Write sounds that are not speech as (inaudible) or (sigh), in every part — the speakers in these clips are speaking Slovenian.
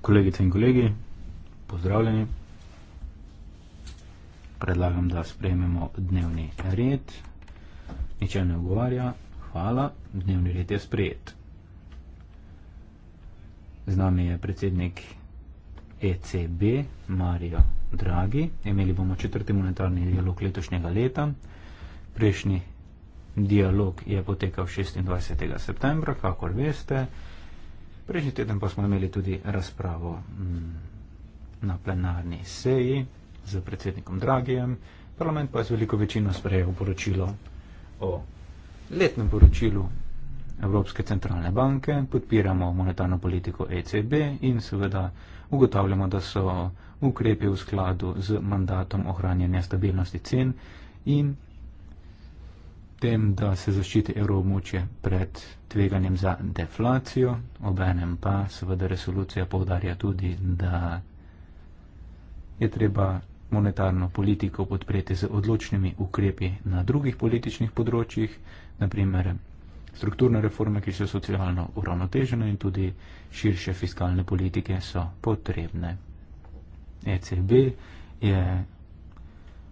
Kolegice in kolegi, pozdravljeni. Predlagam, da sprejmemo dnevni red. Niče ne ogovarja. Hvala. Dnevni red je sprejet. Z nami je predsednik ECB, Marija Dragi. Imeli bomo četrti monetarni dialog letošnjega leta. Prejšnji dialog je potekal 26. septembra, kakor veste. Prejšnji teden pa smo imeli tudi razpravo mm, na plenarni seji z predsednikom Dragijem. Parlament pa je z veliko večino sprejel poročilo o letnem poročilu Evropske centralne banke, podpiramo monetarno politiko ECB in seveda ugotavljamo, da so ukrepi v skladu z mandatom ohranjanja stabilnosti cen in tem, da se zaščiti evroobmočje pred tveganjem za deflacijo, obenem pa seveda resolucija povdarja tudi, da je treba monetarno politiko podpreti z odločnimi ukrepi na drugih političnih področjih, naprimer strukturne reforme, ki so socialno uravnotežene in tudi širše fiskalne politike so potrebne. ECB je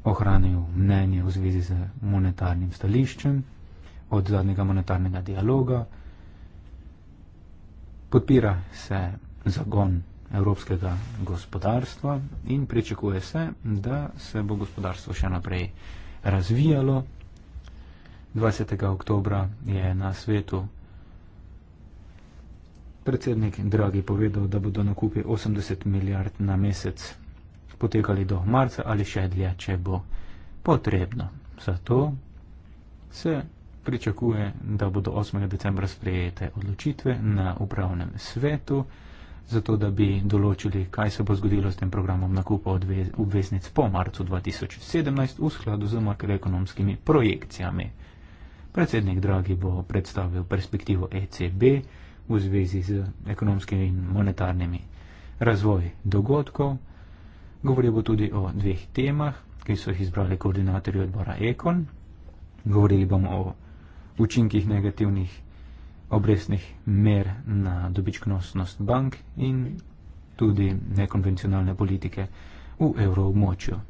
ohranil mnenje v zvezi z monetarnim stališčem od zadnjega monetarnega dialoga. Podpira se zagon evropskega gospodarstva in pričakuje se, da se bo gospodarstvo še naprej razvijalo. 20. oktobra je na svetu predsednik Dragi povedal, da bodo nakupi 80 milijard na mesec potekali do marca ali še dlje, če bo potrebno. Zato se pričakuje, da bodo 8. decembra sprejete odločitve na upravnem svetu, zato da bi določili, kaj se bo zgodilo s tem programom nakupa obveznic po marcu 2017 v skladu z makroekonomskimi projekcijami. Predsednik Dragi bo predstavil perspektivo ECB v zvezi z ekonomskimi in monetarnimi razvoji dogodkov. Govoril bo tudi o dveh temah, ki so jih izbrali koordinatorji odbora Ekon. Govorili bomo o učinkih negativnih obrestnih mer na dobičkonosnost bank in tudi nekonvencionalne politike v evroobmočju.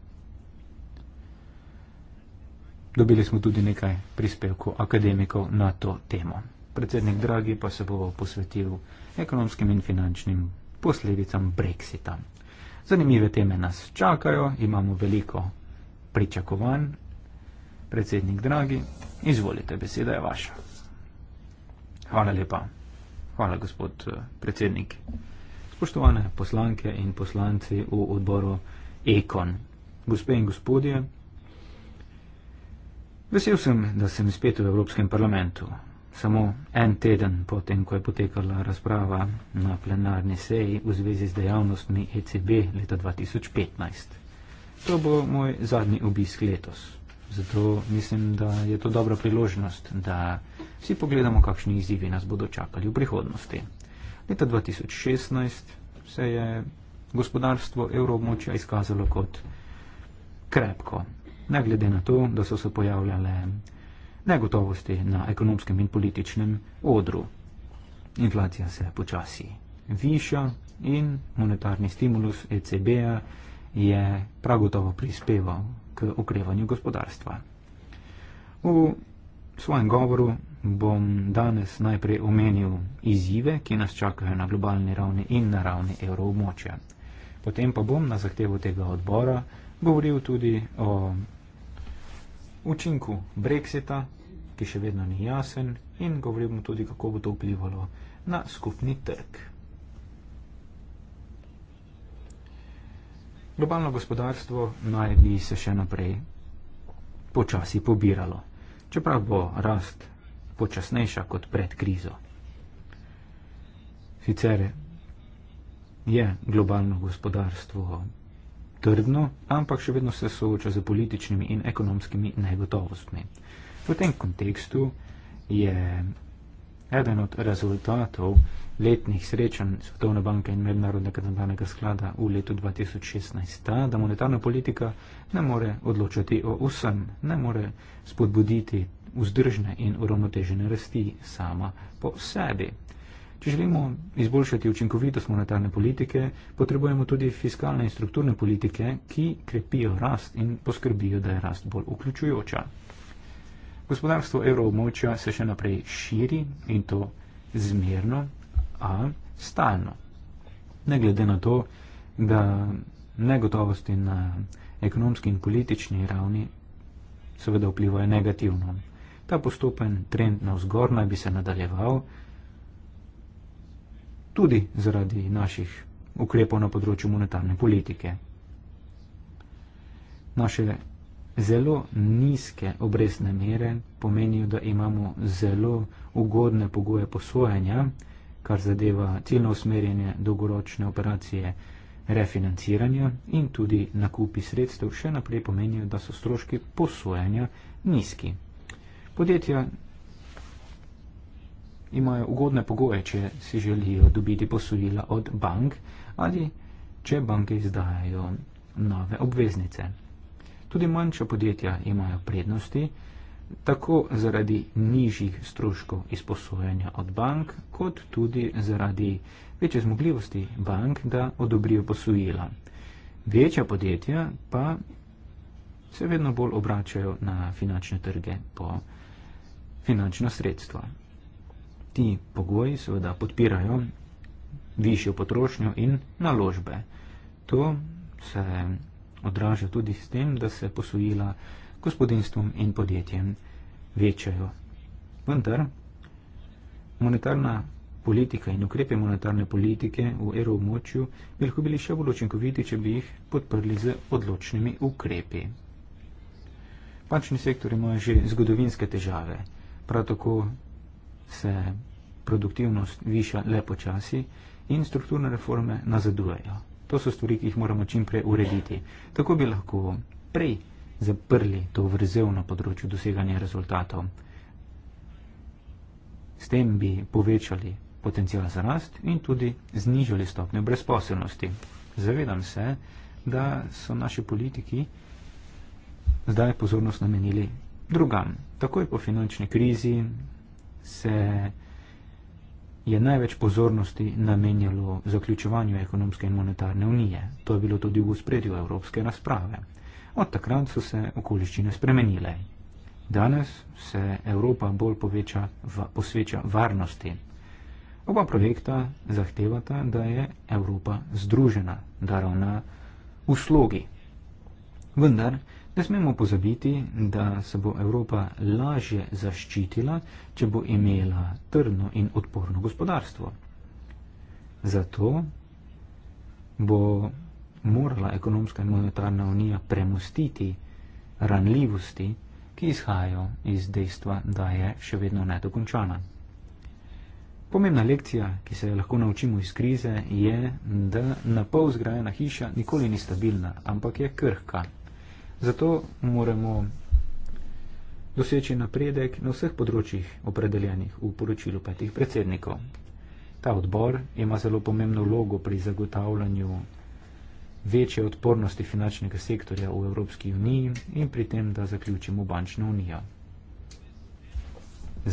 Dobili smo tudi nekaj prispevkov akademikov na to temo. Predsednik Dragi pa se bo posvetil ekonomskim in finančnim posledicam Brexita. Zanimive teme nas čakajo, imamo veliko pričakovanj. Predsednik Dragi, izvolite, beseda je vaša. Hvala lepa. Hvala, gospod eh, predsednik. Spoštovane poslanke in poslanci v odboru Ekon, gospe in gospodje, vesel sem, da sem spet v Evropskem parlamentu samo en teden potem, ko je potekala razprava na plenarni seji v zvezi z dejavnostmi ECB leta 2015. To bo moj zadnji obisk letos. Zato mislim, da je to dobra priložnost, da vsi pogledamo, kakšni izzivi nas bodo čakali v prihodnosti. Leta 2016 se je gospodarstvo evroobmočja izkazalo kot krepko. Ne glede na to, da so se pojavljale negotovosti na ekonomskem in političnem odru. Inflacija se počasi viša in monetarni stimulus ECB-a je prav gotovo prispeval k okrevanju gospodarstva. V svojem govoru bom danes najprej omenil izzive, ki nas čakajo na globalni ravni in na ravni evroobmočja. Potem pa bom na zahtevo tega odbora govoril tudi o učinku Brexita ki še vedno ni jasen, in govorimo tudi, kako bo to vplivalo na skupni trg. Globalno gospodarstvo naj bi se še naprej počasi pobiralo, čeprav bo rast počasnejša kot pred krizo. Sicer je globalno gospodarstvo trdno, ampak še vedno se sooča z političnimi in ekonomskimi negotovostmi. V tem kontekstu je eden od rezultatov letnih srečanj Svetovne banke in Mednarodnega denarnega sklada v letu 2016 ta, da monetarna politika ne more odločati o vsem, ne more spodbuditi vzdržne in uravnotežene rasti sama po sebi. Če želimo izboljšati učinkovitost monetarne politike, potrebujemo tudi fiskalne in strukturne politike, ki krepijo rast in poskrbijo, da je rast bolj vključujoča. Gospodarstvo evroobmočja se še naprej širi in to zmerno, a stalno. Ne glede na to, da negotovosti na ekonomski in politični ravni seveda vplivajo negativno. Ta postopen trend na vzgor naj bi se nadaljeval tudi zaradi naših ukrepov na področju monetarne politike. Naše Zelo nizke obrestne mere pomenijo, da imamo zelo ugodne pogoje posojanja, kar zadeva ciljno usmerjanje dolgoročne operacije refinanciranja in tudi nakupi sredstev še naprej pomenijo, da so stroški posojanja nizki. Podjetja imajo ugodne pogoje, če si želijo dobiti posojila od bank ali če banke izdajajo nove obveznice. Tudi manjša podjetja imajo prednosti, tako zaradi nižjih stroškov izposojanja od bank, kot tudi zaradi večje zmogljivosti bank, da odobrijo posojila. Večja podjetja pa se vedno bolj obračajo na finančne trge po finančna sredstva. Ti pogoji seveda podpirajo višjo potrošnjo in naložbe. To se odraža tudi s tem, da se posojila gospodinstvom in podjetjem večajo. Vendar monetarna politika in ukrepe monetarne politike v euroobmočju bi lahko bili še bolj učinkoviti, če bi jih podprli z odločnimi ukrepi. Pačni sektor ima že zgodovinske težave, prav tako se produktivnost viša le počasi in strukturne reforme nazadujejo. To so stvari, ki jih moramo čim prej urediti. Tako bi lahko prej zaprli to vrzel na področju doseganja rezultatov. S tem bi povečali potencijal za rast in tudi znižali stopnjo brezposobnosti. Zavedam se, da so naši politiki zdaj pozornost namenili drugam. Takoj po finančni krizi se je je največ pozornosti namenjalo zaključovanju ekonomske in monetarne unije. To je bilo tudi v spredju evropske razprave. Od takrat so se okoliščine spremenile. Danes se Evropa bolj poveča, v, posveča varnosti. Oba projekta zahtevata, da je Evropa združena, da ravna v slogi. Vendar, Ne smemo pozabiti, da se bo Evropa lažje zaščitila, če bo imela trdno in odporno gospodarstvo. Zato bo morala ekonomska in monetarna unija premustiti ranljivosti, ki izhajajo iz dejstva, da je še vedno nedokončana. Pomembna lekcija, ki se jo lahko naučimo iz krize, je, da napol zgrajena hiša nikoli ni stabilna, ampak je krhka. Zato moramo doseči napredek na vseh področjih opredeljenih v poročilu petih predsednikov. Ta odbor ima zelo pomembno vlogo pri zagotavljanju večje odpornosti finančnega sektorja v Evropski uniji in pri tem, da zaključimo bančno unijo.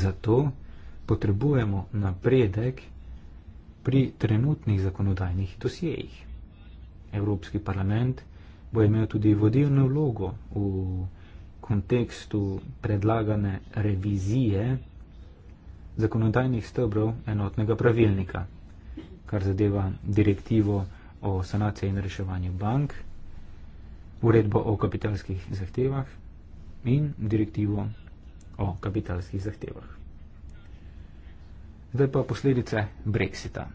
Zato potrebujemo napredek pri trenutnih zakonodajnih dosjejih. Evropski parlament je bo imel tudi vodilno vlogo v kontekstu predlagane revizije zakonodajnih stebrov enotnega pravilnika, kar zadeva direktivo o sanaciji in reševanju bank, uredbo o kapitalskih zahtevah in direktivo o kapitalskih zahtevah. Zdaj pa posledice Brexita.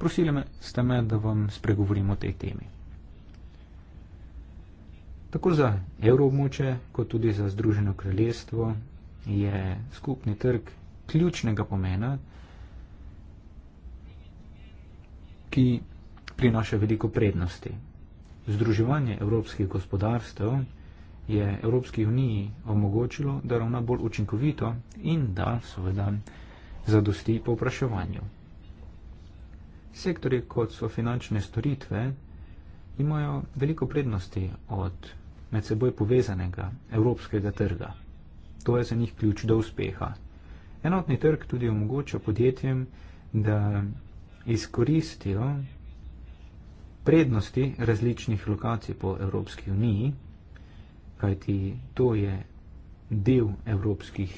Prosili me, ste me, da vam spregovorim o tej temi. Tako za evroobmoče, kot tudi za Združeno kraljestvo je skupni trg ključnega pomena, ki prinaša veliko prednosti. Združevanje evropskih gospodarstv je Evropski uniji omogočilo, da ravna bolj učinkovito in da seveda zadosti povpraševanju. Sektori, kot so finančne storitve, imajo veliko prednosti od med seboj povezanega evropskega trga. To je za njih ključ do uspeha. Enotni trg tudi omogoča podjetjem, da izkoristijo prednosti različnih lokacij po Evropski uniji, kajti to je del evropskih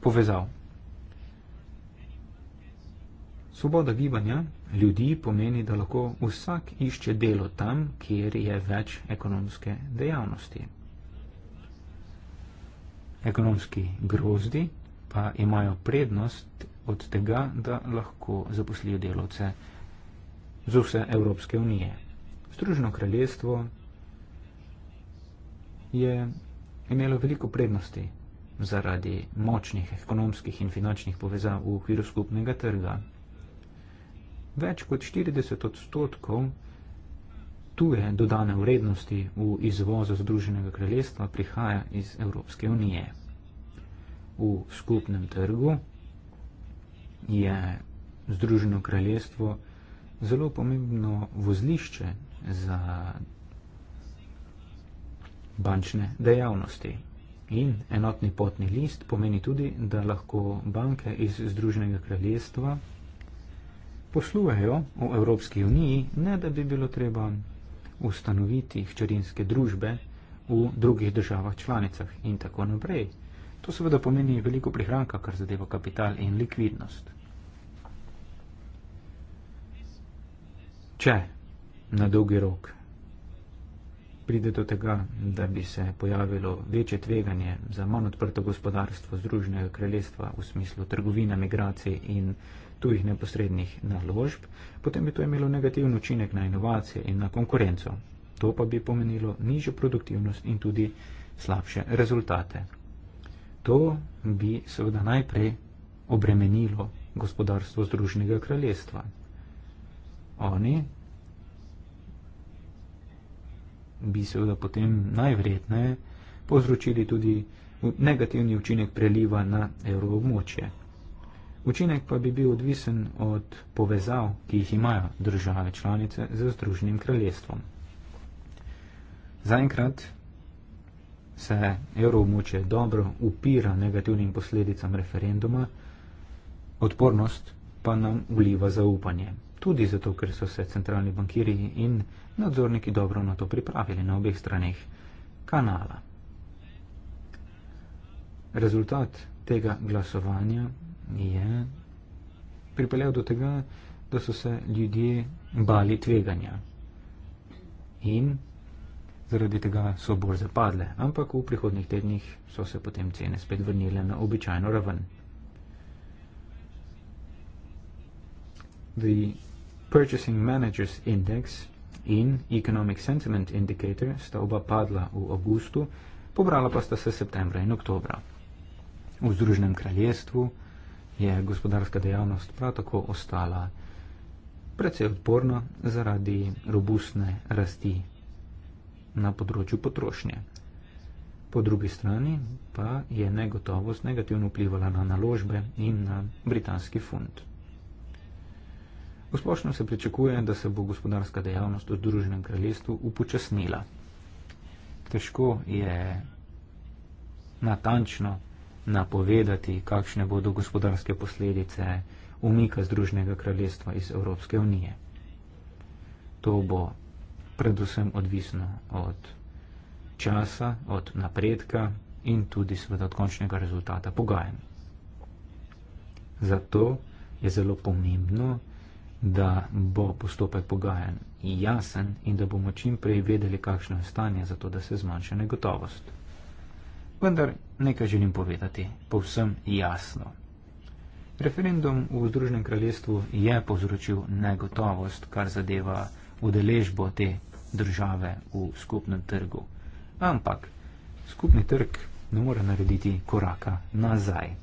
povezav. Svoboda gibanja ljudi pomeni, da lahko vsak išče delo tam, kjer je več ekonomske dejavnosti. Ekonomski grozdi pa imajo prednost od tega, da lahko zaposlijo delovce z vse Evropske unije. Združeno kraljestvo je imelo veliko prednosti zaradi močnih ekonomskih in finančnih povezav v okviru skupnega trga več kot 40 odstotkov tuje dodane vrednosti v izvozu Združenega kraljestva prihaja iz Evropske unije. V skupnem trgu je Združeno kraljestvo zelo pomembno vozlišče za bančne dejavnosti. In enotni potni list pomeni tudi, da lahko banke iz Združenega kraljestva poslujejo v Evropski uniji, ne da bi bilo treba ustanoviti hčerinske družbe v drugih državah članicah in tako naprej. To seveda pomeni veliko prihranka, kar zadeva kapital in likvidnost. Če na dolgi rok pride do tega, da bi se pojavilo večje tveganje za manj odprto gospodarstvo Združenega kraljestva v smislu trgovina, migracij in tujih neposrednih naložb, potem bi to imelo negativen učinek na inovacije in na konkurenco. To pa bi pomenilo nižjo produktivnost in tudi slabše rezultate. To bi seveda najprej obremenilo gospodarstvo Združenega kraljestva. Oni bi seveda potem najvredneje povzročili tudi negativni učinek preliva na evroobmočje. Učinek pa bi bil odvisen od povezav, ki jih imajo države članice z Združenim kraljestvom. Zaenkrat se evroobmočje dobro upira negativnim posledicam referenduma, odpornost pa nam vliva zaupanje tudi zato, ker so se centralni bankiri in nadzorniki dobro na to pripravili na obeh straneh kanala. Rezultat tega glasovanja je pripeljal do tega, da so se ljudje bali tveganja in zaradi tega so borze padle, ampak v prihodnih tednih so se potem cene spet vrnile na običajno raven. The Purchasing Managers Index in Economic Sentiment Indicator sta oba padla v avgustu, pobrala pa sta se septembra in oktobra. V Združenem kraljestvu je gospodarska dejavnost prav tako ostala precej odporna zaradi robustne rasti na področju potrošnje. Po drugi strani pa je negotovost negativno vplivala na naložbe in na britanski fund. Splošno se pričakuje, da se bo gospodarska dejavnost v Združenem kraljestvu upočasnila. Težko je natančno napovedati, kakšne bodo gospodarske posledice umika Združenega kraljestva iz Evropske unije. To bo predvsem odvisno od časa, od napredka in tudi seveda od končnega rezultata pogajanj. Zato je zelo pomembno, da da bo postopek pogajanj jasen in da bomo čim prej vedeli, kakšno je stanje, zato da se zmanjša negotovost. Vendar nekaj želim povedati povsem jasno. Referendum v Združenem kraljestvu je povzročil negotovost, kar zadeva udeležbo te države v skupnem trgu. Ampak skupni trg ne more narediti koraka nazaj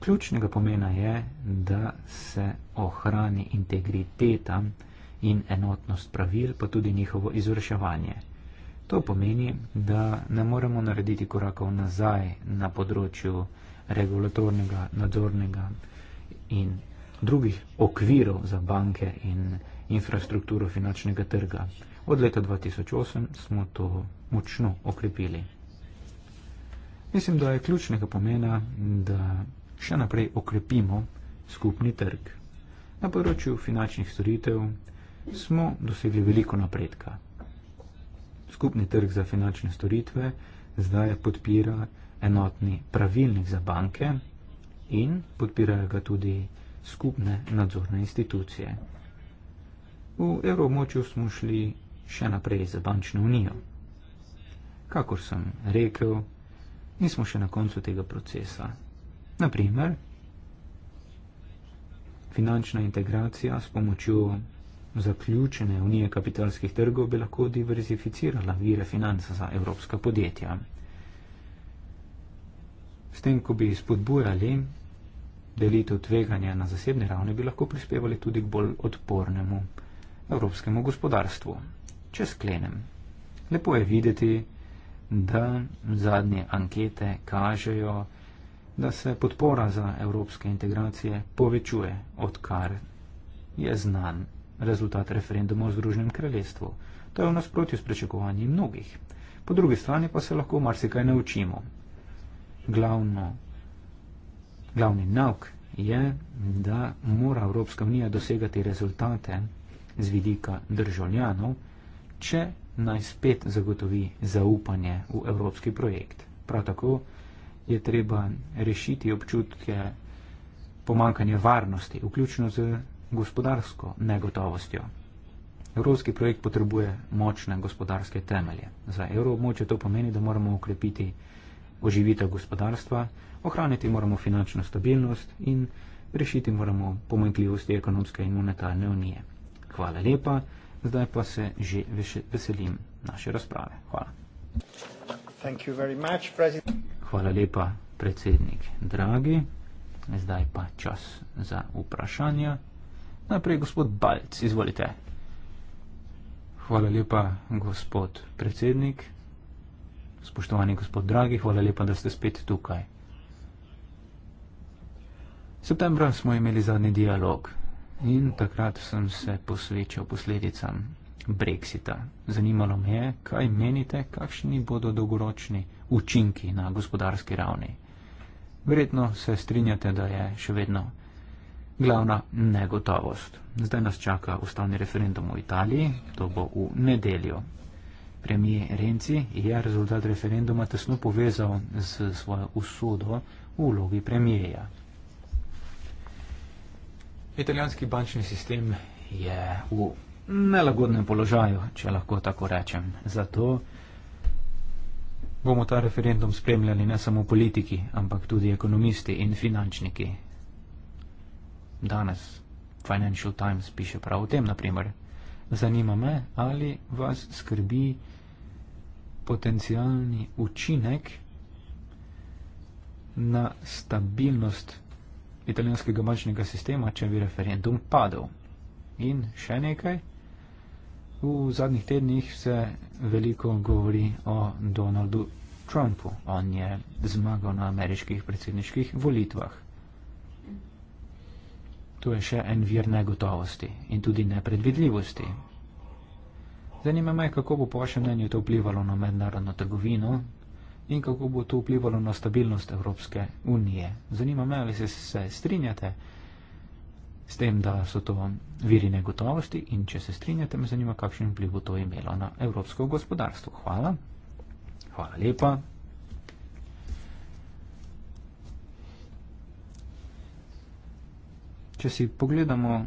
ključnega pomena je, da se ohrani integriteta in enotnost pravil, pa tudi njihovo izvrševanje. To pomeni, da ne moremo narediti korakov nazaj na področju regulatornega, nadzornega in drugih okvirov za banke in infrastrukturo finančnega trga. Od leta 2008 smo to močno okrepili. Mislim, da je ključnega pomena, da še naprej okrepimo skupni trg. Na področju finančnih storitev smo dosegli veliko napredka. Skupni trg za finančne storitve zdaj podpira enotni pravilnik za banke in podpirajo ga tudi skupne nadzorne institucije. V evromočju smo šli še naprej za bančno unijo. Kakor sem rekel, nismo še na koncu tega procesa. Naprimer, finančna integracija s pomočjo zaključene unije kapitalskih trgov bi lahko diverzificirala vire financa za evropska podjetja. S tem, ko bi spodbujali delitev tveganja na zasebne ravni, bi lahko prispevali tudi k bolj odpornemu evropskemu gospodarstvu. Če sklenem, lepo je videti, da zadnje ankete kažejo, da se podpora za evropske integracije povečuje, odkar je znan rezultat referenduma v Združenem kraljestvu. To je v nasprotju s pričakovanji mnogih. Po drugi strani pa se lahko marsikaj naučimo. Glavno, glavni nauk je, da mora Evropska unija dosegati rezultate z vidika državljanov, če naj spet zagotovi zaupanje v evropski projekt. Prav tako je treba rešiti občutke pomankanja varnosti, vključno z gospodarsko negotovostjo. Evropski projekt potrebuje močne gospodarske temelje. Za evroobmočje to pomeni, da moramo ukrepiti oživitev gospodarstva, ohraniti moramo finančno stabilnost in rešiti moramo pomankljivosti ekonomske in monetarne unije. Hvala lepa, zdaj pa se že veselim naše razprave. Hvala. Hvala lepa, predsednik Dragi. Zdaj pa čas za vprašanja. Najprej gospod Balc, izvolite. Hvala lepa, gospod predsednik. Spoštovani gospod Dragi, hvala lepa, da ste spet tukaj. Septembra smo imeli zadnji dialog in takrat sem se posvečal posledicam Brexita. Zanimalo me je, kaj menite, kakšni bodo dolgoročni učinki na gospodarski ravni. Verjetno se strinjate, da je še vedno glavna negotovost. Zdaj nas čaka ustavni referendum v Italiji, to bo v nedeljo. Premijer Renci je rezultat referenduma tesno povezal z svojo usodo v vlogi premijeja. Italijanski bančni sistem je v nelagodnem položaju, če lahko tako rečem. Zato bomo ta referendum spremljali ne samo politiki, ampak tudi ekonomisti in finančniki. Danes Financial Times piše prav o tem, naprimer. Zanima me, ali vas skrbi potencijalni učinek na stabilnost italijanskega bančnega sistema, če bi referendum padel. In še nekaj, V zadnjih tednih se veliko govori o Donaldu Trumpu. On je zmagal na ameriških predsedniških volitvah. To je še en vir negotovosti in tudi nepredvidljivosti. Zanima me, kako bo po vašem mnenju to vplivalo na mednarodno trgovino in kako bo to vplivalo na stabilnost Evropske unije. Zanima me, ali se, se strinjate s tem, da so to viri negotovosti in če se strinjate, me zanima, kakšen vpliv bo to imelo na evropsko gospodarstvo. Hvala. Hvala lepa. Če si pogledamo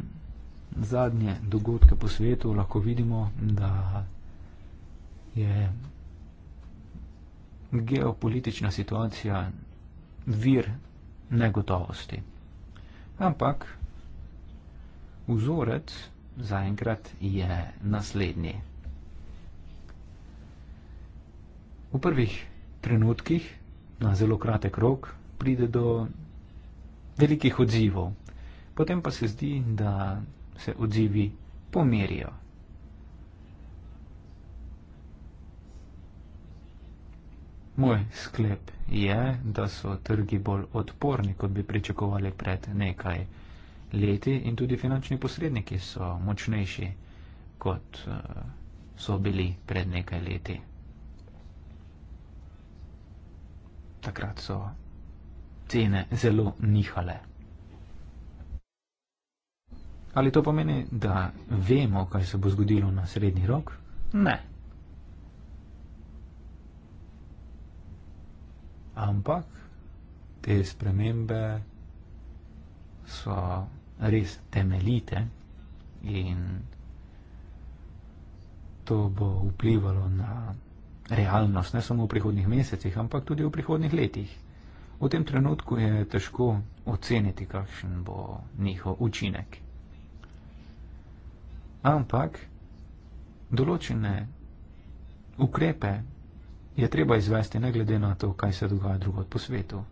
zadnje dogodke po svetu, lahko vidimo, da je geopolitična situacija vir negotovosti. Ampak Vzorec zaenkrat je naslednji. V prvih trenutkih, na zelo kratek rok, pride do velikih odzivov, potem pa se zdi, da se odzivi pomirijo. Moj sklep je, da so trgi bolj odporni, kot bi pričakovali pred nekaj časa leti in tudi finančni posredniki so močnejši, kot eh, so bili pred nekaj leti. Takrat so cene zelo nihale. Ali to pomeni, da vemo, kaj se bo zgodilo na srednji rok? Ne. Ampak te spremembe so res temeljite in to bo vplivalo na realnost, ne samo v prihodnih mesecih, ampak tudi v prihodnih letih. V tem trenutku je težko oceniti, kakšen bo njihov učinek. Ampak določene ukrepe je treba izvesti, ne glede na to, kaj se dogaja drugod po svetu.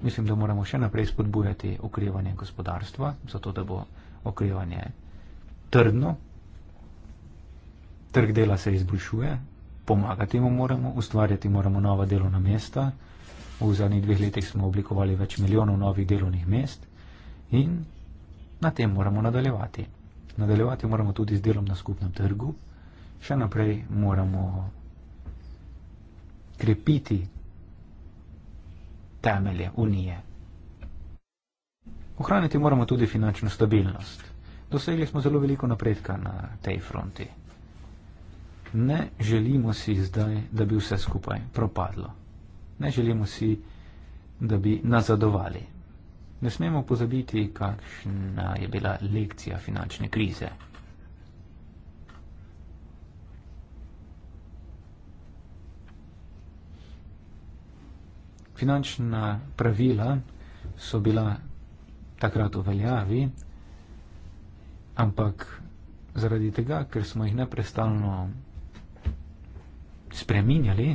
Mislim, da moramo še naprej spodbujati okrevanje gospodarstva, zato da bo okrevanje trdno. Trg dela se izboljšuje, pomagati mu moramo, ustvarjati moramo nova delovna mesta. V zadnjih dveh letih smo oblikovali več milijonov novih delovnih mest in na tem moramo nadaljevati. Nadaljevati moramo tudi z delom na skupnem trgu, še naprej moramo krepiti temelje unije. Ohraniti moramo tudi finančno stabilnost. Dosegli smo zelo veliko napredka na tej fronti. Ne želimo si zdaj, da bi vse skupaj propadlo. Ne želimo si, da bi nazadovali. Ne smemo pozabiti, kakšna je bila lekcija finančne krize. finančna pravila so bila takrat v veljavi, ampak zaradi tega, ker smo jih neprestalno spreminjali,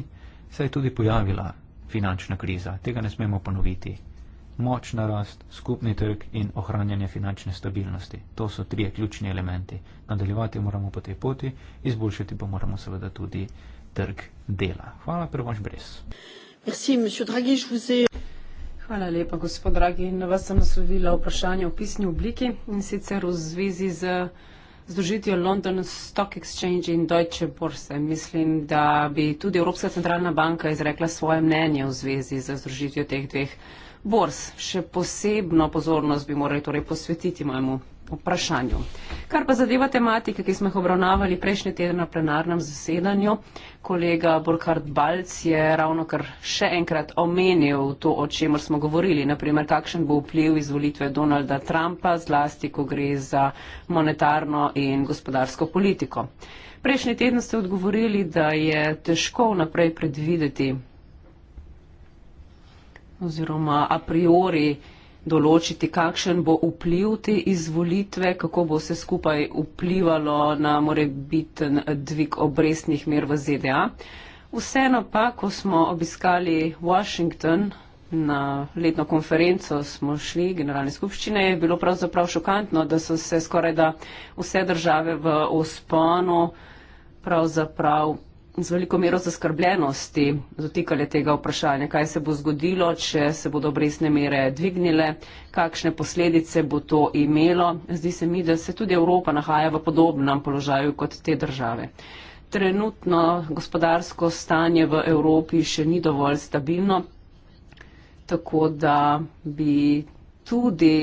se je tudi pojavila finančna kriza. Tega ne smemo ponoviti. Močna rast, skupni trg in ohranjanje finančne stabilnosti. To so trije ključni elementi. Nadaljevati moramo po tej poti, izboljšati pa moramo seveda tudi trg dela. Hvala, prvo, brez. Hvala lepa, gospod Dragi. Na vas sem naslovila vprašanje v pisni obliki in sicer v zvezi z združitijo London Stock Exchange in Deutsche Börse. Mislim, da bi tudi Evropska centralna banka izrekla svoje mnenje v zvezi z združitijo teh dveh bors. Še posebno pozornost bi morali torej posvetiti mojemu vprašanju. Kar pa zadeva tematike, ki smo jih obravnavali prejšnji teden na plenarnem zasedanju, kolega Burkhard Balc je ravno kar še enkrat omenil to, o čemer smo govorili, naprimer, kakšen bo vpliv izvolitve Donalda Trumpa, zlasti, ko gre za monetarno in gospodarsko politiko. Prejšnji teden ste odgovorili, da je težko naprej predvideti oziroma a priori, določiti, kakšen bo vpliv te izvolitve, kako bo vse skupaj vplivalo na morebiten dvig obrestnih mer v ZDA. Vseeno pa, ko smo obiskali Washington na letno konferenco, smo šli generalne skupščine, je bilo pravzaprav šokantno, da so se skoraj da vse države v osponu pravzaprav z veliko mero zaskrbljenosti dotikali tega vprašanja, kaj se bo zgodilo, če se bodo obresne mere dvignile, kakšne posledice bo to imelo. Zdi se mi, da se tudi Evropa nahaja v podobnem položaju kot te države. Trenutno gospodarsko stanje v Evropi še ni dovolj stabilno, tako da bi tudi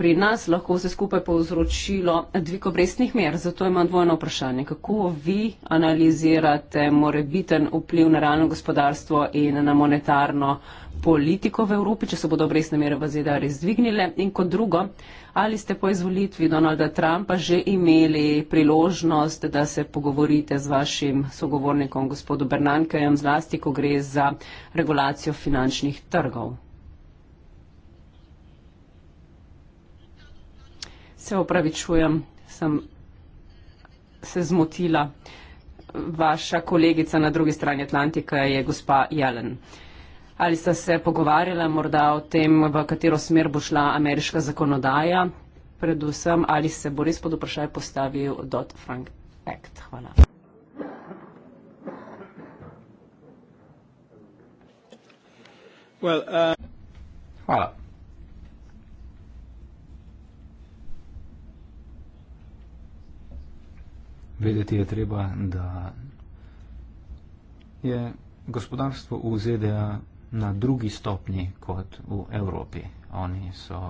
pri nas lahko vse skupaj povzročilo dvig obrestnih mer. Zato imam dvojno vprašanje. Kako vi analizirate morebiten vpliv na realno gospodarstvo in na monetarno politiko v Evropi, če se bodo obrestne mere v ZDA res dvignile? In kot drugo, ali ste po izvolitvi Donalda Trumpa že imeli priložnost, da se pogovorite z vašim sogovornikom, gospodom Bernankejem, zlasti, ko gre za regulacijo finančnih trgov? Se opravičujem, sem se zmotila. Vaša kolegica na drugi strani Atlantika je gospa Jelen. Ali ste se pogovarjali morda o tem, v katero smer bo šla ameriška zakonodaja, predvsem ali se bo res pod vprašaj postavil Dodd-Frank Act? Hvala. Well, uh... Hvala. Vedeti je treba, da je gospodarstvo v ZDA na drugi stopni kot v Evropi. Oni so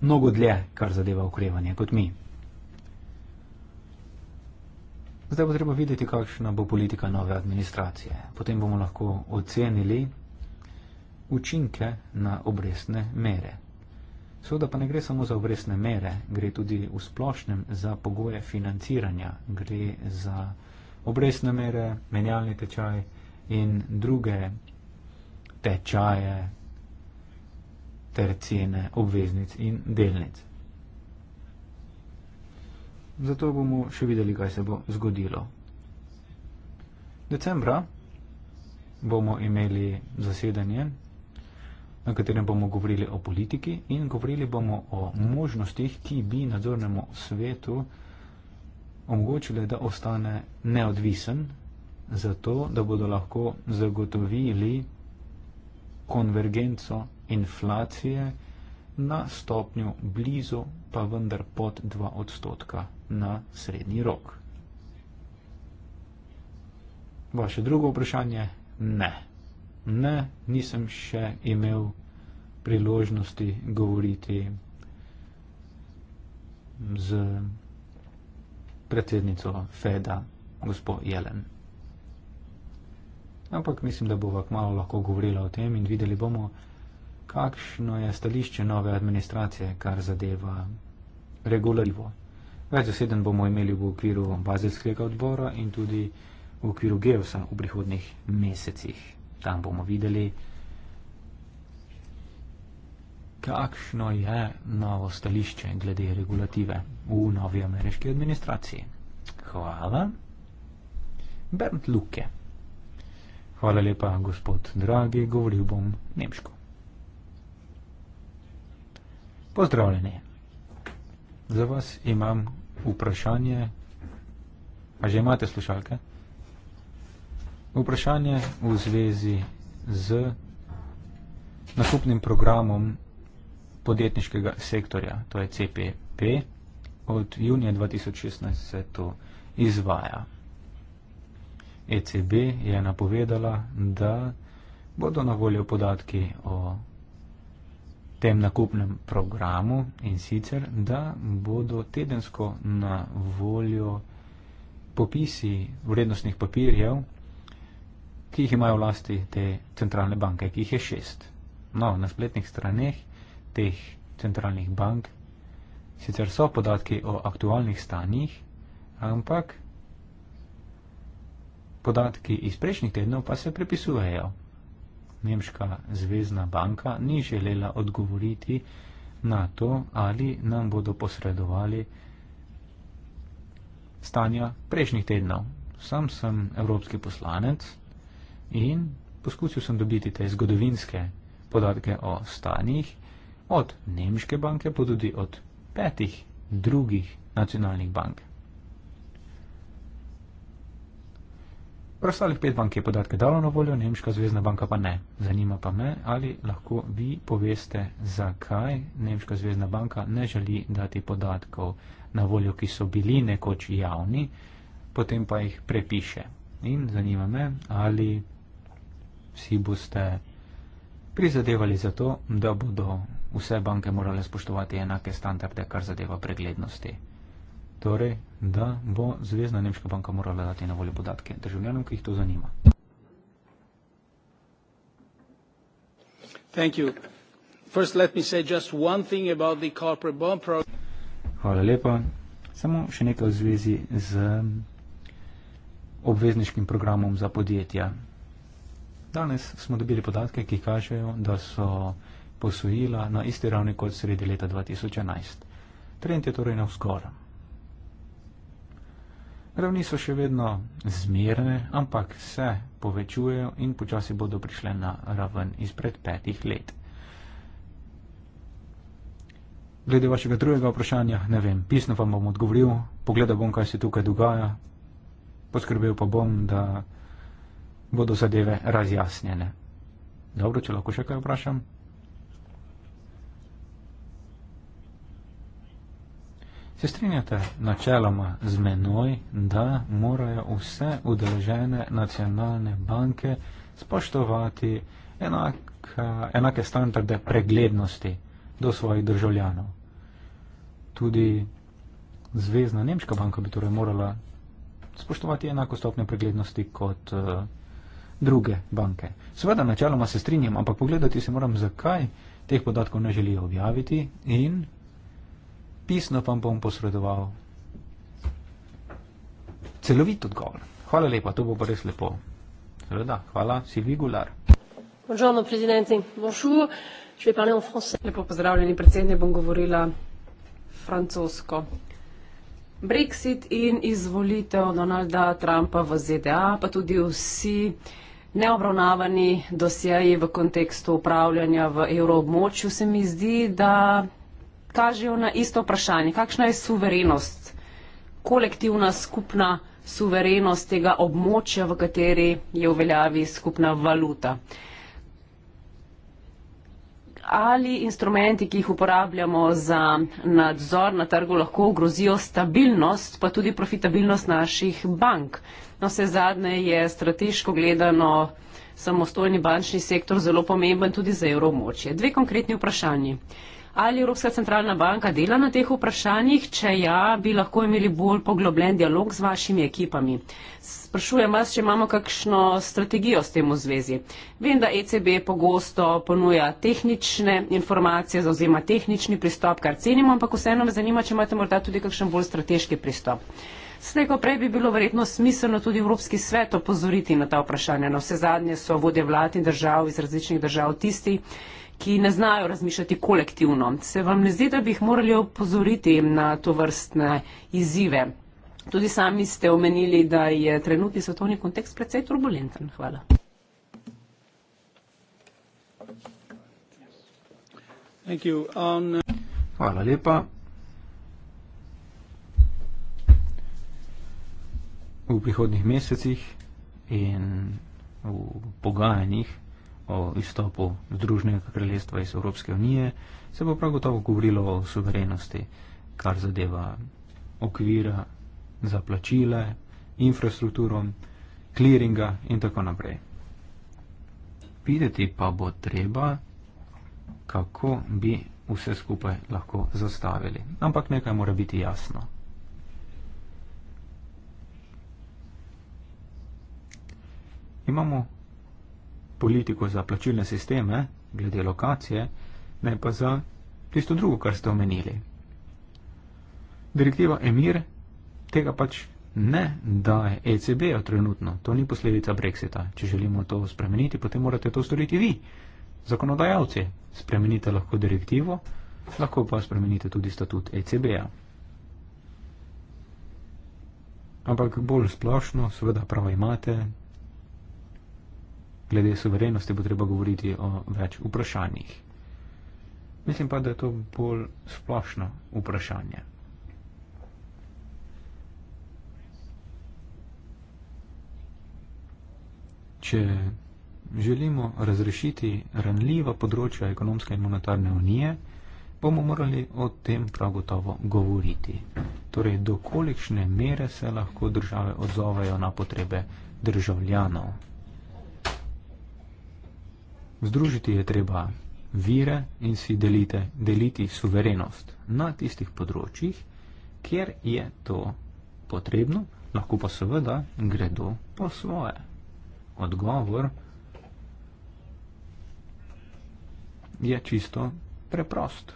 mnogo dlje, kar zadeva ukrevanje, kot mi. Zdaj bo treba videti, kakšna bo politika nove administracije. Potem bomo lahko ocenili učinke na obrestne mere. Seveda pa ne gre samo za obresne mere, gre tudi v splošnem za pogoje financiranja, gre za obresne mere, menjalni tečaj in druge tečaje ter cene obveznic in delnic. Zato bomo še videli, kaj se bo zgodilo. Decembra bomo imeli zasedanje na katerem bomo govorili o politiki in govorili bomo o možnostih, ki bi nadzornemu svetu omogočile, da ostane neodvisen, zato da bodo lahko zagotovili konvergenco inflacije na stopnju blizu, pa vendar pod 2 odstotka na srednji rok. Vaše drugo vprašanje? Ne ne, nisem še imel priložnosti govoriti z predsednico FEDA, gospod Jelen. Ampak mislim, da bova kmalo lahko govorila o tem in videli bomo, kakšno je stališče nove administracije, kar zadeva regularivo. Več zaseden bomo imeli v okviru bazilskega odbora in tudi v okviru GEOS-a v prihodnih mesecih tam bomo videli, kakšno je novo stališče glede regulative v novi ameriški administraciji. Hvala. Bernd Luke. Hvala lepa, gospod Dragi, govoril bom nemško. Pozdravljeni. Za vas imam vprašanje. A že imate slušalke? Vprašanje v zvezi z nakupnim programom podjetniškega sektorja, to je CPP, od junija 2016 se to izvaja. ECB je napovedala, da bodo na voljo podatki o tem nakupnem programu in sicer, da bodo tedensko na voljo popisi vrednostnih papirjev, ki jih imajo v lasti te centralne banke, ki jih je šest. No, na spletnih straneh teh centralnih bank sicer so podatki o aktualnih stanjih, ampak podatki iz prejšnjih tednov pa se prepisujejo. Nemška zvezdna banka ni želela odgovoriti na to, ali nam bodo posredovali stanja prejšnjih tednov. Sam sem evropski poslanec, in poskusil sem dobiti te zgodovinske podatke o stanjih od Nemške banke, pa tudi od petih drugih nacionalnih bank. Prostalih pet bank je podatke dalo na voljo, Nemška zvezdna banka pa ne. Zanima pa me, ali lahko vi poveste, zakaj Nemška zvezdna banka ne želi dati podatkov na voljo, ki so bili nekoč javni, potem pa jih prepiše. In zanima me, ali vsi boste prizadevali za to, da bodo vse banke morale spoštovati enake standarde, kar zadeva preglednosti. Torej, da bo Zvezdna Nemška banka morala dati na voljo podatke državljanom, ki jih to zanima. Hvala lepa. Samo še nekaj v zvezi z obvezniškim programom za podjetja. Danes smo dobili podatke, ki kažejo, da so posojila na isti ravni kot sredi leta 2011. Trend je torej navzgor. Ravni so še vedno zmerne, ampak se povečujejo in počasi bodo prišle na raven izpred petih let. Glede vašega drugega vprašanja, ne vem, pisno vam bom odgovoril, pogledal bom, kaj se tukaj dogaja, poskrbel pa bom, da bodo zadeve razjasnjene. Dobro, če lahko še kaj vprašam. Se strinjate načeloma z menoj, da morajo vse udeležene nacionalne banke spoštovati enak, enake standarde preglednosti do svojih državljanov? Tudi Zvezdna nemška banka bi torej morala spoštovati enako stopnjo preglednosti kot eh, druge banke. Sveda, načeloma se strinjam, ampak pogledati se moram, zakaj teh podatkov ne želijo objaviti in pisno vam bom posredoval celovit odgovor. Hvala lepa, to bo pa res lepo. Seveda, hvala, Silvi Gular. Buongiorno, presidenti. Bonjour. Je vais parler en français. Lepo pozdravljeni, predsednik, bom govorila francosko. Brexit in izvolitev Donalda Trumpa v ZDA, pa tudi vsi neobravnavani dosjeji v kontekstu upravljanja v evroobmočju, se mi zdi, da kažejo na isto vprašanje, kakšna je suverenost, kolektivna skupna suverenost tega območja, v kateri je uveljavi skupna valuta ali instrumenti, ki jih uporabljamo za nadzor na trgu, lahko ogrozijo stabilnost, pa tudi profitabilnost naših bank. No, vse zadnje je strateško gledano samostojni bančni sektor zelo pomemben tudi za evroobmočje. Dve konkretni vprašanji ali Evropska centralna banka dela na teh vprašanjih, če ja, bi lahko imeli bolj poglobljen dialog z vašimi ekipami. Sprašujem vas, če imamo kakšno strategijo s tem v zvezi. Vem, da ECB pogosto ponuja tehnične informacije, zauzema tehnični pristop, kar cenimo, ampak vseeno me zanima, če imate morda tudi kakšen bolj strateški pristop. Slejko prej bi bilo verjetno smiselno tudi Evropski svet opozoriti na ta vprašanja. Na vse zadnje so vode vlad in držav iz različnih držav tisti, ki ne znajo razmišljati kolektivno. Se vam ne zdi, da bi jih morali opozoriti na to vrstne izzive? Tudi sami ste omenili, da je trenutni svetovni kontekst precej turbulenten. Hvala. Uh, Hvala lepa. V prihodnih mesecih in v pogajanjih o izstopu Združenega kraljestva iz Evropske unije, se bo prav gotovo govorilo o suverenosti, kar zadeva okvira za plačile, infrastrukturo, kliringa in tako naprej. Videti pa bo treba, kako bi vse skupaj lahko zastavili. Ampak nekaj mora biti jasno. Imamo politiko za plačilne sisteme, glede lokacije, ne pa za tisto drugo, kar ste omenili. Direktiva Emir tega pač ne daje ECB-ju trenutno. To ni posledica Brexita. Če želimo to spremeniti, potem morate to storiti vi, zakonodajalci. Spremenite lahko direktivo, lahko pa spremenite tudi statut ECB-ja. Ampak bolj splošno, seveda prav imate, glede soverenosti bo treba govoriti o več vprašanjih. Mislim pa, da je to bolj splošno vprašanje. Če želimo razrešiti ranljiva področja ekonomske in monetarne unije, bomo morali o tem prav gotovo govoriti. Torej, do kolikšne mere se lahko države odzovejo na potrebe državljanov Združiti je treba vire in si delite, deliti suverenost na tistih področjih, kjer je to potrebno, lahko pa seveda gredo po svoje. Odgovor je čisto preprost.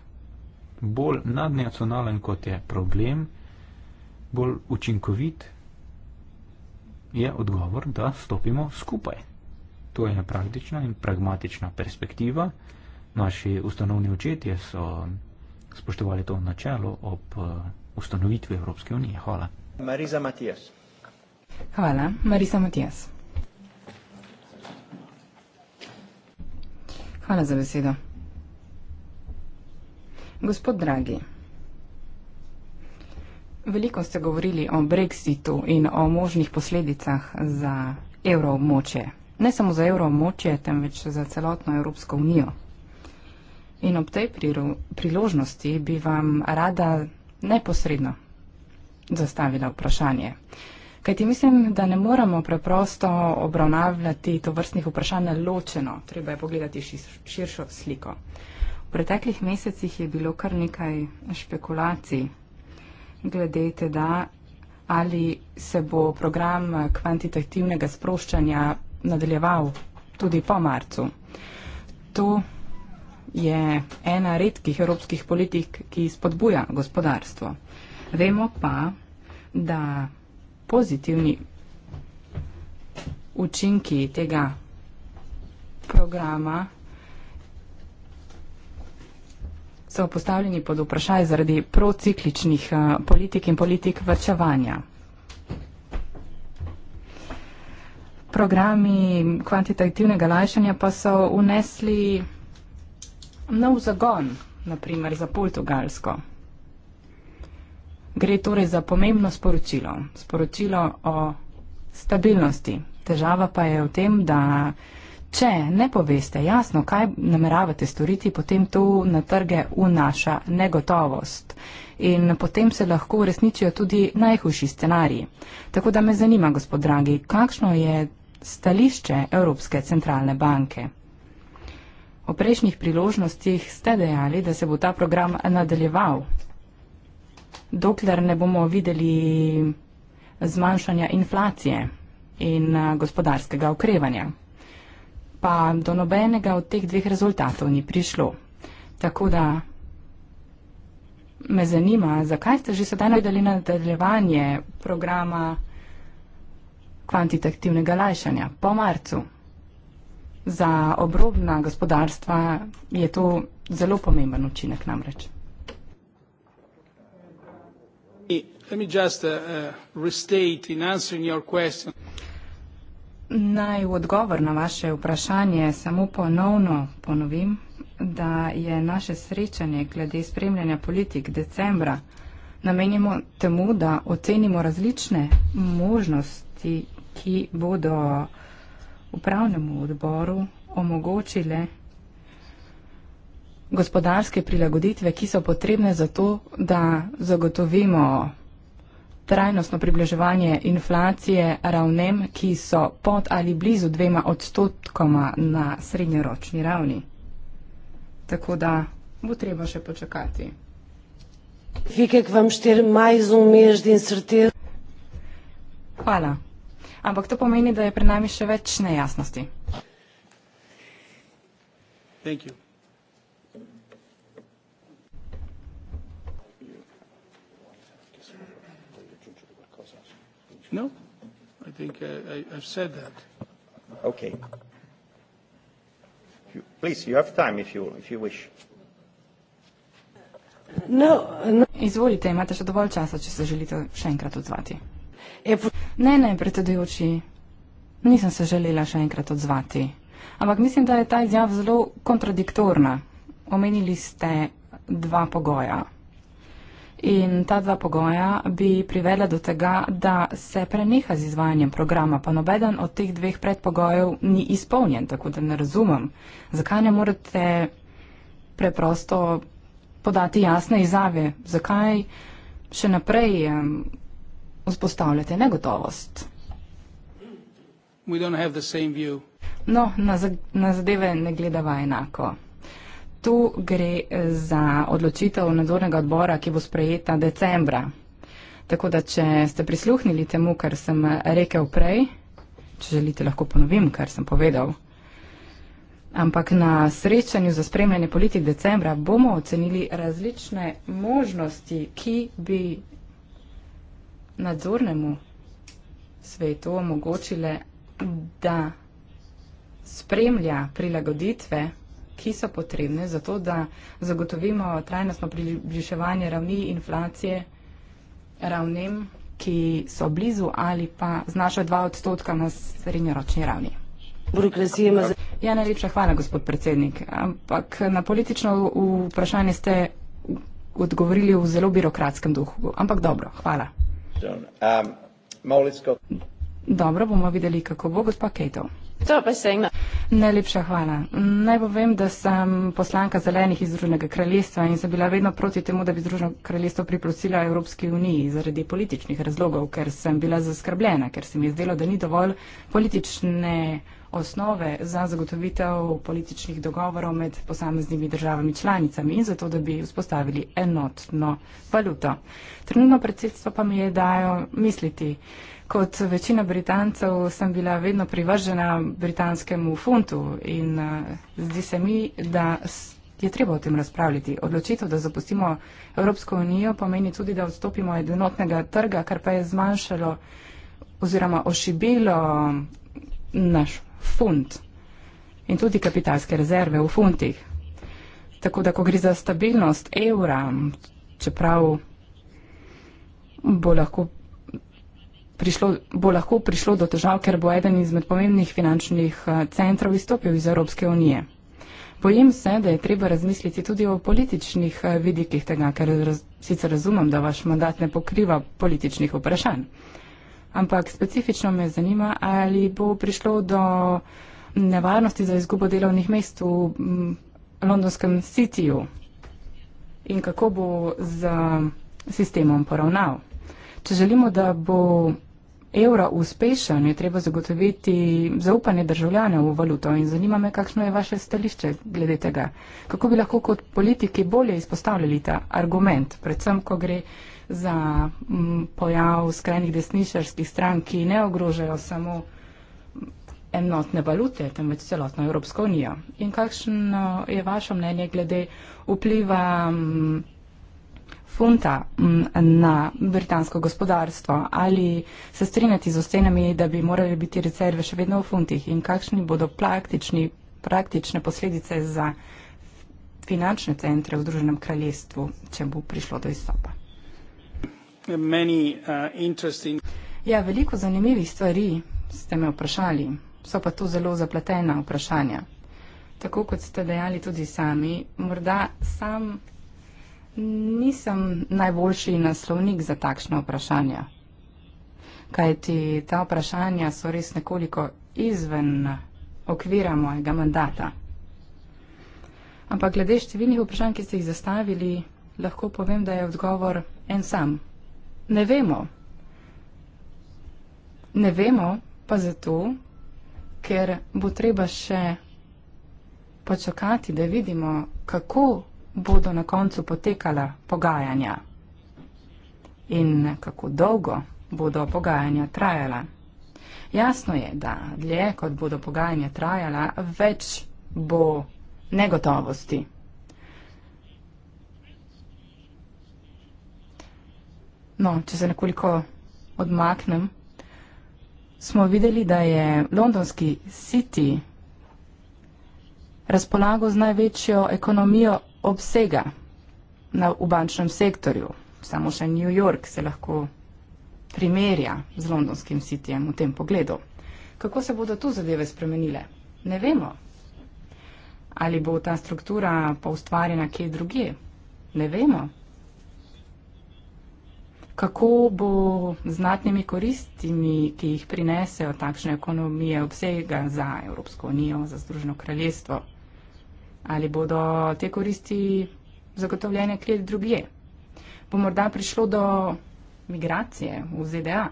Bolj nadnacionalen kot je problem, bolj učinkovit je odgovor, da stopimo skupaj. To je praktična in pragmatična perspektiva. Naši ustanovni očetje so spoštovali to načelo ob eh, ustanovitvi Evropske unije. Hvala. Marisa Matijas. Hvala, Marisa Matijas. Hvala za besedo. Gospod Dragi, veliko ste govorili o brexitu in o možnih posledicah za evroobmočje ne samo za evroomočje, temveč za celotno Evropsko unijo. In ob tej priložnosti bi vam rada neposredno zastavila vprašanje. Kajti mislim, da ne moramo preprosto obravnavljati to vrstnih vprašanj ločeno, treba je pogledati širšo sliko. V preteklih mesecih je bilo kar nekaj špekulacij glede tega, ali se bo program kvantitativnega sproščanja nadaljeval tudi po marcu. To je ena redkih evropskih politik, ki spodbuja gospodarstvo. Vemo pa, da pozitivni učinki tega programa so postavljeni pod vprašaj zaradi procikličnih eh, politik in politik vrčevanja. programi kvantitativnega lajšanja pa so unesli nov zagon, naprimer za Portugalsko. Gre torej za pomembno sporočilo, sporočilo o stabilnosti. Težava pa je v tem, da če ne poveste jasno, kaj nameravate storiti, potem to na trge unaša negotovost. In potem se lahko uresničijo tudi najhujši scenariji. Tako da me zanima, gospod Dragi, kakšno je stališče Evropske centralne banke. O prejšnjih priložnostih ste dejali, da se bo ta program nadaljeval, dokler ne bomo videli zmanjšanja inflacije in eh, gospodarskega okrevanja. Pa do nobenega od teh dveh rezultatov ni prišlo. Tako da me zanima, zakaj ste že sedaj navedali nadaljevanje programa kvantitativnega lajšanja po marcu. Za obrobna gospodarstva je to zelo pomemben učinek namreč. Uh, uh, Naj v odgovor na vaše vprašanje samo ponovno ponovim, da je naše srečanje glede spremljanja politik decembra namenjeno temu, da ocenimo različne možnosti, ki bodo upravnemu odboru omogočile gospodarske prilagoditve, ki so potrebne za to, da zagotovimo trajnostno približevanje inflacije ravnem, ki so pod ali blizu dvema odstotkoma na srednjeročni ravni. Tako da bo treba še počakati. Um Hvala ampak to pomeni, da je pred nami še več nejasnosti. Thank you. No, I think I, I, I've said that. Okay. You, please, you have time if you, if you wish. No, no. Izvolite, imate še dovolj časa, če se želite še enkrat odzvati. Ne, ne, predsedujoči, nisem se želela še enkrat odzvati. Ampak mislim, da je ta izjav zelo kontradiktorna. Omenili ste dva pogoja. In ta dva pogoja bi privedla do tega, da se preneha z izvajanjem programa, pa nobeden od teh dveh predpogojev ni izpolnjen, tako da ne razumem, zakaj ne morete preprosto podati jasne izjave, zakaj še naprej vzpostavljate negotovost. No, na zadeve ne gledava enako. Tu gre za odločitev nadzornega odbora, ki bo sprejeta decembra. Tako da, če ste prisluhnili temu, kar sem rekel prej, če želite, lahko ponovim, kar sem povedal. Ampak na srečanju za spremljanje politik decembra bomo ocenili različne možnosti, ki bi nadzornemu svetu omogočile, da spremlja prilagoditve, ki so potrebne za to, da zagotovimo trajnostno približevanje ravni inflacije ravnem, ki so blizu ali pa znašajo dva odstotka na srednjeročni ravni. Ja, najlepša hvala, gospod predsednik. Ampak na politično vprašanje ste odgovorili v zelo birokratskem duhu. Ampak dobro, hvala. Um, Dobro, bomo videli, kako bo, gospod Kejto. Najlepša hvala. Naj povem, da sem poslanka zelenih iz Združenega kraljestva in sem bila vedno proti temu, da bi Združeno kraljestvo priprosila Evropski uniji zaradi političnih razlogov, ker sem bila zaskrbljena, ker se mi je zdelo, da ni dovolj politične osnove za zagotovitev političnih dogovorov med posameznimi državami članicami in zato, da bi vzpostavili enotno valuto. Trenutno predsedstvo pa mi je dajo misliti. Kot večina Britancev sem bila vedno privržena britanskemu funtu in eh, zdi se mi, da je treba o tem razpravljati. Odločitev, da zapustimo Evropsko unijo, pomeni tudi, da odstopimo od enotnega trga, kar pa je zmanjšalo oziroma ošibilo našo funt in tudi kapitalske rezerve v funtih. Tako da, ko gre za stabilnost evra, čeprav bo lahko. Prišlo, bo lahko prišlo do težav, ker bo eden izmed pomembnih finančnih eh, centrov izstopil iz Evropske unije. Bojim se, da je treba razmisliti tudi o političnih eh, vidikih tega, ker raz, sicer razumem, da vaš mandat ne pokriva političnih vprašanj ampak specifično me zanima, ali bo prišlo do nevarnosti za izgubo delovnih mest v londonskem sitiju in kako bo z sistemom poravnal. Če želimo, da bo evro uspešen, je treba zagotoviti zaupanje državljanov v valuto in zanima me, kakšno je vaše stališče glede tega. Kako bi lahko kot politiki bolje izpostavljali ta argument, predvsem, ko gre za m, mm, pojav skrajnih desničarskih stran, ki ne ogrožajo samo enotne valute, temveč celotno Evropsko unijo. In kakšno je vaše mnenje glede vpliva m, mm, funta m, mm, na britansko gospodarstvo? Ali se strinjati z ostenami, da bi morali biti rezerve še vedno v funtih? In kakšni bodo praktični, praktične posledice za finančne centre v Združenem kraljestvu, če bo prišlo do izstopa? many, uh, ja, veliko zanimivih stvari ste me vprašali, so pa to zelo zapletena vprašanja. Tako kot ste dejali tudi sami, morda sam nisem najboljši naslovnik za takšno vprašanje. Kaj ti ta vprašanja so res nekoliko izven okvira mojega mandata. Ampak glede številnih vprašanj, ki ste jih zastavili, lahko povem, da je odgovor en sam ne vemo. Ne vemo pa zato, ker bo treba še počakati, da vidimo, kako bodo na koncu potekala pogajanja in kako dolgo bodo pogajanja trajala. Jasno je, da dlje kot bodo pogajanja trajala, več bo negotovosti. no, če se nekoliko odmaknem, smo videli, da je londonski City razpolago z največjo ekonomijo obsega na, v bančnem sektorju. Samo še New York se lahko primerja z londonskim Cityjem v tem pogledu. Kako se bodo tu zadeve spremenile? Ne vemo. Ali bo ta struktura pa ustvarjena kje drugje? Ne vemo. Kako bo z znatnimi koristimi, ki jih prinesejo takšne ekonomije obsega za Evropsko unijo, za Združeno kraljestvo? Ali bodo te koristi zagotovljene kje drugje? Bo morda prišlo do migracije v ZDA?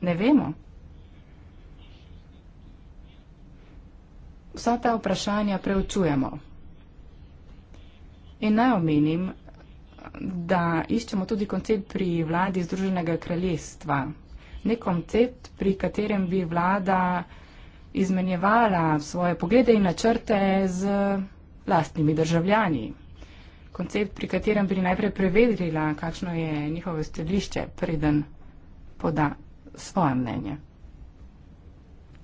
Ne vemo. Vsa ta vprašanja preučujemo. In naj omenim, da iščemo tudi koncept pri vladi Združenega kraljestva. Nek koncept, pri katerem bi vlada izmenjevala svoje poglede in načrte z lastnimi državljani. Koncept, pri katerem bi najprej prevedrila, kakšno je njihovo stališče, preden poda svoje mnenje.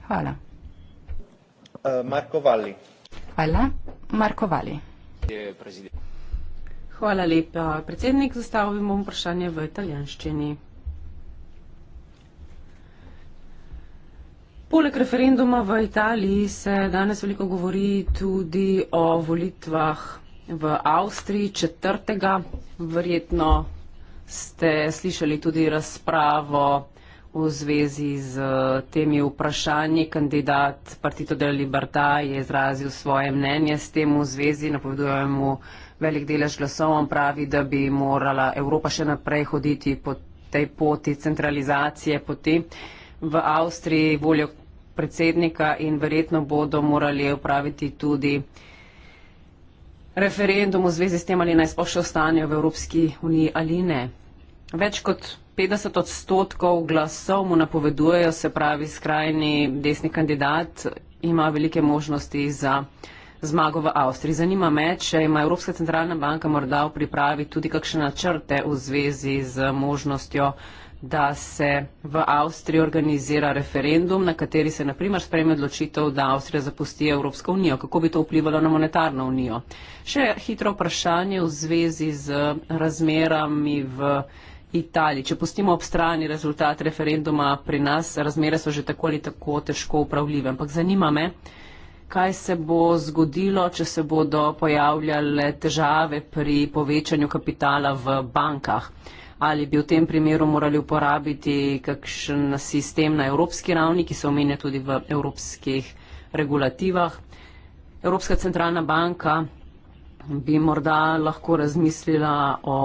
Hvala. Eh, Marko Vali. Hvala, Marko Vali. Je predsednik. Hvala lepa. Predsednik, zastavimo vprašanje v italijanščini. Poleg referenduma v Italiji se danes veliko govori tudi o volitvah v Avstriji četrtega. Verjetno ste slišali tudi razpravo v zvezi z eh, temi vprašanji. Kandidat Partito del Libertà je izrazil svoje mnenje s tem v zvezi, napovedujemo mu velik delež glasov, on pravi, da bi morala Evropa še naprej hoditi po tej poti centralizacije poti. V Avstriji voljo predsednika in verjetno bodo morali upraviti tudi referendum v zvezi s tem, ali naj sploh še ostanejo v Evropski uniji ali ne. Več kot 50 odstotkov glasov mu napovedujejo, se pravi skrajni desni kandidat ima velike možnosti za zmago v Avstriji. Zanima me, če ima Evropska centralna banka morda v pripravi tudi kakšne načrte v zvezi z možnostjo, da se v Avstriji organizira referendum, na kateri se naprimer sprejme odločitev, da Avstrija zapusti Evropsko unijo. Kako bi to vplivalo na monetarno unijo? Še hitro vprašanje v zvezi z razmerami v. Italiji. Če pustimo ob strani rezultat referenduma pri nas, razmere so že tako ali tako težko upravljive. Ampak zanima me, kaj se bo zgodilo, če se bodo pojavljale težave pri povečanju kapitala v bankah. Ali bi v tem primeru morali uporabiti kakšen sistem na evropski ravni, ki se omenja tudi v evropskih regulativah. Evropska centralna banka bi morda lahko razmislila o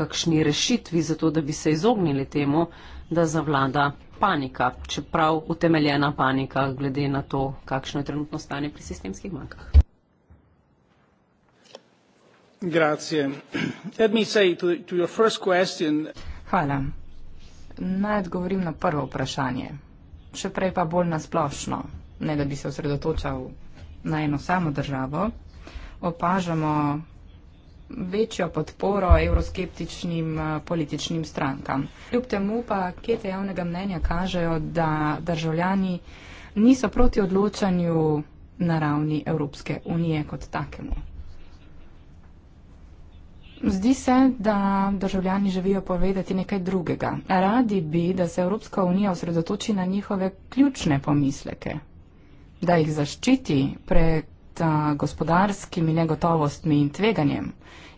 kakšni rešitvi za to, da bi se izognili temu, da zavlada panika, čeprav utemeljena panika, glede na to, kakšno je trenutno stanje pri sistemskih bankah. Hvala. Naj odgovorim na prvo vprašanje, še prej pa bolj na splošno, ne da bi se osredotočal na eno samo državo. Opažamo večjo podporo evroskeptičnim eh, političnim strankam. Ljub temu pa kete javnega mnenja kažejo, da državljani niso proti odločanju na ravni Evropske unije kot takemu. Zdi se, da državljani želijo povedati nekaj drugega. Radi bi, da se Evropska unija osredotoči na njihove ključne pomisleke, da jih zaščiti prek med gospodarskimi negotovostmi in tveganjem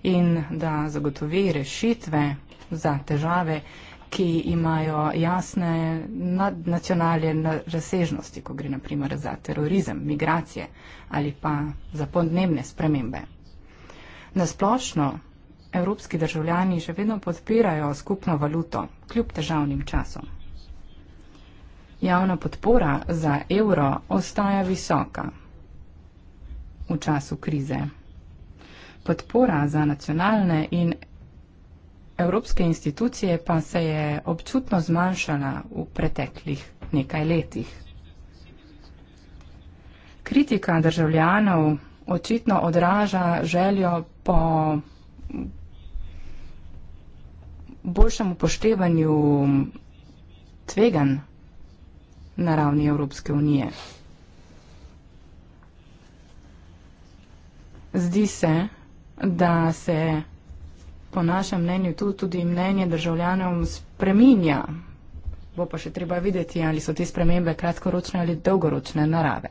in da zagotovi rešitve za težave, ki imajo jasne nadnacionalne razsežnosti, ko gre naprimer za terorizem, migracije ali pa za podnebne spremembe. Nasplošno evropski državljani še vedno podpirajo skupno valuto kljub težavnim časom. Javna podpora za evro ostaja visoka v času krize. Podpora za nacionalne in evropske institucije pa se je občutno zmanjšala v preteklih nekaj letih. Kritika državljanov očitno odraža željo po boljšem upoštevanju tvegan na ravni Evropske unije. Zdi se, da se po našem mnenju tu tudi mnenje državljanom spreminja. Bo pa še treba videti, ali so te spremembe kratkoročne ali dolgoročne narave.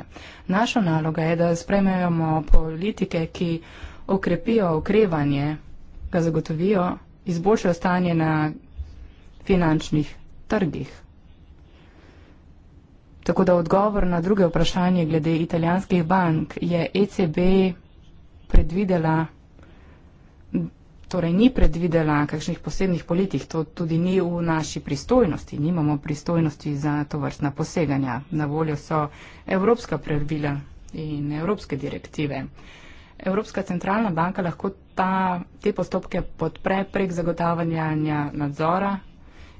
Naša naloga je, da sprejmejo politike, ki okrepijo okrevanje, ga zagotovijo, izboljšajo stanje na finančnih trgih. Tako da odgovor na druge vprašanje glede italijanskih bank je ECB predvidela, torej ni predvidela kakšnih posebnih politik, to tudi ni v naši pristojnosti, nimamo pristojnosti za to vrstna poseganja. Na voljo so evropska pravila in evropske direktive. Evropska centralna banka lahko ta, te postopke podpre prek zagotavljanja nadzora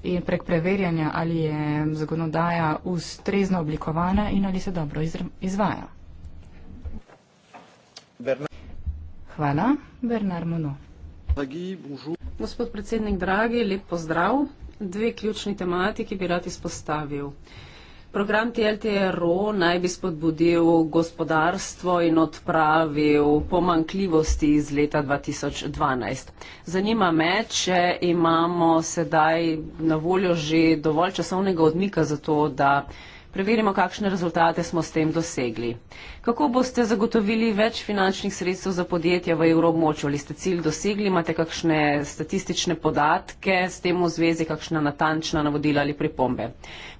in prek preverjanja, ali je zakonodaja ustrezno oblikovana in ali se dobro izra, izvaja. Bernard. Hvala. Bernard Mono. Gospod predsednik, dragi, lep pozdrav. Dve ključni tematiki bi rad izpostavil. Program TLTRO naj bi spodbudil gospodarstvo in odpravil pomankljivosti iz leta 2012. Zanima me, če imamo sedaj na voljo že dovolj časovnega odmika za to, da Preverimo, kakšne rezultate smo s tem dosegli. Kako boste zagotovili več finančnih sredstev za podjetja v evroobmočju? Ali ste cilj dosegli, imate kakšne statistične podatke s tem v zvezi, kakšna natančna navodila ali pripombe?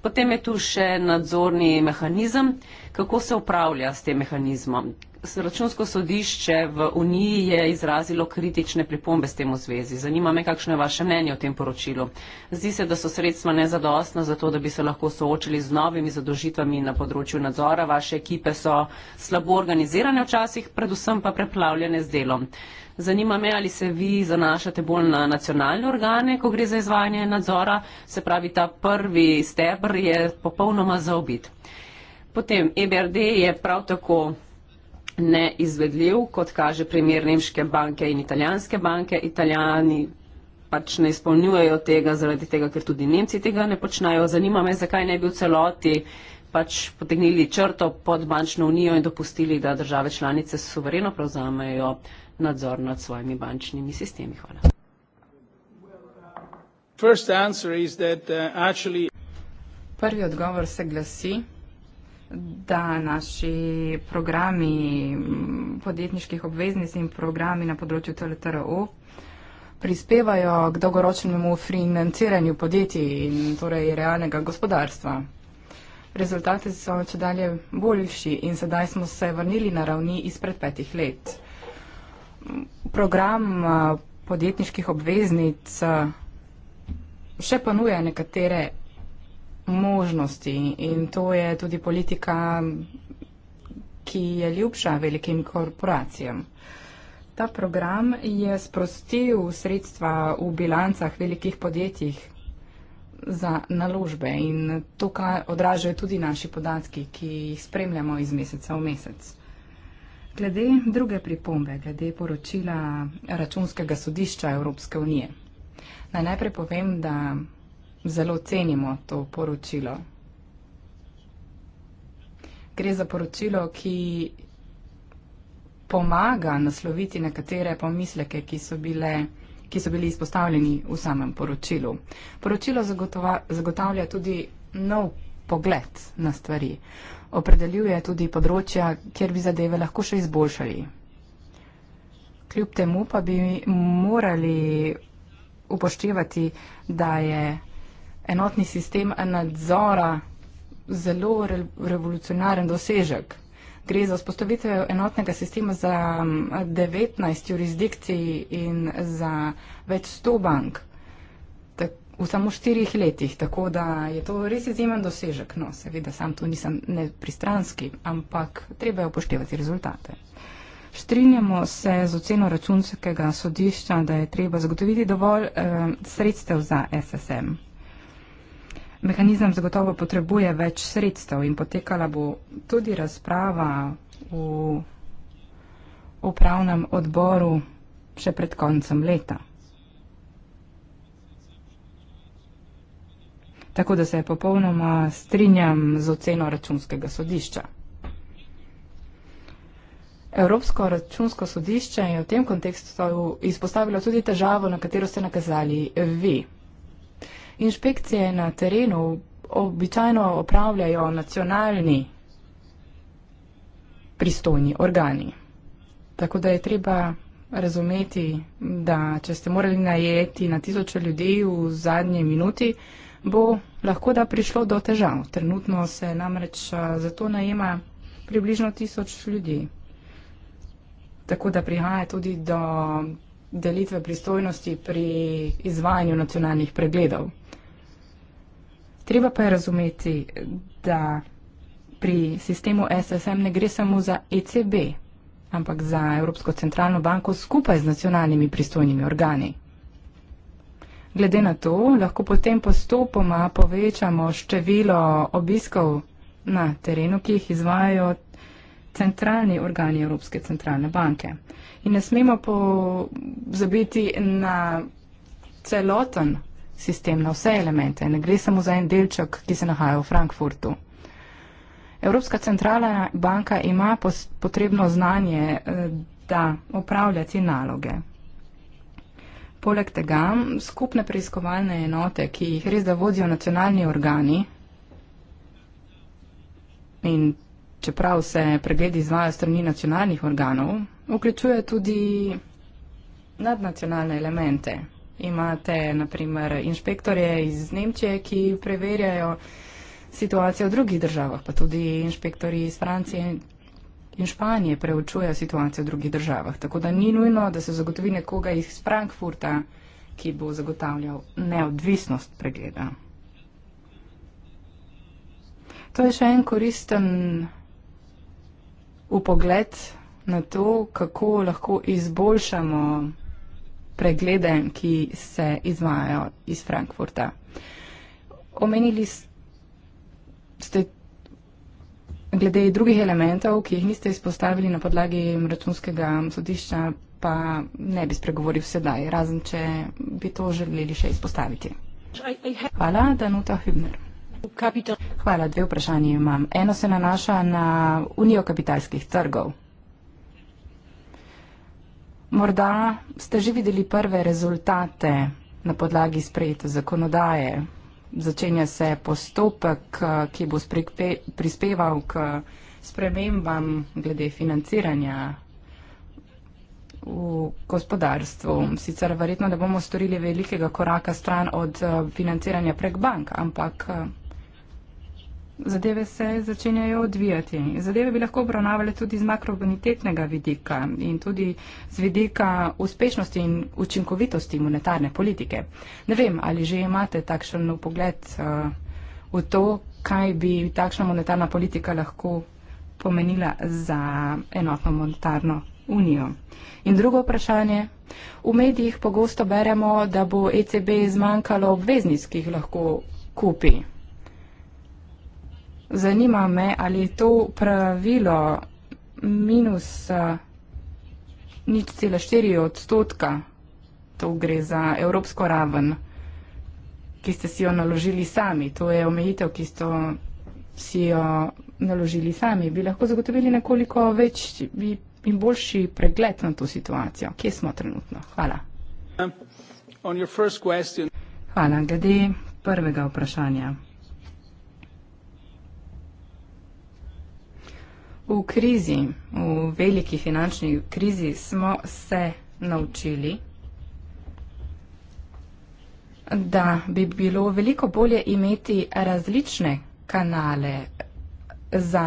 Potem je tu še nadzorni mehanizem kako se upravlja s tem mehanizmom. Računsko sodišče v Uniji je izrazilo kritične pripombe s tem v zvezi. Zanima me, kakšno je vaše mnenje o tem poročilu. Zdi se, da so sredstva nezadostna za to, da bi se lahko soočili z novimi zadožitvami na področju nadzora. Vaše ekipe so slabo organizirane včasih, predvsem pa preplavljene z delom. Zanima me, ali se vi zanašate bolj na nacionalne organe, ko gre za izvajanje nadzora. Se pravi, ta prvi stebr je popolnoma zaobit. Potem EBRD je prav tako neizvedljiv, kot kaže primer nemške banke in italijanske banke. Italijani pač ne izpolnjujejo tega, zaradi tega, ker tudi Nemci tega ne počnajo. Zanima me, zakaj ne bi v celoti pač potegnili črto pod bančno unijo in dopustili, da države članice suvereno prevzamejo nadzor nad svojimi bančnimi sistemi. Hvala. Uh, Prvi odgovor se glasi da naši programi podjetniških obveznic in programi na področju TLTRO prispevajo k dolgoročnemu financiranju podjetij in torej realnega gospodarstva. Rezultati so če dalje boljši in sedaj smo se vrnili na ravni izpred petih let. Program podjetniških obveznic še ponuja nekatere možnosti in to je tudi politika, ki je ljubša velikim korporacijam. Ta program je sprostil sredstva v bilancah velikih podjetjih za naložbe in to odražajo tudi naši podatki, ki jih spremljamo iz meseca v mesec. Glede druge pripombe, glede poročila Računskega sodišča Evropske unije. Naj najprej povem, da zelo cenimo to poročilo. Gre za poročilo, ki pomaga nasloviti nekatere pomisleke, ki so, bile, ki so bili izpostavljeni v samem poročilu. Poročilo zagotova, zagotavlja tudi nov pogled na stvari. Opredeljuje tudi področja, kjer bi zadeve lahko še izboljšali. Kljub temu pa bi morali upoštevati, da je enotni sistem nadzora zelo re, revolucionaren dosežek. Gre za vzpostavitev enotnega sistema za 19 jurisdikcij in za več sto bank tak, v samo štirih letih. Tako da je to res izjemen dosežek. No, seveda sam tu nisem nepristranski, ampak treba je upoštevati rezultate. Strinjamo se z oceno računskega sodišča, da je treba zagotoviti dovolj eh, sredstev za SSM. Mehanizem zagotovo potrebuje več sredstev in potekala bo tudi razprava v upravnem odboru še pred koncem leta. Tako da se popolnoma strinjam z oceno računskega sodišča. Evropsko računsko sodišče je v tem kontekstu izpostavilo tudi težavo, na katero ste nakazali vi inšpekcije na terenu običajno opravljajo nacionalni pristojni organi. Tako da je treba razumeti, da če ste morali najeti na tisoče ljudi v zadnji minuti, bo lahko da prišlo do težav. Trenutno se namreč za to najema približno tisoč ljudi. Tako da prihaja tudi do delitve pristojnosti pri izvajanju nacionalnih pregledov. Treba pa je razumeti, da pri sistemu SSM ne gre samo za ECB, ampak za Evropsko centralno banko skupaj z nacionalnimi pristojnimi organi. Glede na to lahko potem postopoma povečamo število obiskov na terenu, ki jih izvajajo centralni organi Evropske centralne banke. In ne smemo pozabiti na celoten sistem, na vse elemente. Ne gre samo za en delček, ki se nahaja v Frankfurtu. Evropska centralna banka ima potrebno znanje, eh, da upravlja te naloge. Poleg tega skupne preiskovalne enote, ki jih res da vodijo nacionalni organi in čeprav se pregledi izvajo strani nacionalnih organov, vključuje tudi nadnacionalne elemente. Imate naprimer inšpektorje iz Nemčije, ki preverjajo situacijo v drugih državah, pa tudi inšpektori iz Francije in Španije preučujejo situacijo v drugih državah. Tako da ni nujno, da se zagotovi nekoga iz Frankfurta, ki bo zagotavljal neodvisnost pregleda. To je še en koristen upogled na to, kako lahko izboljšamo preglede, ki se izvajajo iz Frankfurta. Omenili ste glede drugih elementov, ki jih niste izpostavili na podlagi računskega sodišča, pa ne bi spregovoril sedaj, razen če bi to želeli še izpostaviti. Hvala, Danuta Hübner. Hvala, dve vprašanje imam. Eno se nanaša na unijo kapitalskih trgov. Morda ste že videli prve rezultate na podlagi sprejete zakonodaje. Začenja se postopek, ki bo prispeval k spremembam glede financiranja v gospodarstvu. Sicer verjetno ne bomo storili velikega koraka stran od financiranja prek bank, ampak Zadeve se začenjajo odvijati. Zadeve bi lahko obravnavali tudi z makrobonitetnega vidika in tudi z vidika uspešnosti in učinkovitosti monetarne politike. Ne vem, ali že imate takšen pogled uh, eh, v to, kaj bi takšna monetarna politika lahko pomenila za enotno monetarno unijo. In drugo vprašanje. V medijih pogosto beremo, da bo ECB zmanjkalo obveznic, ki jih lahko kupi. Zanima me, ali je to pravilo minus eh, nič cela štiri odstotka, to gre za evropsko raven, ki ste si jo naložili sami. To je omejitev, ki ste si jo naložili sami. Bi lahko zagotovili nekoliko več in boljši pregled na to situacijo? Kje smo trenutno? Hvala. Um, Hvala. Glede prvega vprašanja. V krizi, v veliki finančni krizi smo se naučili, da bi bilo veliko bolje imeti različne kanale za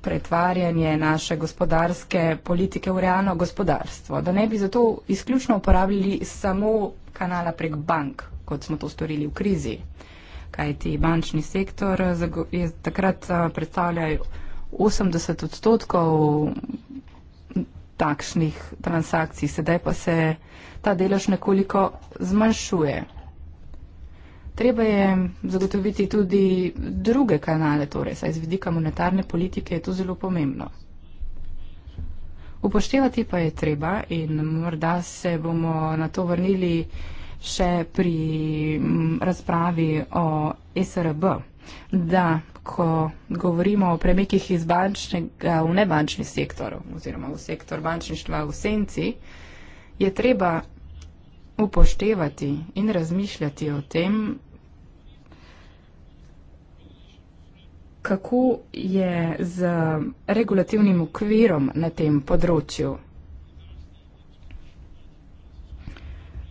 pretvarjanje naše gospodarske politike v realno gospodarstvo. Da ne bi zato izključno uporabljali samo kanala prek bank, kot smo to storili v krizi. Kajti bančni sektor je takrat predstavljal 80 odstotkov takšnih transakcij, sedaj pa se ta delež nekoliko zmanjšuje. Treba je zagotoviti tudi druge kanale, torej saj z vidika monetarne politike je to zelo pomembno. Upoštevati pa je treba in morda se bomo na to vrnili še pri razpravi o SRB, da ko govorimo o premikih iz bančnega v nebančni sektor oziroma v sektor bančništva v senci, je treba upoštevati in razmišljati o tem, kako je z regulativnim okvirom na tem področju,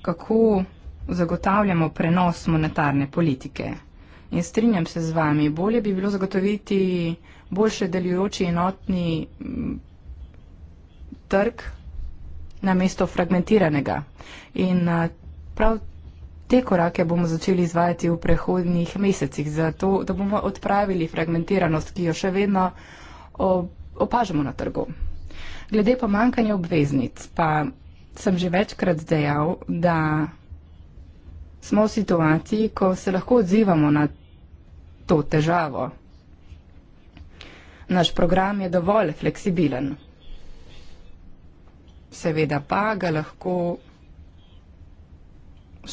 kako zagotavljamo prenos monetarne politike. In strinjam se z vami, bolje bi bilo zagotoviti boljše delujoči enotni mm, trg na mesto fragmentiranega. In prav te korake bomo začeli izvajati v prehodnih mesecih, zato da bomo odpravili fragmentiranost, ki jo še vedno opažamo na trgu. Glede pa manjkanja obveznic, pa sem že večkrat dejal, da smo v situaciji, ko se lahko odzivamo na to težavo. Naš program je dovolj fleksibilen. Seveda pa ga lahko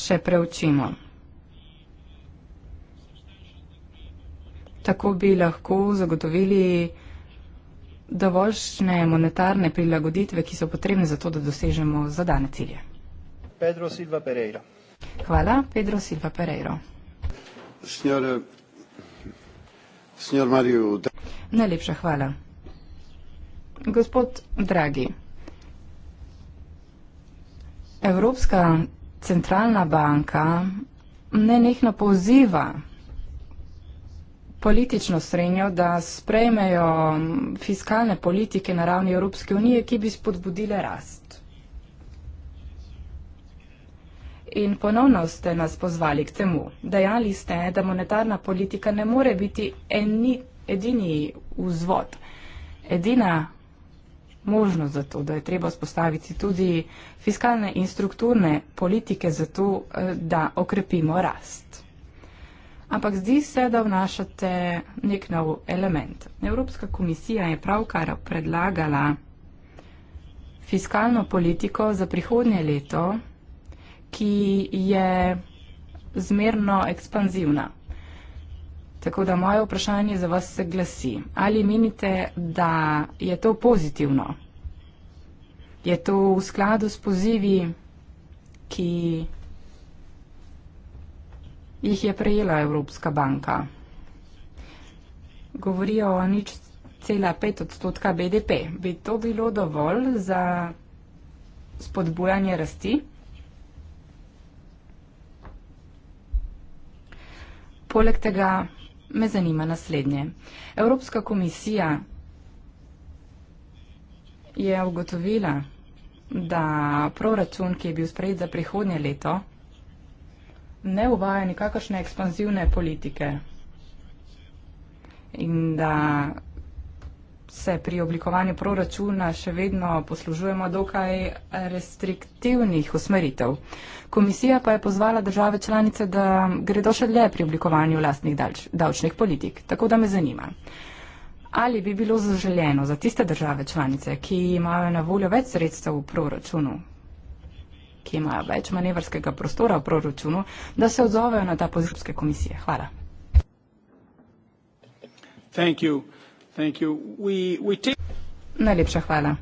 še preučimo. Tako bi lahko zagotovili dovoljšne monetarne prilagoditve, ki so potrebne za to, da dosežemo zadane cilje. Pedro Silva Pereira. Hvala. Pedro Silva Pereiro. Signor, signor Mario... Najlepša hvala. Gospod Dragi, Evropska centralna banka nenehno poziva politično srednjo, da sprejmejo fiskalne politike na ravni Evropske unije, ki bi spodbudile rast. In ponovno ste nas pozvali k temu. Dejali ste, da monetarna politika ne more biti eni, edini vzvod, edina možnost za to, da je treba spostaviti tudi fiskalne in strukturne politike za to, eh, da okrepimo rast. Ampak zdi se, da vnašate nek nov element. Evropska komisija je pravkar predlagala fiskalno politiko za prihodnje leto ki je zmerno ekspanzivna. Tako da moje vprašanje za vas se glasi. Ali menite, da je to pozitivno? Je to v skladu s pozivi, ki jih je prejela Evropska banka? Govorijo o nič cela pet odstotka BDP. Bi to bilo dovolj za spodbujanje rasti? Poleg tega me zanima naslednje. Evropska komisija je ugotovila, da proračun, ki je bil sprejet za prihodnje leto, ne uvaja nikakršne ekspanzivne politike in da se pri oblikovanju proračuna še vedno poslužujemo dokaj restriktivnih usmeritev. Komisija pa je pozvala države članice, da gredo še dlje pri oblikovanju lastnih davčnih politik. Tako da me zanima, ali bi bilo zaželjeno za tiste države članice, ki imajo na voljo več sredstev v proračunu, ki imajo več manevrskega prostora v proračunu, da se odzovejo na ta pozivske komisije. Hvala. Thank you. Najlepša hvala.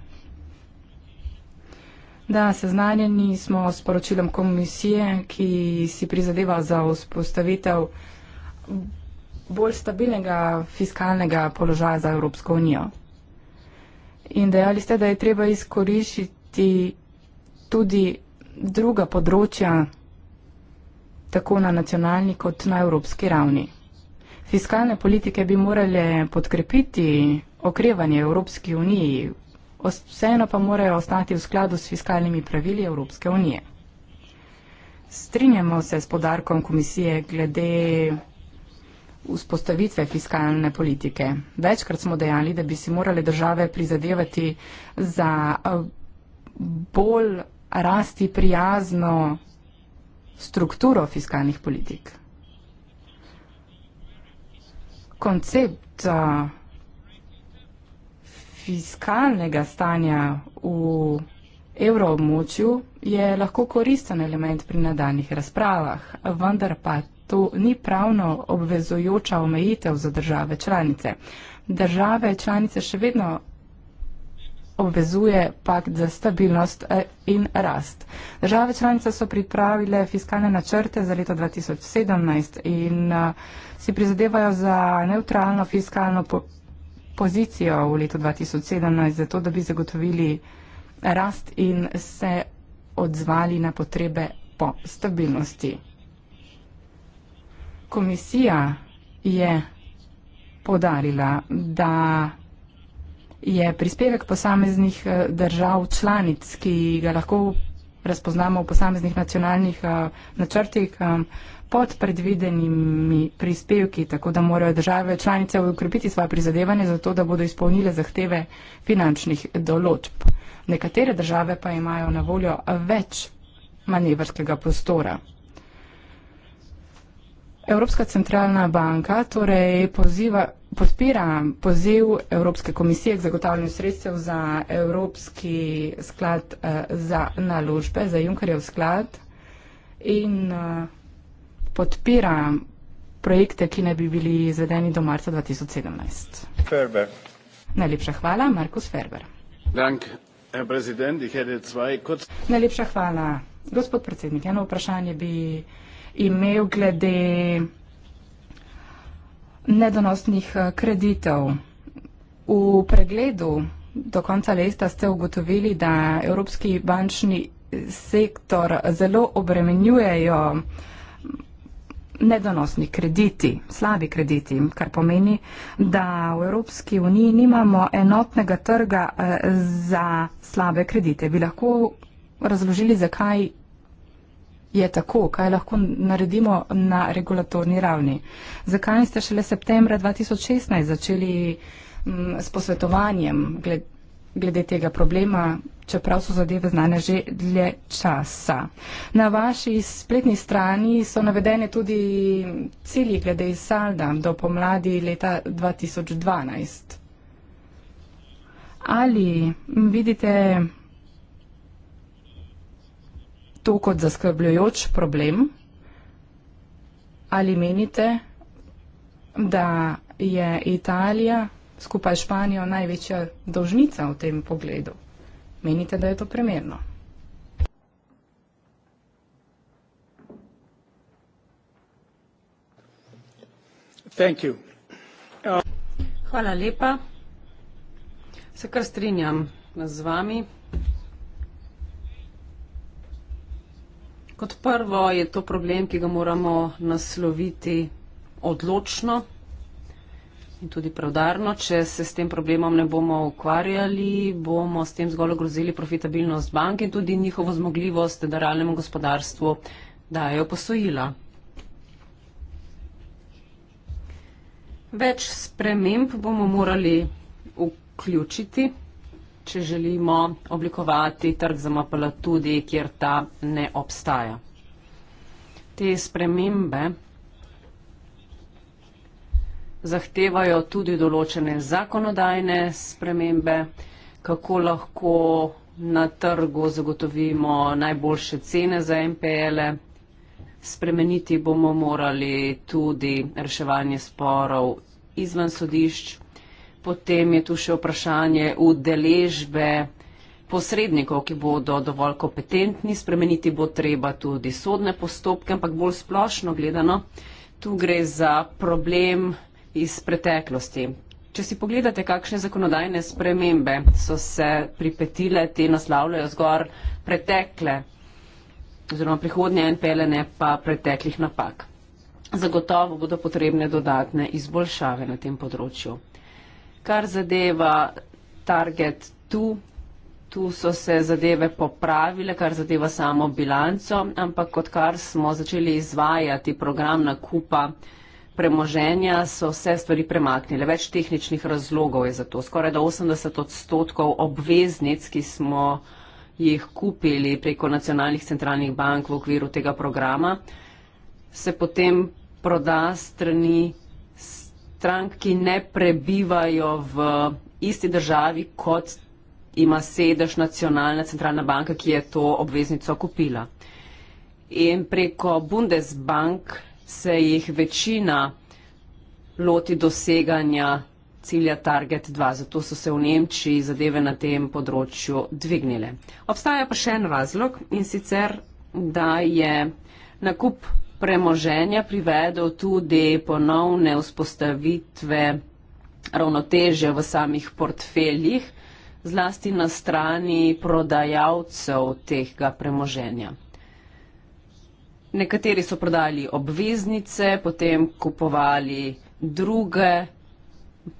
Da, seznanjeni smo s poročilom komisije, ki si prizadeva za vzpostavitev bolj stabilnega fiskalnega položaja za Evropsko unijo. In dejali ste, da je treba izkoriščiti tudi druga področja, tako na nacionalni kot na evropski ravni. Fiskalne politike bi morale podkrepiti okrevanje Evropske unije, vseeno pa morajo ostati v skladu s fiskalnimi pravili Evropske unije. Strinjamo se s podarkom komisije glede vzpostavitve fiskalne politike. Večkrat smo dejali, da bi si morale države prizadevati za bolj rasti prijazno strukturo fiskalnih politik koncept uh, fiskalnega stanja v evroobmočju je lahko koristen element pri nadaljnih razpravah, vendar pa to ni pravno obvezujoča omejitev za države članice. Države članice še vedno obvezuje pakt za stabilnost eh, in rast. Države članice so pripravile fiskalne načrte za leto 2017 in eh, si prizadevajo za neutralno fiskalno po pozicijo v letu 2017, zato da bi zagotovili rast in se odzvali na potrebe po stabilnosti. Komisija je podarila, da je prispevek posameznih eh, držav članic, ki ga lahko razpoznamo v posameznih nacionalnih eh, načrtih eh, pod predvidenimi prispevki, tako da morajo države članice ukrepiti svoje prizadevanje za to, da bodo izpolnile zahteve finančnih določb. Nekatere države pa imajo na voljo več manevrskega prostora. Evropska centralna banka torej poziva podpira poziv Evropske komisije k zagotavljanju sredstev za Evropski sklad eh, za naložbe, za Junkerjev sklad in eh, podpira projekte, ki naj bi bili izvedeni do marca 2017. Ferber. Najlepša hvala, Markus Ferber. Dank, kot... Najlepša hvala, gospod predsednik. Eno vprašanje bi imel glede nedonosnih eh, kreditov. V pregledu do konca leta ste ugotovili, da evropski bančni sektor zelo obremenjujejo nedonosni krediti, slabi krediti, kar pomeni, da v Evropski uniji nimamo enotnega trga eh, za slabe kredite. Bi lahko razložili, zakaj je tako, kaj lahko naredimo na regulatorni ravni. Zakaj ste šele septembra 2016 začeli m, mm, s posvetovanjem gled, glede tega problema, čeprav so zadeve znane že dlje časa? Na vaši spletni strani so navedene tudi cilji glede iz Salda do pomladi leta 2012. Ali vidite to kot zaskrbljujoč problem? Ali menite, da je Italija skupaj s Španijo največja dolžnica v tem pogledu? Menite, da je to primerno? Hvala lepa. Se kar strinjam z vami. Kot prvo je to problem, ki ga moramo nasloviti odločno in tudi pravdarno. Če se s tem problemom ne bomo ukvarjali, bomo s tem zgolj ogrozili profitabilnost bank in tudi njihovo zmogljivost, da realnemu gospodarstvu dajo posojila. Več sprememb bomo morali vključiti če želimo oblikovati trg za MPL tudi, kjer ta ne obstaja. Te spremembe zahtevajo tudi določene zakonodajne spremembe, kako lahko na trgu zagotovimo najboljše cene za MPL. -e. Spremeniti bomo morali tudi reševanje sporov izven sodišča. Potem je tu še vprašanje udeležbe posrednikov, ki bodo dovolj kompetentni, spremeniti bo treba tudi sodne postopke, ampak bolj splošno gledano, tu gre za problem iz preteklosti. Če si pogledate, kakšne zakonodajne spremembe so se pripetile, te naslavljajo zgor pretekle oziroma prihodnje NPL-ene pa preteklih napak. Zagotovo bodo potrebne dodatne izboljšave na tem področju kar zadeva target tu, tu so se zadeve popravile, kar zadeva samo bilanco, ampak odkar smo začeli izvajati program nakupa premoženja, so vse stvari premaknile. Več tehničnih razlogov je za to. Skoraj 80 odstotkov obveznic, ki smo jih kupili preko nacionalnih centralnih bank v okviru tega programa, se potem proda strani strank, ki ne prebivajo v isti državi, kot ima sedež nacionalna centralna banka, ki je to obveznico kupila. In preko Bundesbank se jih večina loti doseganja cilja Target 2, zato so se v Nemčiji zadeve na tem področju dvignile. Obstaja pa še en razlog in sicer, da je nakup premoženja privedel tudi ponovne vzpostavitve ravnotežja v samih portfeljih, zlasti na strani prodajalcev tega premoženja. Nekateri so prodali obveznice, potem kupovali druge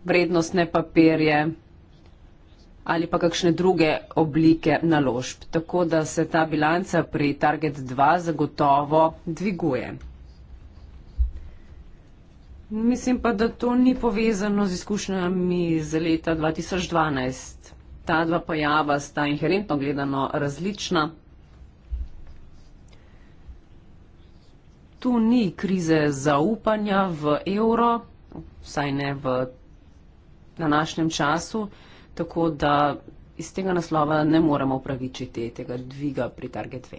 vrednostne papirje ali pa kakšne druge oblike naložb. Tako da se ta bilanca pri Target 2 zagotovo dviguje. Mislim pa, da to ni povezano z izkušnjami z leta 2012. Ta dva pojava sta inherentno gledano različna. Tu ni krize zaupanja v evro, vsaj ne v današnjem času tako da iz tega naslova ne moremo upravičiti tega dviga pri Target 2.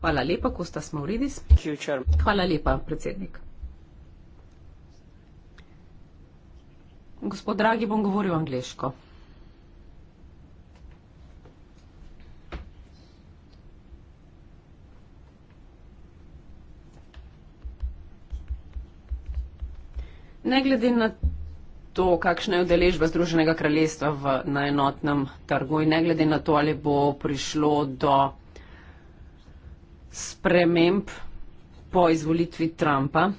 Hvala lepa, Kostas Mauridis. Future. Hvala lepa, predsednik. Gospod Dragi, bom govoril angliško. Ne glede na to, kakšna je udeležba Združenega kraljestva v najenotnem trgu in ne glede na to, ali bo prišlo do sprememb po izvolitvi Trumpa,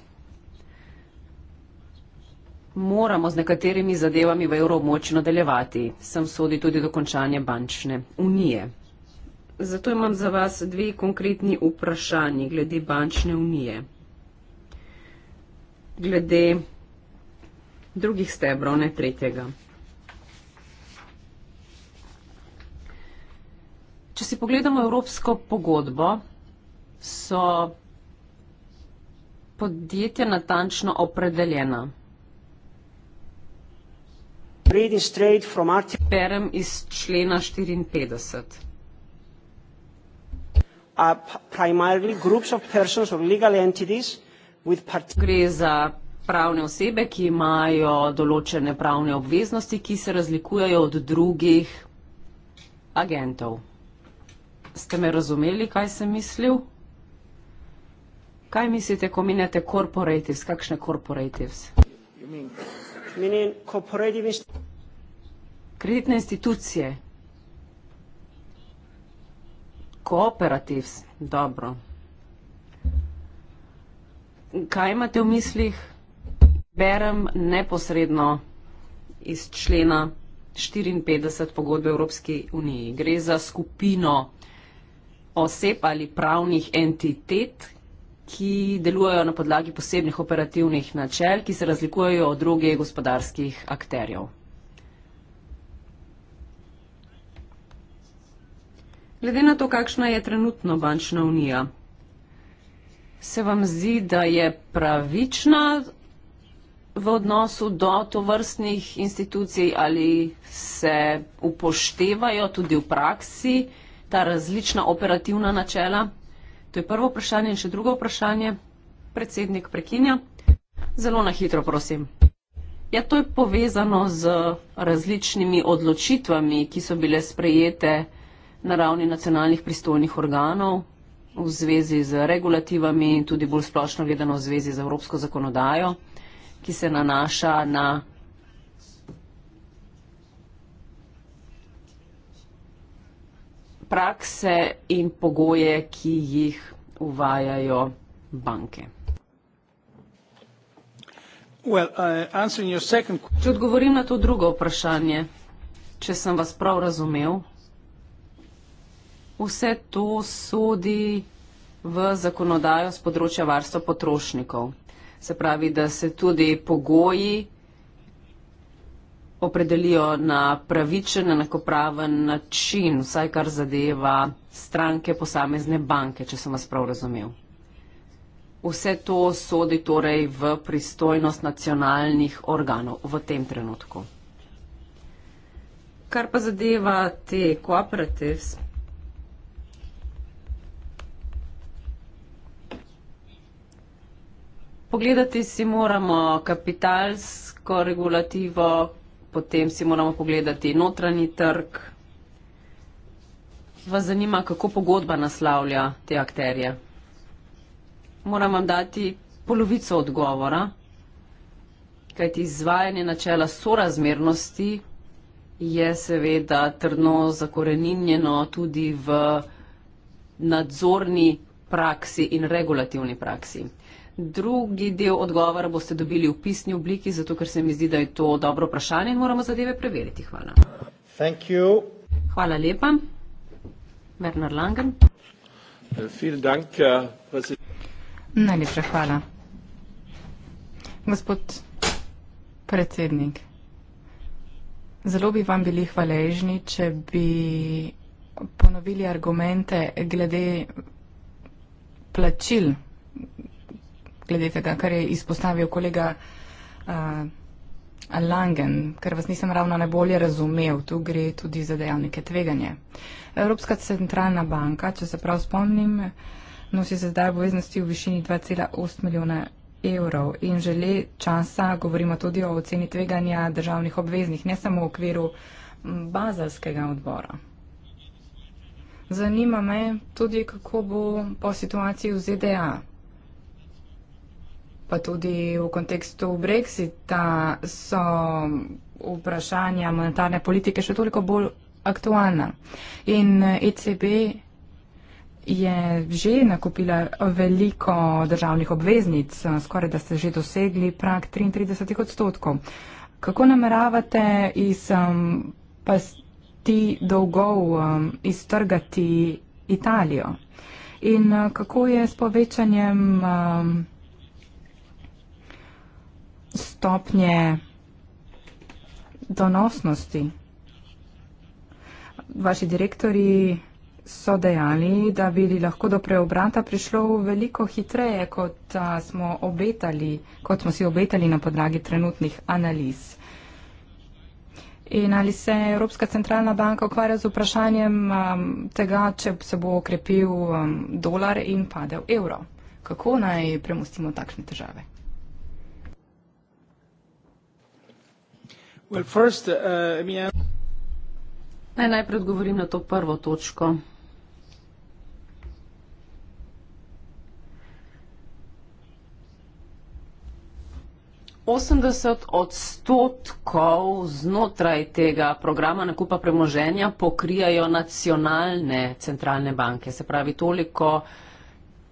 moramo z nekaterimi zadevami v evroobmočju nadaljevati. Sem sodi tudi dokončanje bančne unije. Zato imam za vas dve konkretni vprašanji glede bančne unije. Glede drugih stebrov, ne tretjega. Če si pogledamo Evropsko pogodbo, so podjetja natančno opredeljena. Perem iz člena 54. Gre za pravne osebe, ki imajo določene pravne obveznosti, ki se razlikujejo od drugih agentov. Ste me razumeli, kaj sem mislil? Kaj mislite, ko minete korporativs? Kakšne korporativs? Kreditne institucije. Kooperativs. Dobro. Kaj imate v mislih? berem neposredno iz člena 54 pogodbe Evropske unije. Gre za skupino oseb ali pravnih entitet, ki delujejo na podlagi posebnih operativnih načel, ki se razlikujejo od drugih gospodarskih akterjev. Glede na to, kakšna je trenutno bančna unija, se vam zdi, da je pravična v odnosu do tovrstnih institucij ali se upoštevajo tudi v praksi ta različna operativna načela? To je prvo vprašanje in še drugo vprašanje. Predsednik prekinja. Zelo na hitro, prosim. Ja, to je povezano z različnimi odločitvami, ki so bile sprejete na ravni nacionalnih pristojnih organov v zvezi z regulativami in tudi bolj splošno gledano v zvezi z evropsko zakonodajo ki se nanaša na prakse in pogoje, ki jih uvajajo banke. Uh, če odgovorim na to drugo vprašanje, če sem vas prav razumel, vse to sodi v zakonodajo z področja varstva potrošnikov se pravi, da se tudi pogoji opredelijo na pravičen, enakopraven način, vsaj kar zadeva stranke posamezne banke, če sem vas prav razumel. Vse to sodi torej v pristojnost nacionalnih organov v tem trenutku. Kar pa zadeva te kooperativs, Pogledati si moramo kapitalsko regulativo, potem si moramo pogledati notranji trg. Vas zanima, kako pogodba naslavlja te akterje? Moram vam dati polovico odgovora, kajti izvajanje načela sorazmernosti je seveda trdno zakoreninjeno tudi v nadzorni praksi in regulativni praksi. Drugi del odgovora boste dobili v pisni obliki, zato ker se mi zdi, da je to dobro vprašanje in moramo zadeve preveriti. Hvala. Hvala lepa. Werner Langen. Najlepša hvala. Gospod predsednik, zelo bi vam bili hvaležni, če bi ponovili argumente glede plačil glede tega, kar je izpostavil kolega uh, Langen, ker vas nisem ravno najbolje razumev. Tu gre tudi za dejavnike tveganja. Evropska centralna banka, če se prav spomnim, nosi za zdaj obveznosti v višini 2,8 milijona evrov in že le časa govorimo tudi o oceni tveganja državnih obveznih, ne samo v okviru bazalskega odbora. Zanima me tudi, kako bo po situaciji v ZDA pa tudi v kontekstu Brexita so vprašanja monetarne politike še toliko bolj aktualna. In ECB eh, e je že nakupila veliko državnih obveznic, eh, skoraj da ste že dosegli prak 33 odstotkov. Kako nameravate iz pasti dolgov iztrgati Italijo? In eh, kako je s povečanjem um, stopnje donosnosti. Vaši direktori so dejali, da bi lahko do preobrata prišlo veliko hitreje, kot smo, obetali, kot smo si obetali na podlagi trenutnih analiz. In ali se Evropska centralna banka ukvarja z vprašanjem um, tega, če se bo okrepil um, dolar in padel evro? Kako naj premustimo takšne težave? Uh, Naj najprej odgovorim na to prvo točko. Osemdeset odstotkov znotraj tega programa nakupa premoženja pokrijajo nacionalne centralne banke, se pravi, toliko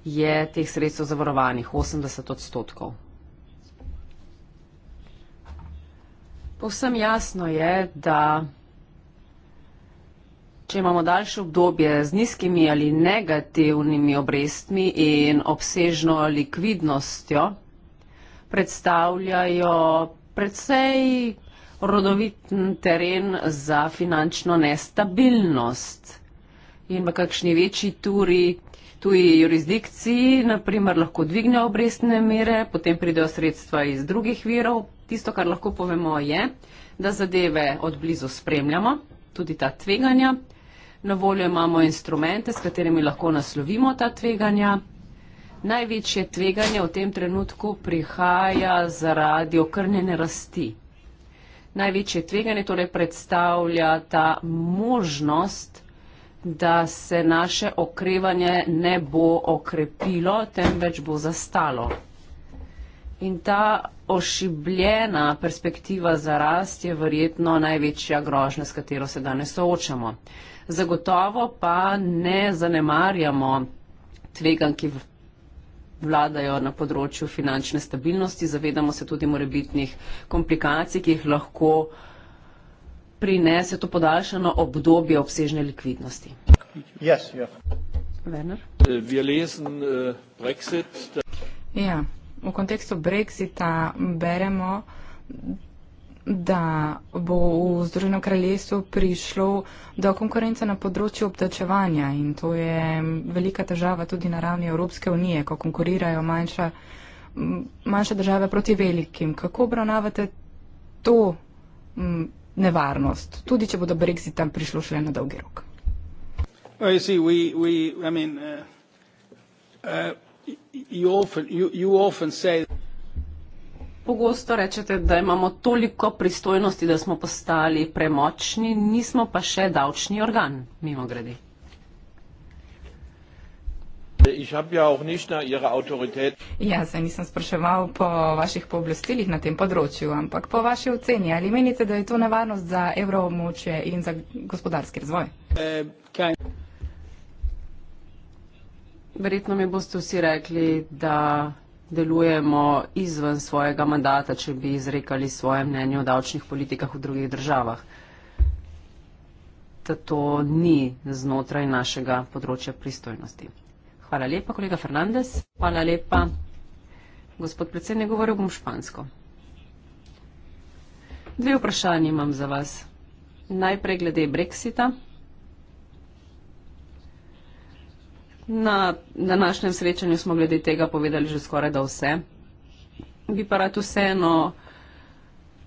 je teh sredstev zavarovanih, osemdeset odstotkov. Povsem jasno je, da če imamo daljše obdobje z nizkimi ali negativnimi obrestmi in obsežno likvidnostjo, predstavljajo predvsej rodoviten teren za finančno nestabilnost. In v kakšni večji turi, tuji jurisdikciji, naprimer, lahko dvignejo obrestne mere, potem pridejo sredstva iz drugih virov, Tisto, kar lahko povemo, je, da zadeve od blizu spremljamo, tudi ta tveganja. Na voljo imamo instrumente, s katerimi lahko naslovimo ta tveganja. Največje tveganje v tem trenutku prihaja zaradi okrnjene rasti. Največje tveganje torej predstavlja ta možnost, da se naše okrevanje ne bo okrepilo, temveč bo zastalo. In ta ošibljena perspektiva za rast je verjetno največja grožnja, s katero se danes soočamo. Zagotovo pa ne zanemarjamo tvegan, ki vladajo na področju finančne stabilnosti. Zavedamo se tudi morebitnih komplikacij, ki jih lahko prinese to podaljšano obdobje obsežne likvidnosti. Yes, yeah. Äh, äh, ja, v kontekstu Brexita beremo, da bo v Združenem kraljestvu prišlo do konkurence na področju obdačevanja in to je velika težava tudi na ravni Evropske unije, ko konkurirajo manjša, manjše države proti velikim. Kako obravnavate to mm, nevarnost, tudi če bo do Brexita prišlo šele na dolgi rok? Well, you see, we, we, I mean, uh, uh, Pogosto rečete, da imamo toliko pristojnosti, da smo postali premočni, nismo pa še davčni organ, mimo grede. Ja, ja se nisem spraševal po vaših pooblastilih na tem področju, ampak po vaši oceni, ali menite, da je to nevarnost za evroobmočje in za gospodarski razvoj? Eh, Verjetno mi boste vsi rekli, da delujemo izven svojega mandata, če bi izrekali svoje mnenje o davčnih politikah v drugih državah. Da to ni znotraj našega področja pristojnosti. Hvala lepa, kolega Fernandez. Hvala lepa. Gospod predsednik, govoril bom špansko. Dve vprašanje imam za vas. Najprej glede Brexita. Na današnjem srečanju smo glede tega povedali že skoraj da vse. Bi pa rad vseeno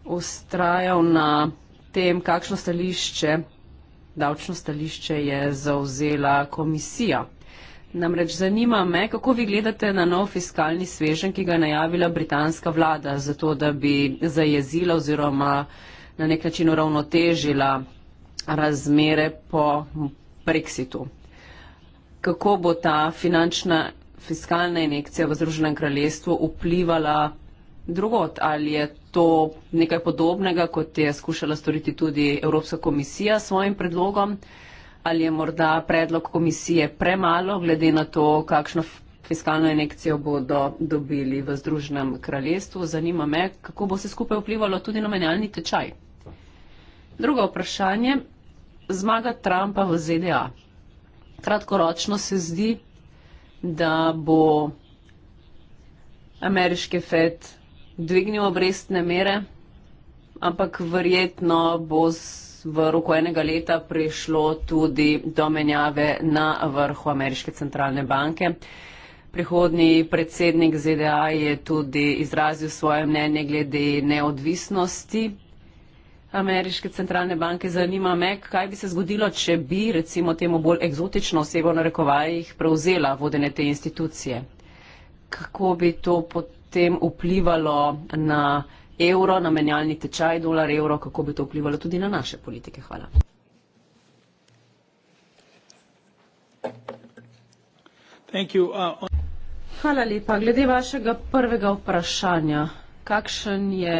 ustrajal na tem, kakšno stališče, davčno stališče je zauzela komisija. Namreč zanima me, kako vi gledate na nov fiskalni svežen, ki ga je najavila britanska vlada, zato da bi zajezila oziroma na nek način uravnotežila razmere po Brexitu kako bo ta finančna fiskalna injekcija v Združenem kraljestvu vplivala drugot. Ali je to nekaj podobnega, kot je skušala storiti tudi Evropska komisija s svojim predlogom, ali je morda predlog komisije premalo, glede na to, kakšno fiskalno injekcijo bodo dobili v Združenem kraljestvu. Zanima me, kako bo se skupaj vplivalo tudi na menjalni tečaj. Drugo vprašanje. Zmaga Trumpa v ZDA kratkoročno se zdi, da bo ameriški FED dvignil obrestne mere, ampak verjetno bo z, v roku enega leta prišlo tudi do menjave na vrhu ameriške centralne banke. Prihodni predsednik ZDA je tudi izrazil svoje mnenje glede neodvisnosti ameriške centralne banke zanima me, kaj bi se zgodilo, če bi recimo temu bolj egzotično osebo na rekovajih prevzela vodene te institucije. Kako bi to potem vplivalo na evro, na menjalni tečaj, dolar, evro, kako bi to vplivalo tudi na naše politike? Hvala. Uh, Hvala lepa. Glede vašega prvega vprašanja, kakšen je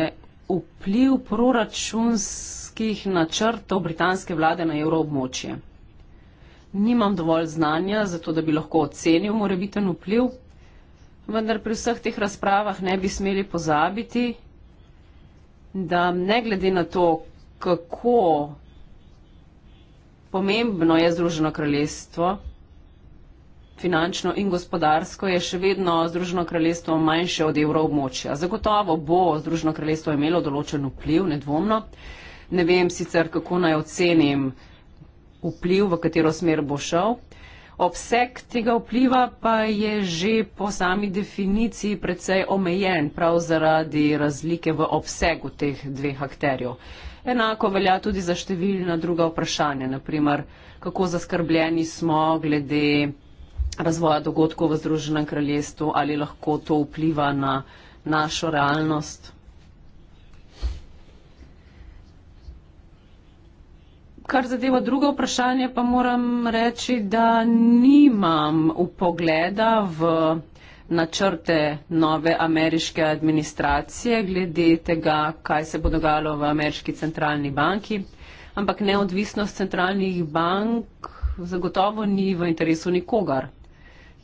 vpliv proračunskih načrtov britanske vlade na evroobmočje. Nimam dovolj znanja, zato da bi lahko ocenil morebiten vpliv, vendar pri vseh teh razpravah ne bi smeli pozabiti, da ne glede na to, kako pomembno je Združeno kraljestvo, finančno in gospodarsko, je še vedno Združeno kraljestvo manjše od evroobmočja. Zagotovo bo Združeno kraljestvo imelo določen vpliv, nedvomno. Ne vem sicer, kako naj ocenim vpliv, v katero smer bo šel. Obseg tega vpliva pa je že po sami definiciji precej omejen, prav zaradi razlike v obsegu teh dveh akterjev. Enako velja tudi za številna druga vprašanja, naprimer, kako zaskrbljeni smo glede razvoja dogodkov v Združenem kraljestvu, ali lahko to vpliva na našo realnost? Kar zadeva drugo vprašanje, pa moram reči, da nimam upogleda v načrte nove ameriške administracije glede tega, kaj se bo dogajalo v ameriški centralni banki. Ampak neodvisnost centralnih bank zagotovo ni v interesu nikogar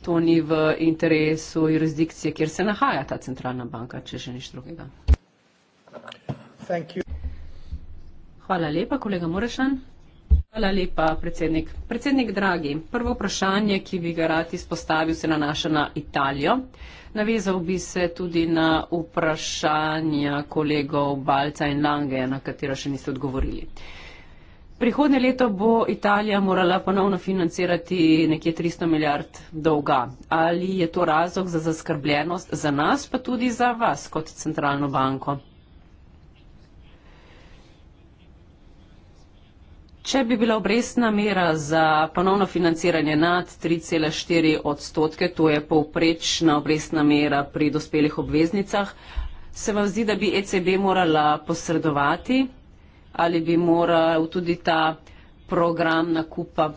to ni v interesu jurisdikcije, kjer se nahaja ta centralna banka, če že niš drugega. Hvala lepa, kolega Morešan. Hvala lepa, predsednik. Predsednik Dragi, prvo vprašanje, ki bi ga rad izpostavil, se nanaša na Italijo. Navezal bi se tudi na vprašanja kolegov Balca in Lange, na katero še niste odgovorili. Uh, Prihodnje leto bo Italija morala ponovno financirati nekje 300 milijard dolga. Ali je to razlog za zaskrbljenost za nas, pa tudi za vas kot centralno banko? Če bi bila obrestna mera za ponovno financiranje nad 3,4 odstotke, to je povprečna obrestna mera pri dospelih obveznicah, se vam zdi, da bi ECB morala posredovati ali bi moral tudi ta program nakupa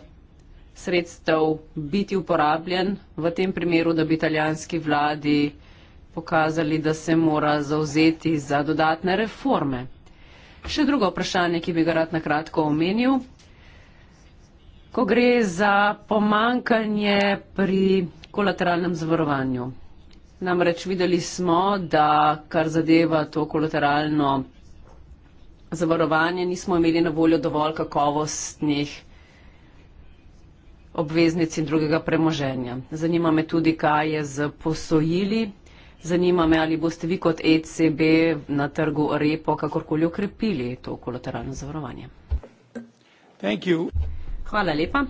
sredstev biti uporabljen v tem primeru, da bi italijanski vladi pokazali, da se mora zauzeti za dodatne reforme. Še drugo vprašanje, ki bi ga rad na kratko omenil. Ko gre za pomankanje pri kolateralnem zavarovanju. Namreč videli smo, da kar zadeva to kolateralno zavarovanje, nismo imeli na voljo dovolj kakovostnih obveznic in drugega premoženja. Zanima me tudi, kaj je z posojili. Zanima me, ali boste vi kot ECB na trgu Repo kakorkoli okrepili to kolateralno zavarovanje. Hvala lepa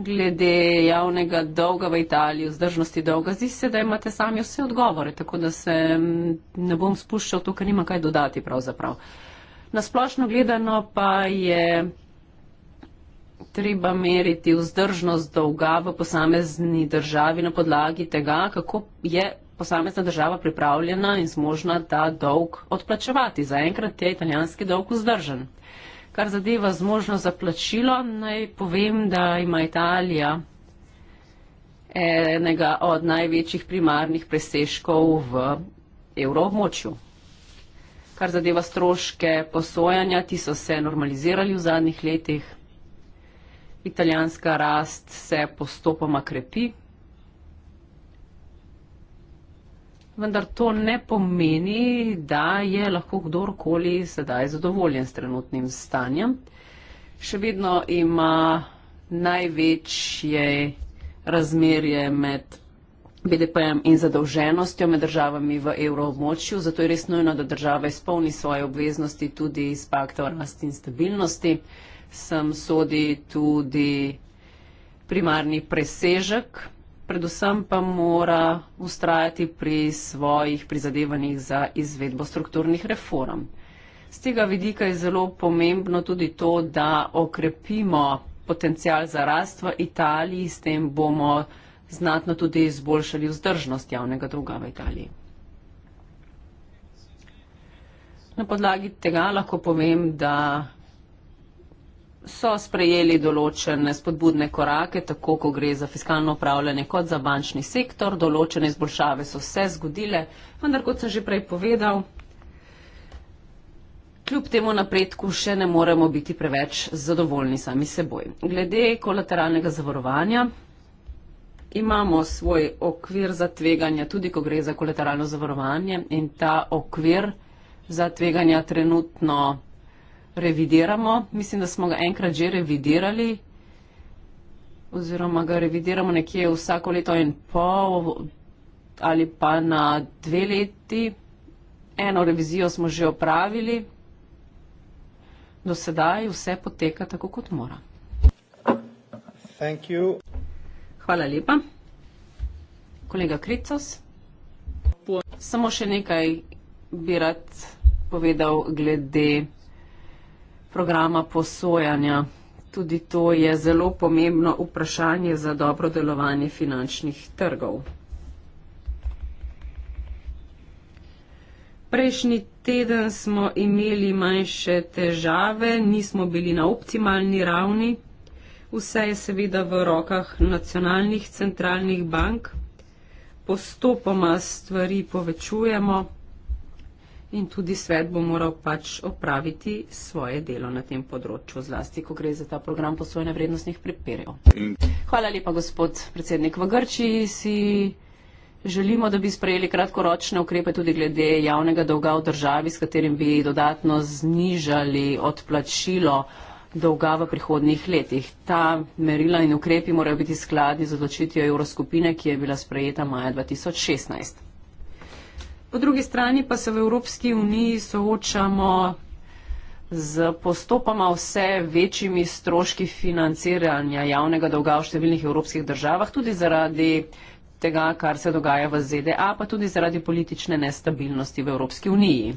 glede javnega dolga v Italiji, vzdržnosti dolga. Zdi se, da imate sami vse odgovore, tako da se mm, ne bom spuščal tukaj, nima kaj dodati pravzaprav. Na splošno gledano pa je treba meriti vzdržnost dolga v posamezni državi na podlagi tega, kako je posamezna država pripravljena in zmožna ta dolg odplačevati. Zaenkrat je italijanski dolg vzdržen. Kar zadeva zmožnost za plačilo, naj povem, da ima Italija enega od največjih primarnih presežkov v evroobmočju. Kar zadeva stroške posojanja, ti so se normalizirali v zadnjih letih. Italijanska rast se postopoma krepi. vendar to ne pomeni, da je lahko kdorkoli sedaj zadovoljen s trenutnim stanjem. Še vedno ima največje razmerje med BDP-jem in zadolženostjo med državami v evroobmočju, zato je res nujno, da država izpolni svoje obveznosti tudi iz pakta o rasti in stabilnosti. Sem sodi tudi primarni presežek predvsem pa mora ustrajati pri svojih prizadevanjih za izvedbo strukturnih reform. Z tega vidika je zelo pomembno tudi to, da okrepimo potencial za rast v Italiji, s tem bomo znatno tudi izboljšali vzdržnost javnega druga v Italiji. Na podlagi tega lahko povem, da so sprejeli določene spodbudne korake, tako ko gre za fiskalno upravljanje kot za bančni sektor. Določene izboljšave so se zgodile, vendar kot sem že prej povedal, kljub temu napredku še ne moremo biti preveč zadovoljni sami seboj. Glede kolateralnega zavarovanja. Imamo svoj okvir za tveganja, tudi ko gre za kolateralno zavarovanje in ta okvir za tveganja trenutno revidiramo. Mislim, da smo ga enkrat že revidirali oziroma ga revidiramo nekje vsako leto in pol ali pa na dve leti. Eno revizijo smo že opravili. Do sedaj vse poteka tako, kot mora. Hvala lepa. Kolega Kricos. Samo še nekaj bi rad povedal glede programa posojanja. Tudi to je zelo pomembno vprašanje za dobro delovanje finančnih trgov. Prejšnji teden smo imeli manjše težave, nismo bili na optimalni ravni. Vse je seveda v rokah nacionalnih centralnih bank. Postopoma stvari povečujemo in tudi svet bo moral pač opraviti svoje delo na tem področju, zlasti, ko gre za ta program posojene vrednostnih prepirjev. Hvala lepa, gospod predsednik. V Grčiji si želimo, da bi sprejeli kratkoročne ukrepe tudi glede javnega dolga v državi, s katerim bi dodatno znižali odplačilo dolga v prihodnih letih. Ta merila in ukrepi morajo biti skladni z odločitvijo Euroskupine, ki je bila sprejeta maja 2016. Po drugi strani pa se v Evropski uniji soočamo z postopoma vse večjimi stroški financiranja javnega dolga v številnih evropskih državah, tudi zaradi tega, kar se dogaja v ZDA, pa tudi zaradi politične nestabilnosti v Evropski uniji.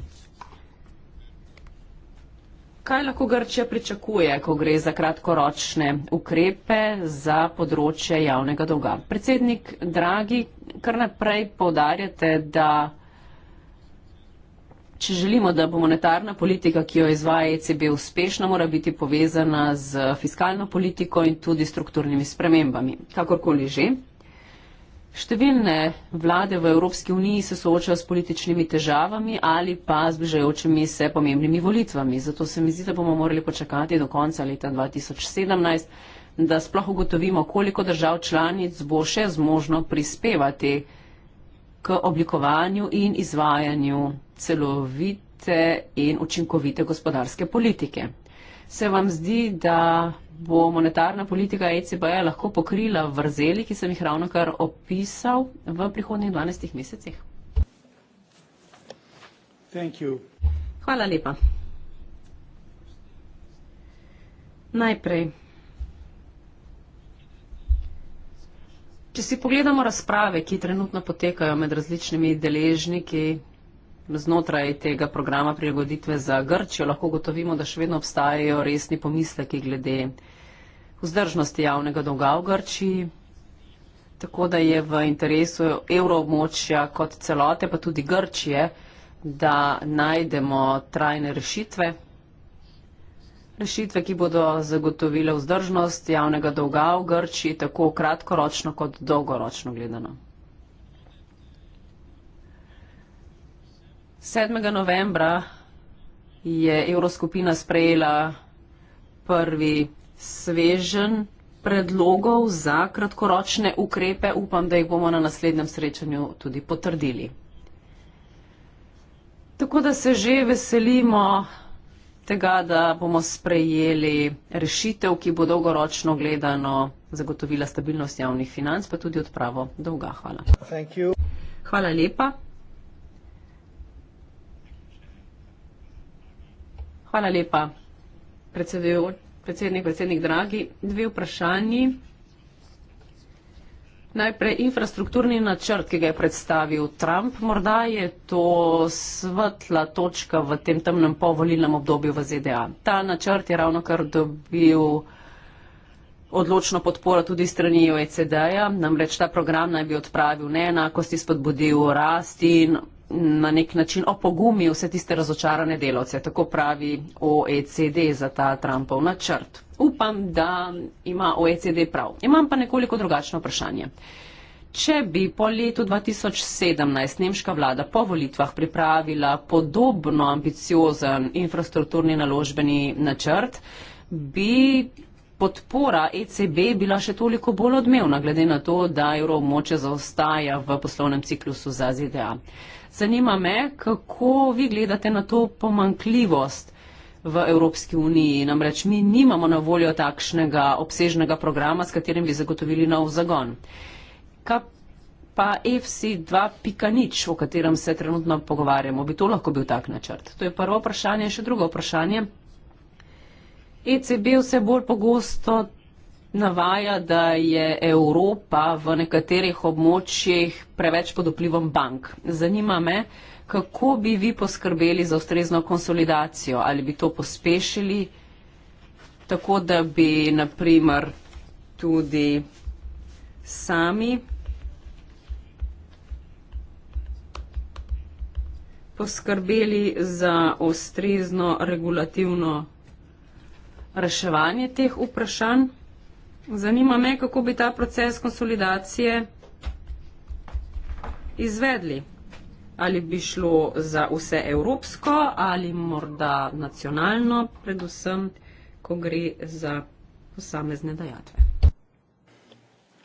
Kaj lahko Grčija pričakuje, ko gre za kratkoročne ukrepe za področje javnega dolga? Predsednik Dragi, kar naprej povdarjate, da. Če želimo, da bo monetarna politika, ki jo izvaja ECB, uspešna, mora biti povezana z fiskalno politiko in tudi strukturnimi spremembami. Kakorkoli že. Številne vlade v Evropski uniji se soočajo s političnimi težavami ali pa z bližajočimi se pomembnimi volitvami. Zato se mi zdi, da bomo morali počakati do konca leta 2017, da sploh ugotovimo, koliko držav članic bo še zmožno prispevati k oblikovanju in izvajanju celovite in učinkovite gospodarske politike. Se vam zdi, da bo monetarna politika ECB-ja lahko pokrila vrzeli, ki sem jih ravno kar opisal v prihodnjih 12 mesecih? Hvala lepa. Najprej. Če si pogledamo razprave, ki trenutno potekajo med različnimi deležniki znotraj tega programa prilagoditve za Grčijo, lahko gotovimo, da še vedno obstajajo resni pomisleki glede vzdržnosti javnega dolga v Grčiji. Tako da je v interesu evroobmočja kot celote, pa tudi Grčije, da najdemo trajne rešitve, Rešitve, ki bodo zagotovile vzdržnost javnega dolga v Grči, tako kratkoročno kot dolgoročno gledano. 7. novembra je Evroskupina sprejela prvi svežen predlogov za kratkoročne ukrepe. Upam, da jih bomo na naslednjem srečanju tudi potrdili. Tako da se že veselimo tega, da bomo sprejeli rešitev, ki bo dolgoročno gledano zagotovila stabilnost javnih financ, pa tudi odpravo dolga. Hvala. Hvala lepa. Hvala lepa, predsednik, predsednik dragi. Dve vprašanji. Najprej infrastrukturni načrt, ki ga je predstavil Trump, morda je to svetla točka v tem temnem povolilnem obdobju v ZDA. Ta načrt je ravno kar dobil odločno podporo tudi strani OECD-ja, namreč ta program naj bi odpravil neenakosti, spodbudil rast in na nek način opogumil vse tiste razočarane delovce, tako pravi OECD za ta Trumpov načrt upam, da ima OECD prav. Imam pa nekoliko drugačno vprašanje. Če bi po letu 2017 nemška vlada po volitvah pripravila podobno ambiciozen infrastrukturni naložbeni načrt, bi podpora ECB bila še toliko bolj odmevna, glede na to, da evroobmoče zaostaja v poslovnem ciklusu za ZDA. Zanima me, kako vi gledate na to pomankljivost v Evropski uniji. Namreč mi nimamo na voljo takšnega obsežnega programa, s katerim bi zagotovili nov zagon. Kaj pa FC2 pika nič, o katerem se trenutno pogovarjamo? Bi to lahko bil tak načrt? To je prvo vprašanje. Še drugo vprašanje. ECB vse bolj pogosto navaja, da je Evropa v nekaterih območjih preveč pod vplivom bank. Zanima me, kako bi vi poskrbeli za ustrezno konsolidacijo? Ali bi to pospešili tako, da bi naprimer tudi sami poskrbeli za ustrezno regulativno reševanje teh vprašanj? Zanima me, kako bi ta proces konsolidacije izvedli ali bi šlo za vse evropsko ali morda nacionalno, predvsem, ko gre za posamezne dajatve.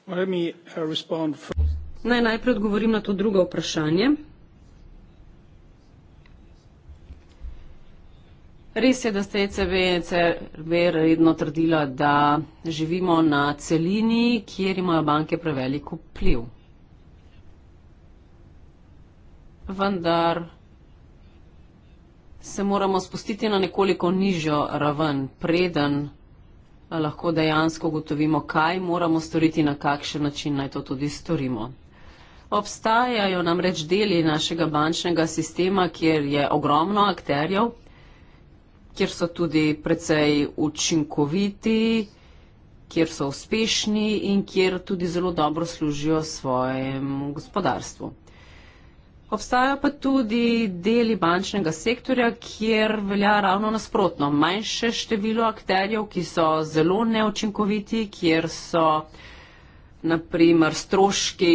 Uh, Naj najprej odgovorim na to drugo vprašanje. Res je, da ste ECB, ECB redno trdila, da živimo na celini, kjer imajo banke prevelik vpliv. vendar se moramo spustiti na nekoliko nižjo raven, preden eh, lahko dejansko ugotovimo, kaj moramo storiti, na kakšen način naj to tudi storimo. Obstajajo namreč deli našega bančnega sistema, kjer je ogromno akterjev, kjer so tudi precej učinkoviti, kjer so uspešni in kjer tudi zelo dobro služijo svojemu gospodarstvu. Obstajajo pa tudi deli bančnega sektorja, kjer velja ravno nasprotno. Manjše število akterjev, ki so zelo neočinkoviti, kjer so naprimer stroški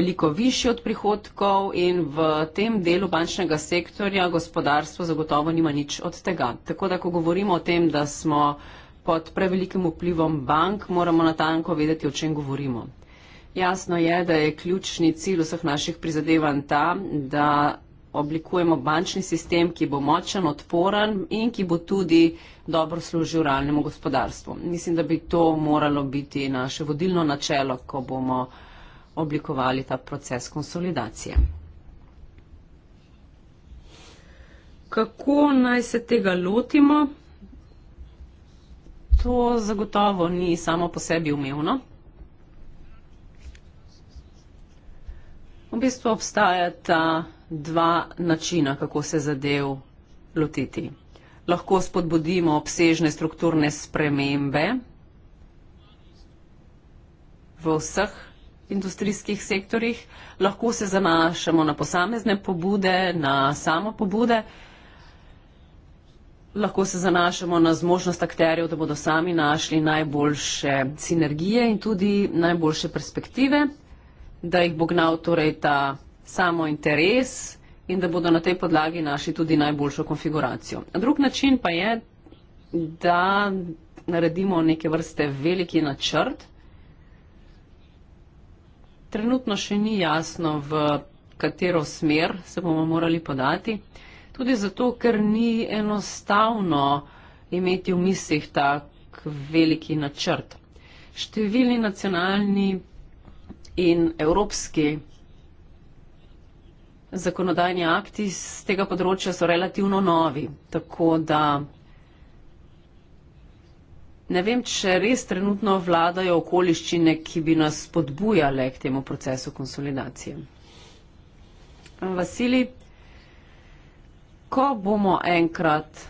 veliko višji od prihodkov in v tem delu bančnega sektorja gospodarstvo zagotovo nima nič od tega. Tako da, ko govorimo o tem, da smo pod prevelikim vplivom bank, moramo natanko vedeti, o čem govorimo. Jasno je, da je ključni cilj vseh naših prizadevanj ta, da oblikujemo bančni sistem, ki bo močen, odporen in ki bo tudi dobro služil realnemu gospodarstvu. Mislim, da bi to moralo biti naše vodilno načelo, ko bomo oblikovali ta proces konsolidacije. Kako naj se tega lotimo? To zagotovo ni samo po sebi umevno. V bistvu obstajata dva načina, kako se zadev lotiti. Lahko spodbudimo obsežne strukturne spremembe v vseh industrijskih sektorjih, lahko se zanašamo na posamezne pobude, na samo pobude, lahko se zanašamo na zmožnost akterjev, da bodo sami našli najboljše sinergije in tudi najboljše perspektive da jih bo gnal torej ta samo interes in da bodo na tej podlagi našli tudi najboljšo konfiguracijo. Drug način pa je, da naredimo neke vrste veliki načrt. Trenutno še ni jasno, v katero smer se bomo morali podati. Tudi zato, ker ni enostavno imeti v mislih tak veliki načrt. Številni nacionalni in evropski zakonodajni akti z tega področja so relativno novi, tako da ne vem, če res trenutno vladajo okoliščine, ki bi nas spodbujale k temu procesu konsolidacije. Vasili, ko bomo enkrat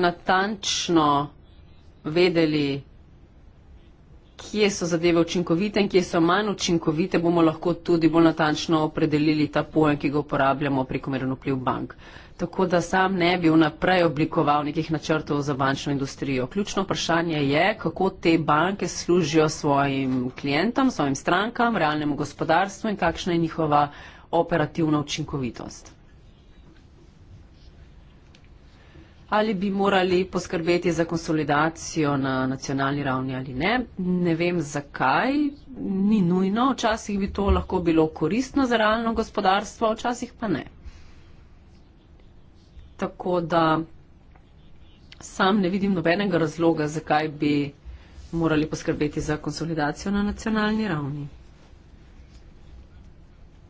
natančno vedeli, kje so zadeve učinkovite in kje so manj učinkovite, bomo lahko tudi bolj natančno opredelili ta pojem, ki ga uporabljamo pri komerno vpliv bank. Tako da sam ne bi vnaprej oblikoval nekih načrtov za bančno industrijo. Ključno vprašanje je, kako te banke služijo svojim klientom, svojim strankam, realnemu gospodarstvu in kakšna je njihova operativna učinkovitost. ali bi morali poskrbeti za konsolidacijo na nacionalni ravni ali ne. Ne vem zakaj, ni nujno, včasih bi to lahko bilo koristno za realno gospodarstvo, včasih pa ne. Tako da sam ne vidim nobenega razloga, zakaj bi morali poskrbeti za konsolidacijo na nacionalni ravni.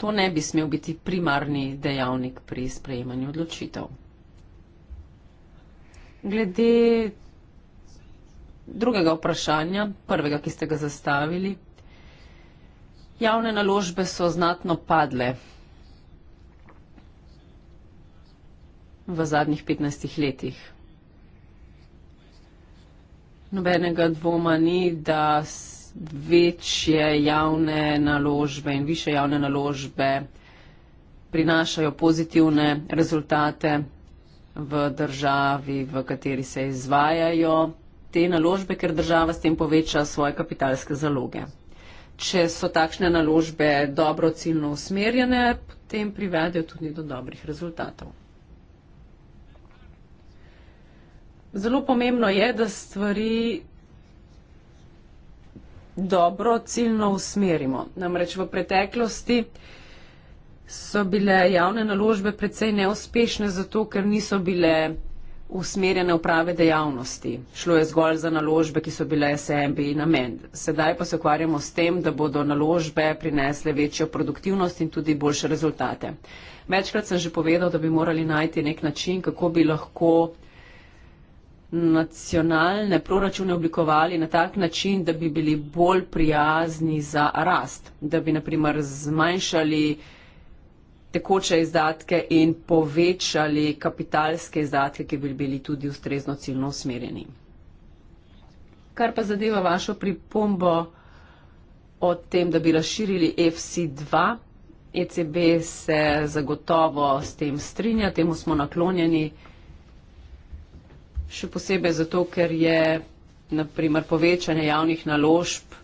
To ne bi smel biti primarni dejavnik pri sprejemanju odločitev glede drugega vprašanja, prvega, ki ste ga zastavili. Javne naložbe so znatno padle v zadnjih 15 letih. Nobenega dvoma ni, da večje javne naložbe in više javne naložbe prinašajo pozitivne rezultate v državi, v kateri se izvajajo te naložbe, ker država s tem poveča svoje kapitalske zaloge. Če so takšne naložbe dobro ciljno usmerjene, potem privedejo tudi do dobrih rezultatov. Zelo pomembno je, da stvari dobro ciljno usmerimo. Namreč v preteklosti so bile javne naložbe precej neuspešne, zato ker niso bile usmerjene v prave dejavnosti. Šlo je zgolj za naložbe, ki so bile SMB in namen. Sedaj pa se ukvarjamo s tem, da bodo naložbe prinesle večjo produktivnost in tudi boljše rezultate. Večkrat sem že povedal, da bi morali najti nek način, kako bi lahko nacionalne proračune oblikovali na tak način, da bi bili bolj prijazni za rast, da bi naprimer zmanjšali tekoče izdatke in povečali kapitalske izdatke, ki bi bili tudi ustrezno ciljno usmerjeni. Kar pa zadeva vašo pripombo o tem, da bi razširili FC2, ECB se zagotovo s tem strinja, temu smo naklonjeni, še posebej zato, ker je naprimer povečanje javnih naložb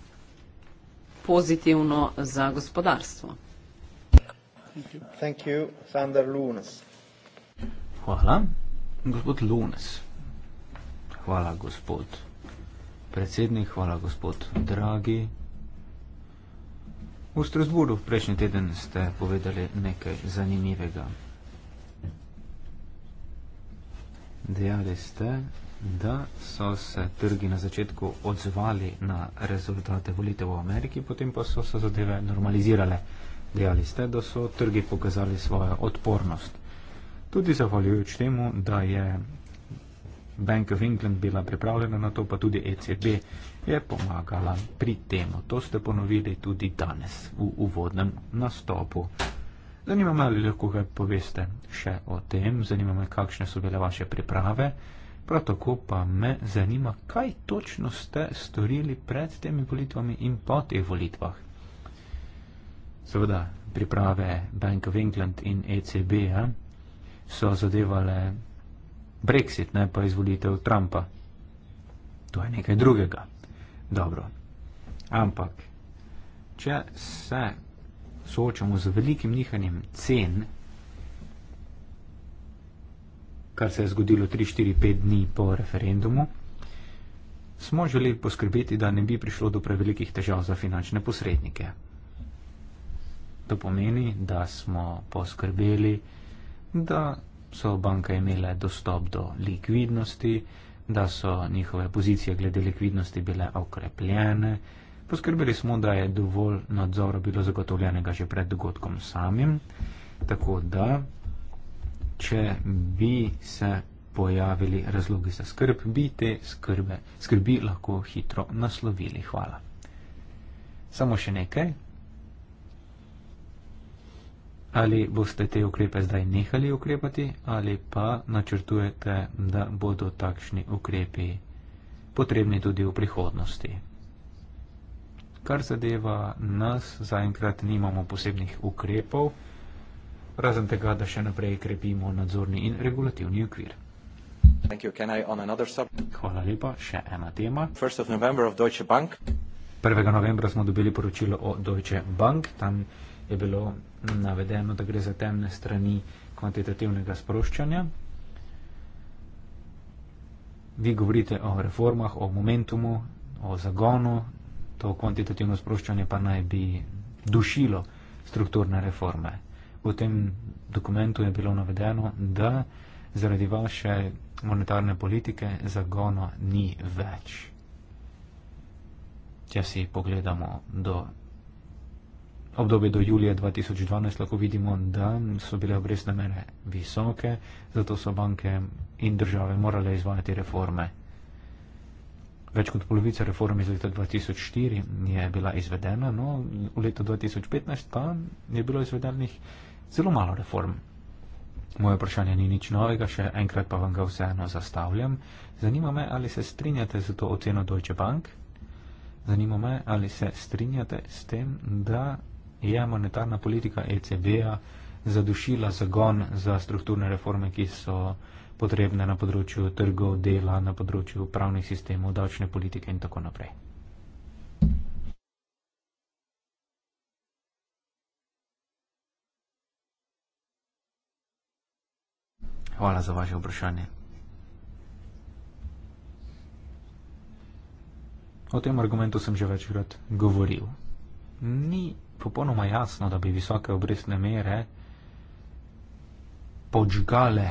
pozitivno za gospodarstvo. Thank you. Thunder Lunes. Hvala. Gospod Lunes. Hvala, gospod predsednik. Hvala, gospod Dragi. V Strasburu prejšnji teden ste povedali nekaj zanimivega. Dejali ste, da so se trgi na začetku odzvali na rezultate volitev v Ameriki, potem pa so se zadeve normalizirale. Dejali ste, da so trgi pokazali svojo odpornost. Tudi zahvaljujoč temu, da je Bank of England bila pripravljena na to, pa tudi ECB je pomagala pri tem. To ste ponovili tudi danes v uvodnem nastopu. Zanima me, ali lahko kaj poveste še o tem, zanima me, kakšne so bile vaše priprave, prav tako pa me zanima, kaj točno ste storili pred temi volitvami in po teh volitvah seveda priprave Bank of England in ECB, ja, so zadevale Brexit, ne pa izvolitev Trumpa. To je nekaj drugega. Dobro. Ampak, če se soočamo z velikim nihanjem cen, kar se je zgodilo 3, 4, 5 dni po referendumu, smo želeli poskrbeti, da ne bi prišlo do prevelikih težav za finančne posrednike. To pomeni, da smo poskrbeli, da so banke imele dostop do likvidnosti, da so njihove pozicije glede likvidnosti bile okrepljene. Poskrbeli smo, da je dovolj nadzora bilo zagotovljenega že pred dogodkom samim, tako da, če bi se pojavili razlogi za skrb, bi te skrbe, skrbi lahko hitro naslovili. Hvala. Samo še nekaj, ali boste te ukrepe zdaj nehali ukrepati ali pa načrtujete, da bodo takšni ukrepi potrebni tudi v prihodnosti. Kar zadeva nas, zaenkrat nimamo posebnih ukrepov, razen tega, da še naprej krepimo nadzorni in regulativni okvir. Hvala lepa, še ena tema. 1. novembra smo dobili poročilo o Deutsche Bank. Tam je bilo navedeno, da gre za temne strani kvantitativnega sproščanja. Vi govorite o reformah, o momentumu, o zagonu, to kvantitativno sproščanje pa naj bi dušilo strukturne reforme. V tem dokumentu je bilo navedeno, da zaradi vaše monetarne politike zagona ni več. Če si pogledamo do obdobje do julija 2012 lahko vidimo, da so bile obrestne mere visoke, zato so banke in države morale izvajati reforme. Več kot polovica reform iz leta 2004 je bila izvedena, no v letu 2015 pa je bilo izvedenih zelo malo reform. Moje vprašanje ni nič novega, še enkrat pa vam ga vseeno zastavljam. Zanima me, ali se strinjate z to oceno Deutsche Bank? Zanima me, ali se strinjate s tem, da je monetarna politika ECB-a zadušila zagon za strukturne reforme, ki so potrebne na področju trgov, dela, na področju pravnih sistemov, davčne politike in tako naprej. Hvala za vaše vprašanje. O tem argumentu sem že večkrat govoril. Ni popolnoma jasno, da bi visoke obrestne mere požgale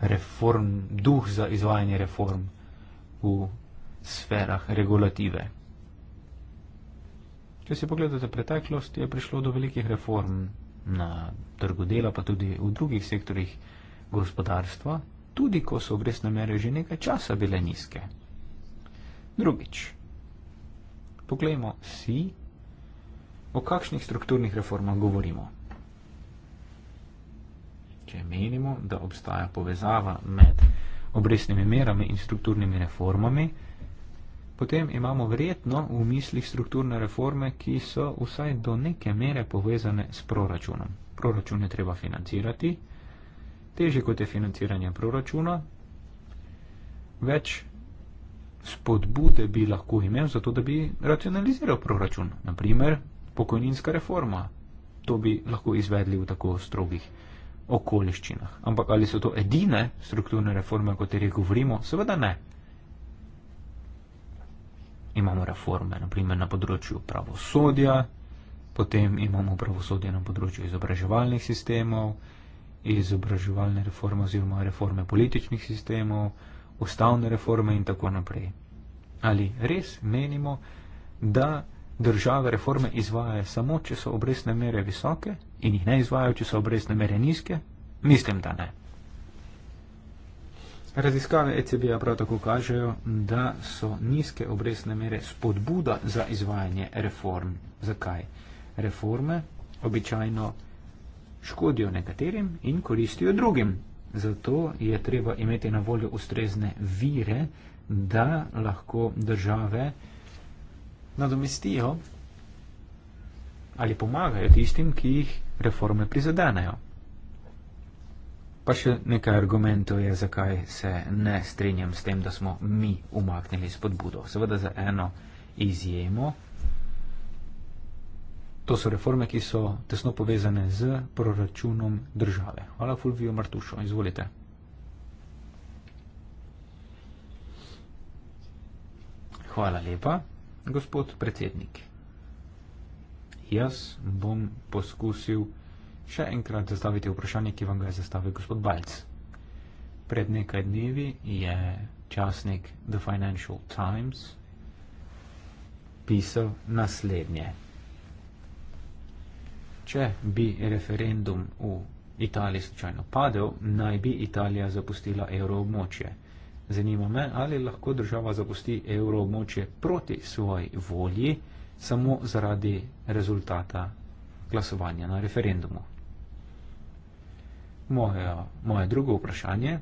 reform, duh za izvajanje reform v sferah regulative. Če si pogledate preteklost, je prišlo do velikih reform na trgu dela, pa tudi v drugih sektorjih gospodarstva, tudi ko so obrestne mere že nekaj časa bile nizke. Drugič, poglejmo si O kakšnih strukturnih reformah govorimo? Če menimo, da obstaja povezava med obresnimi merami in strukturnimi reformami, potem imamo verjetno v mislih strukturne reforme, ki so vsaj do neke mere povezane s proračunom. Proračun je treba financirati, teže kot je financiranje proračuna, več spodbude bi lahko imel, zato da bi racionaliziral proračun. Naprimer, pokojninska reforma. To bi lahko izvedli v tako strogih okoliščinah. Ampak ali so to edine strukturne reforme, o katerih govorimo? Seveda ne. Imamo reforme, naprimer na področju pravosodja, potem imamo pravosodje na področju izobraževalnih sistemov, izobraževalne reforme oziroma reforme političnih sistemov, ustavne reforme in tako naprej. Ali res menimo, da države reforme izvajajo samo, če so obrestne mere visoke in jih ne izvajajo, če so obrestne mere nizke? Mislim, da ne. Raziskave ECB-a prav tako kažejo, da so nizke obrestne mere spodbuda za izvajanje reform. Zakaj? Reforme običajno škodijo nekaterim in koristijo drugim. Zato je treba imeti na voljo ustrezne vire, da lahko države nadomestijo ali pomagajo tistim, ki jih reforme prizadenejo. Pa še nekaj argumentov je, zakaj se ne strinjam s tem, da smo mi umaknili spodbudo. Seveda za eno izjemo. To so reforme, ki so tesno povezane z proračunom države. Hvala, Fulvio Martušo. Izvolite. Hvala lepa gospod predsednik. Jaz bom poskusil še enkrat zastaviti vprašanje, ki vam ga je zastavil gospod Balc. Pred nekaj dnevi je časnik The Financial Times pisal naslednje. Če bi referendum v Italiji slučajno padel, naj bi Italija zapustila evroobmočje. območje. Zanima me, ali lahko država zapusti evroobmočje proti svoji volji samo zaradi rezultata glasovanja na referendumu. Moje, moje drugo vprašanje,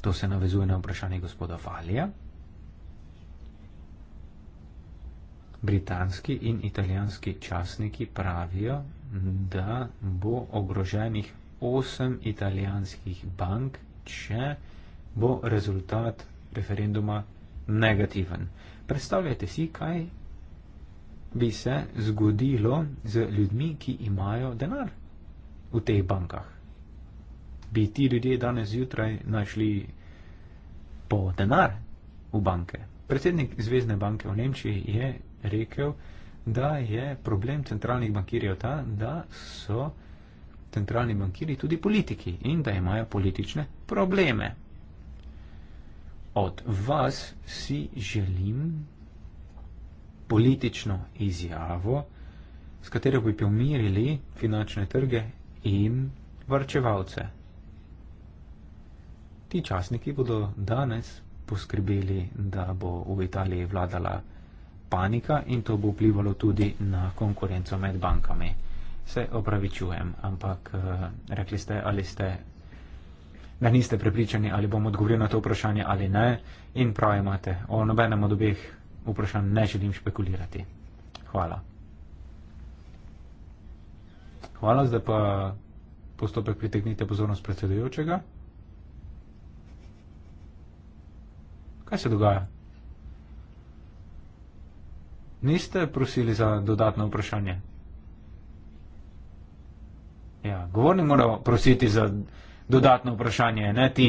to se navezuje na vprašanje gospoda Falija. Britanski in italijanski časniki pravijo, da bo ogroženih osem italijanskih bank, če bo rezultat referenduma negativen. Predstavljajte si, kaj bi se zgodilo z ljudmi, ki imajo denar v teh bankah. Bi ti ljudje danes zjutraj našli po denar v banke. Predsednik Zvezdne banke v Nemčiji je rekel, da je problem centralnih bankirjev ta, da so centralni bankiri tudi politiki in da imajo politične probleme od vas si želim politično izjavo, s katero bi pomirili finančne trge in varčevalce. Ti časniki bodo danes poskrbeli, da bo v Italiji vladala panika in to bo vplivalo tudi na konkurenco med bankami. Se opravičujem, ampak eh, rekli ste, ali ste da niste prepričani, ali bom odgovoril na to vprašanje ali ne. In prav imate, o nobenem od obeh vprašanj ne želim špekulirati. Hvala. Hvala, zdaj pa postopek pritegnite pozornost predsedujočega. Kaj se dogaja? Niste prosili za dodatno vprašanje? Ja, govornik mora prositi za dodatno vprašanje dodatno vprašanje, ne ti,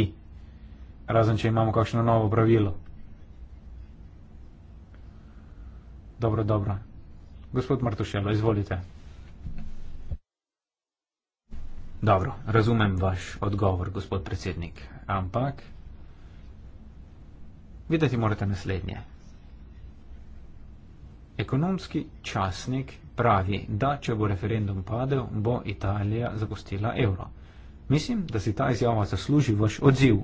razen če imamo kakšno novo pravilo. Dobro, dobro. Gospod Martušelo, izvolite. Dobro, razumem vaš odgovor, gospod predsednik, ampak videti morate naslednje. Ekonomski časnik pravi, da če bo referendum padel, bo Italija zapustila evro. Mislim, da si ta izjava zasluži vaš odziv.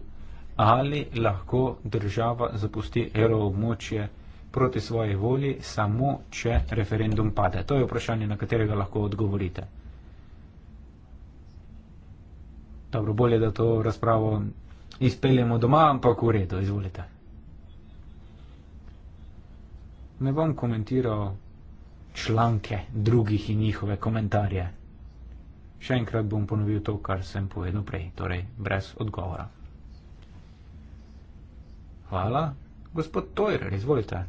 Ali lahko država zapusti euroobmočje proti svoji volji, samo če referendum pade? To je vprašanje, na katerega lahko odgovorite. Dobro, bolje, da to razpravo izpeljemo doma, ampak v redu, izvolite. Ne bom komentiral članke drugih in njihove komentarje. Še enkrat bom ponovil to, kar sem povedal prej, torej brez odgovora. Hvala, gospod Tojer, izvolite.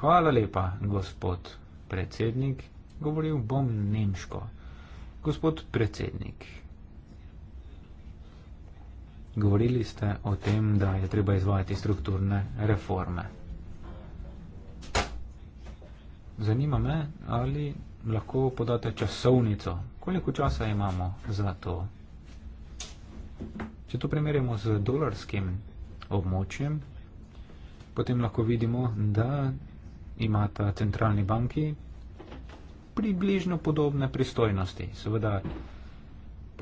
Hvala lepa, gospod predsednik. Govoril bom nemško. Gospod predsednik, govorili ste o tem, da je treba izvajati strukturne reforme. Zanima me, ali lahko podate časovnico Koliko časa imamo za to? Če to primerjamo z dolarskim območjem, potem lahko vidimo, da imata centralni banki približno podobne pristojnosti. Seveda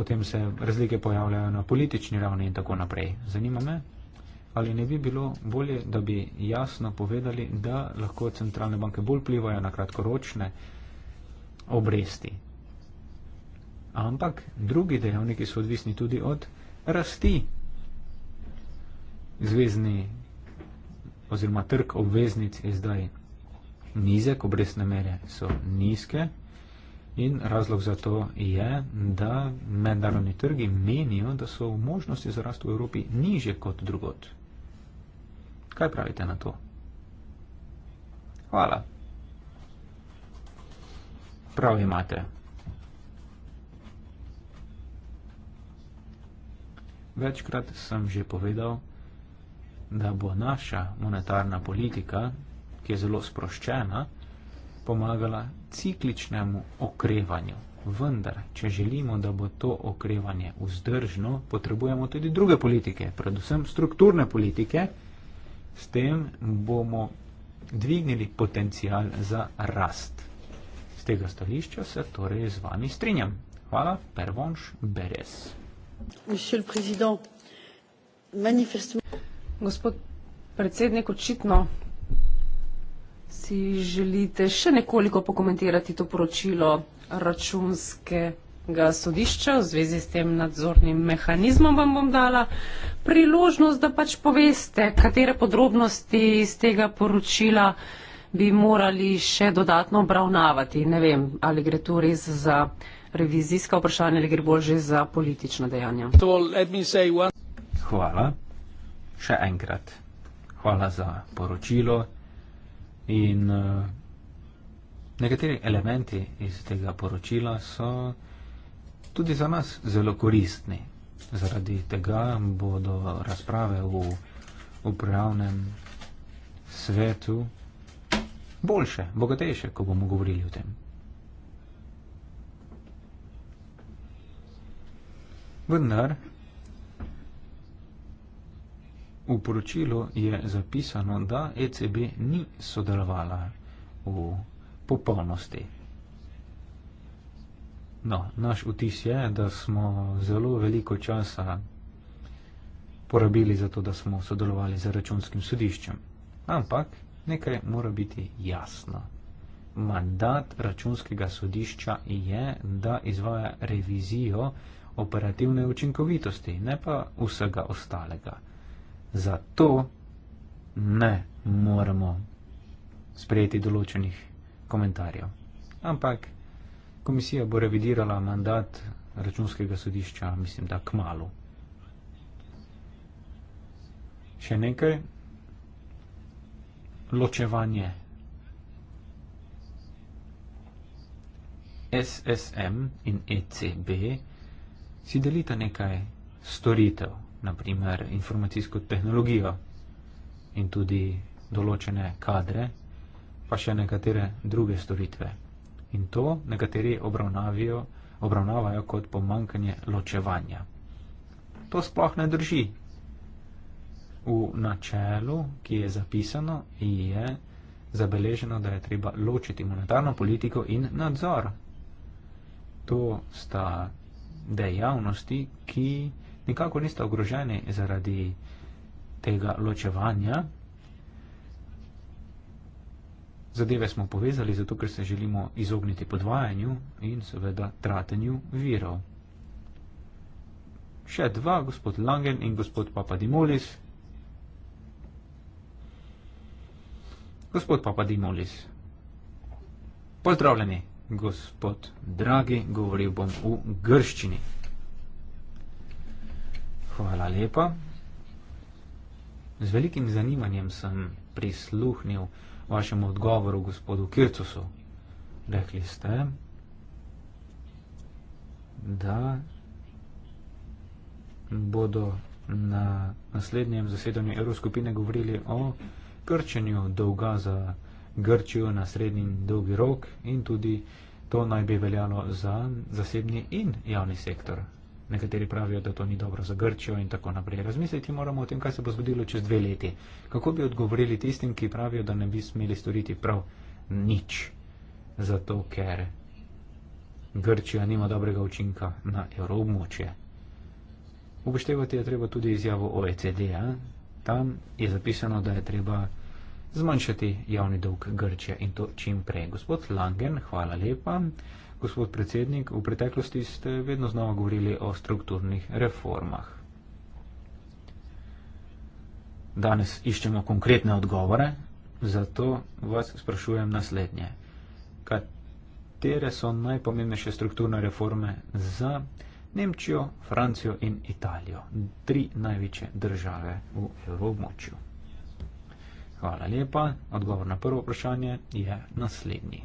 potem se razlike pojavljajo na politični ravni in tako naprej. Zanima me, ali ne bi bilo bolje, da bi jasno povedali, da lahko centralne banke bolj plivajo na kratkoročne obresti, ampak drugi dejavniki so odvisni tudi od rasti. Zvezni oziroma trg obveznic je zdaj nizek, obrestne mere so nizke in razlog za to je, da mednarodni trgi menijo, da so možnosti za rast v Evropi niže kot drugot. Kaj pravite na to? Hvala. Prav imate. Večkrat sem že povedal, da bo naša monetarna politika, ki je zelo sproščena, pomagala cikličnemu okrevanju. Vendar, če želimo, da bo to okrevanje vzdržno, potrebujemo tudi druge politike, predvsem strukturne politike, s tem bomo dvignili potencial za rast. Z tega stališča se torej z vami strinjam. Hvala, pervonš, beres. Gospod predsednik, očitno si želite še nekoliko pokomentirati to poročilo računskega sodišča v zvezi s tem nadzornim mehanizmom. Vam bom dala priložnost, da pač poveste, katere podrobnosti iz tega poročila bi morali še dodatno obravnavati. Ne vem, ali gre tu res za revizijska vprašanja ali gre bolj že za politična dejanja? Hvala. Še enkrat. Hvala za poročilo in uh, nekateri elementi iz tega poročila so tudi za nas zelo koristni. Zaradi tega bodo razprave v upravnem svetu boljše, bogatejše, ko bomo govorili o tem. Vendar v poročilu je zapisano, da ECB ni sodelovala v popolnosti. No, naš vtis je, da smo zelo veliko časa porabili za to, da smo sodelovali z računskim sodiščem. Ampak nekaj mora biti jasno. Mandat računskega sodišča je, da izvaja revizijo operativne učinkovitosti, ne pa vsega ostalega. Zato ne moramo sprejeti določenih komentarjev. Ampak komisija bo revidirala mandat računskega sodišča, mislim, da k malu. Še nekaj. Ločevanje. SSM in ECB si delita nekaj storitev, naprimer informacijsko tehnologijo in tudi določene kadre, pa še nekatere druge storitve. In to nekateri obravnavajo kot pomankanje ločevanja. To sploh ne drži. V načelu, ki je zapisano, je zabeleženo, da je treba ločiti monetarno politiko in nadzor. To sta dejavnosti, ki nikako niste ogroženi zaradi tega ločevanja. Zadeve smo povezali, zato ker se želimo izogniti podvajanju in seveda tratenju virov. Še dva, gospod Langen in gospod Papadimolis. Gospod Papadimolis. Pozdravljeni gospod dragi, govoril bom v grščini. Hvala lepa. Z velikim zanimanjem sem prisluhnil vašemu odgovoru gospodu Kircusu. Rekli ste, da bodo na naslednjem zasedanju Evroskupine govorili o krčenju dolga za Grčijo na srednji in dolgi rok in tudi to naj bi veljalo za zasebni in javni sektor. Nekateri pravijo, da to ni dobro za Grčijo in tako naprej. Razmisliti moramo o tem, kaj se bo zgodilo čez dve leti. Kako bi odgovorili tistim, ki pravijo, da ne bi smeli storiti prav nič, zato ker Grčija nima dobrega učinka na evroobmočje. Upoštevati je treba tudi izjavo OECD. Tam je zapisano, da je treba zmanjšati javni dolg Grčije in to čim prej. Gospod Langen, hvala lepa. Gospod predsednik, v preteklosti ste vedno znova govorili o strukturnih reformah. Danes iščemo konkretne odgovore, zato vas sprašujem naslednje. Katere so najpomembnejše strukturne reforme za Nemčijo, Francijo in Italijo? Tri največje države v evroobmočju. Hvala lepa. Odgovor na prvo vprašanje je naslednji.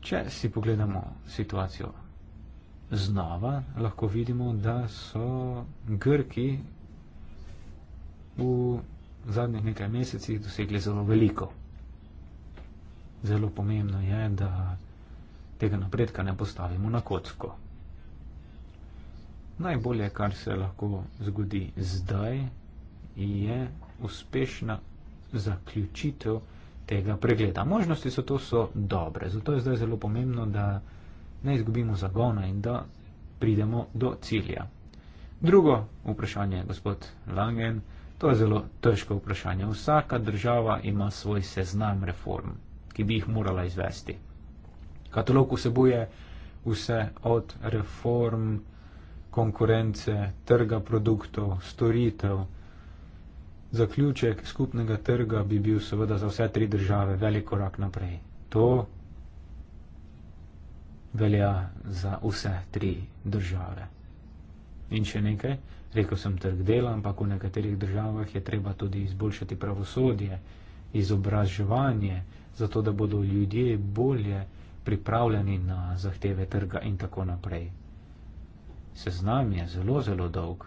Če si pogledamo situacijo znova, lahko vidimo, da so Grki v zadnjih nekaj mesecih dosegli zelo veliko. Zelo pomembno je, da tega napredka ne postavimo na kocko. Najbolje, kar se lahko zgodi zdaj, je uspešna zaključitev tega pregleda. Možnosti so to so dobre, zato je zdaj zelo pomembno, da ne izgubimo zagona in da pridemo do cilja. Drugo vprašanje, gospod Langen, to je zelo težko vprašanje. Vsaka država ima svoj seznam reform, ki bi jih morala izvesti. Katalog vsebuje vse od reform, konkurence, trga produktov, storitev, Zaključek skupnega trga bi bil seveda za vse tri države velik korak naprej. To velja za vse tri države. In še nekaj, rekel sem trg dela, ampak v nekaterih državah je treba tudi izboljšati pravosodje, izobraževanje, zato da bodo ljudje bolje pripravljeni na zahteve trga in tako naprej. Seznam je zelo, zelo dolg,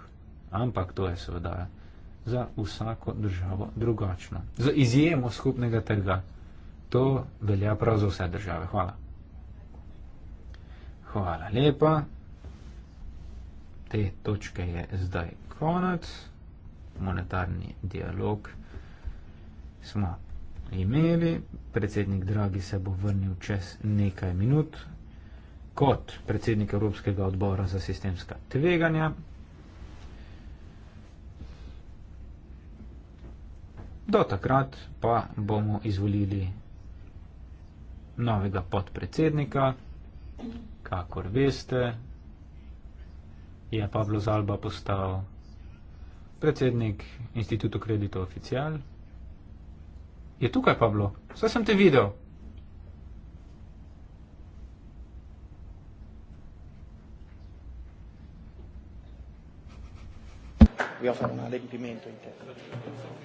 ampak to je seveda za vsako državo drugačno. Z izjemo skupnega trga. To velja prav za vse države. Hvala. Hvala lepa. Te točke je zdaj konec. Monetarni dialog smo imeli. Predsednik Dragi se bo vrnil čez nekaj minut kot predsednik Evropskega odbora za sistemska tveganja. Do takrat pa bomo izvolili novega podpredsednika, kakor veste, je Pablo Zalba postal predsednik Institutu Kredito Oficial. Je tukaj, Pablo? Vse sem te videl. Vi offro un adempimento interno.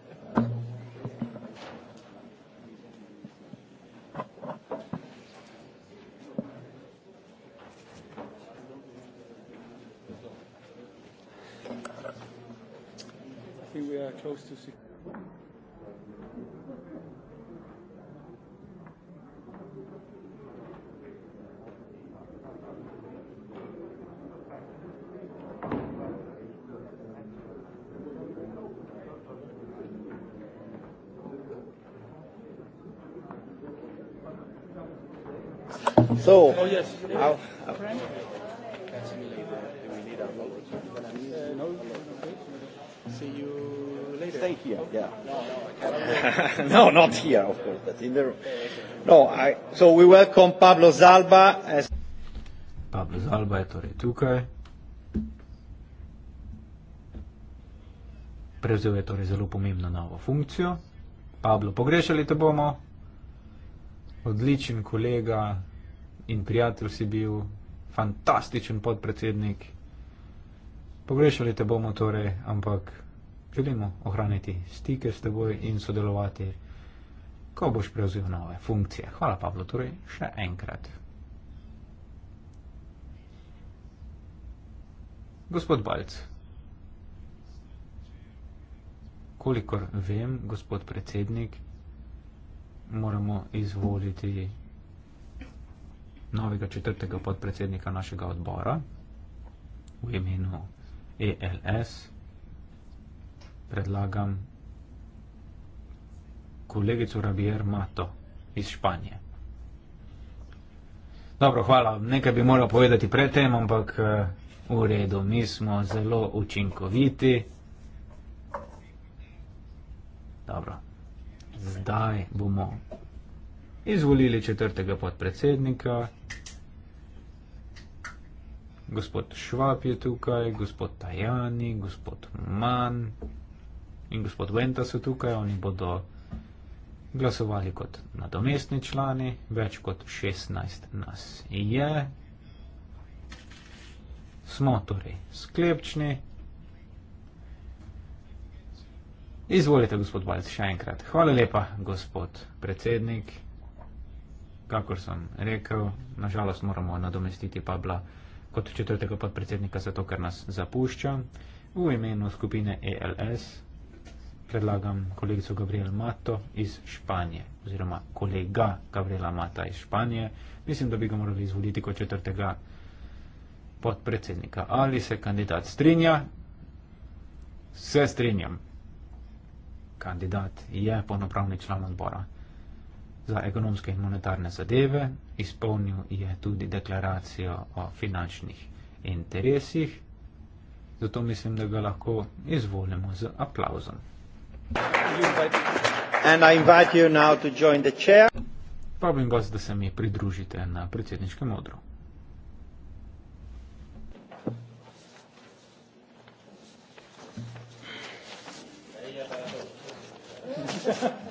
uh, close to six. So, oh yes, I'll, I'll, say here, yeah. (laughs) no, not here, of course, but in the room. No, I, so we welcome Pablo Zalba as. Pablo Zalba je torej tukaj. Prevzel je torej zelo pomembno novo funkcijo. Pablo, pogrešali te bomo. Odličen kolega in prijatelj si bil, fantastičen podpredsednik. Pogrešali te bomo torej, ampak želimo ohraniti stike s teboj in sodelovati, ko boš prevzel nove funkcije. Hvala, Pavlo, torej še enkrat. Gospod Balc, kolikor vem, gospod predsednik, moramo izvoliti novega četrtega podpredsednika našega odbora v imenu ELS predlagam kolegico Rabier Mato iz Španije. Dobro, hvala. Nekaj bi moral povedati pred tem, ampak eh, v redu, mi smo zelo učinkoviti. Dobro, zdaj bomo izvolili četrtega podpredsednika. Gospod Švab je tukaj, gospod Tajani, gospod Mann in gospod Venta so tukaj, oni bodo glasovali kot nadomestni člani, več kot 16 nas je. Smo torej sklepčni. Izvolite, gospod Valc, še enkrat. Hvala lepa, gospod predsednik. Kakor sem rekel, nažalost moramo nadomestiti Pabla kot četrtega podpredsednika, zato ker nas zapušča v imenu skupine ALS. E predlagam kolegico Gabriela Mato iz Španije, oziroma kolega Gabriela Mata iz Španije. Mislim, da bi ga morali izvoliti kot četrtega podpredsednika. Ali se kandidat strinja? Se strinjam. Kandidat je polnopravni član odbora za ekonomske in monetarne zadeve, izpolnil je tudi deklaracijo o finančnih interesih, zato mislim, da ga lahko izvolimo z aplauzom. Pa bi vas, da se mi pridružite na predsedniškem odru. Yeah. (laughs)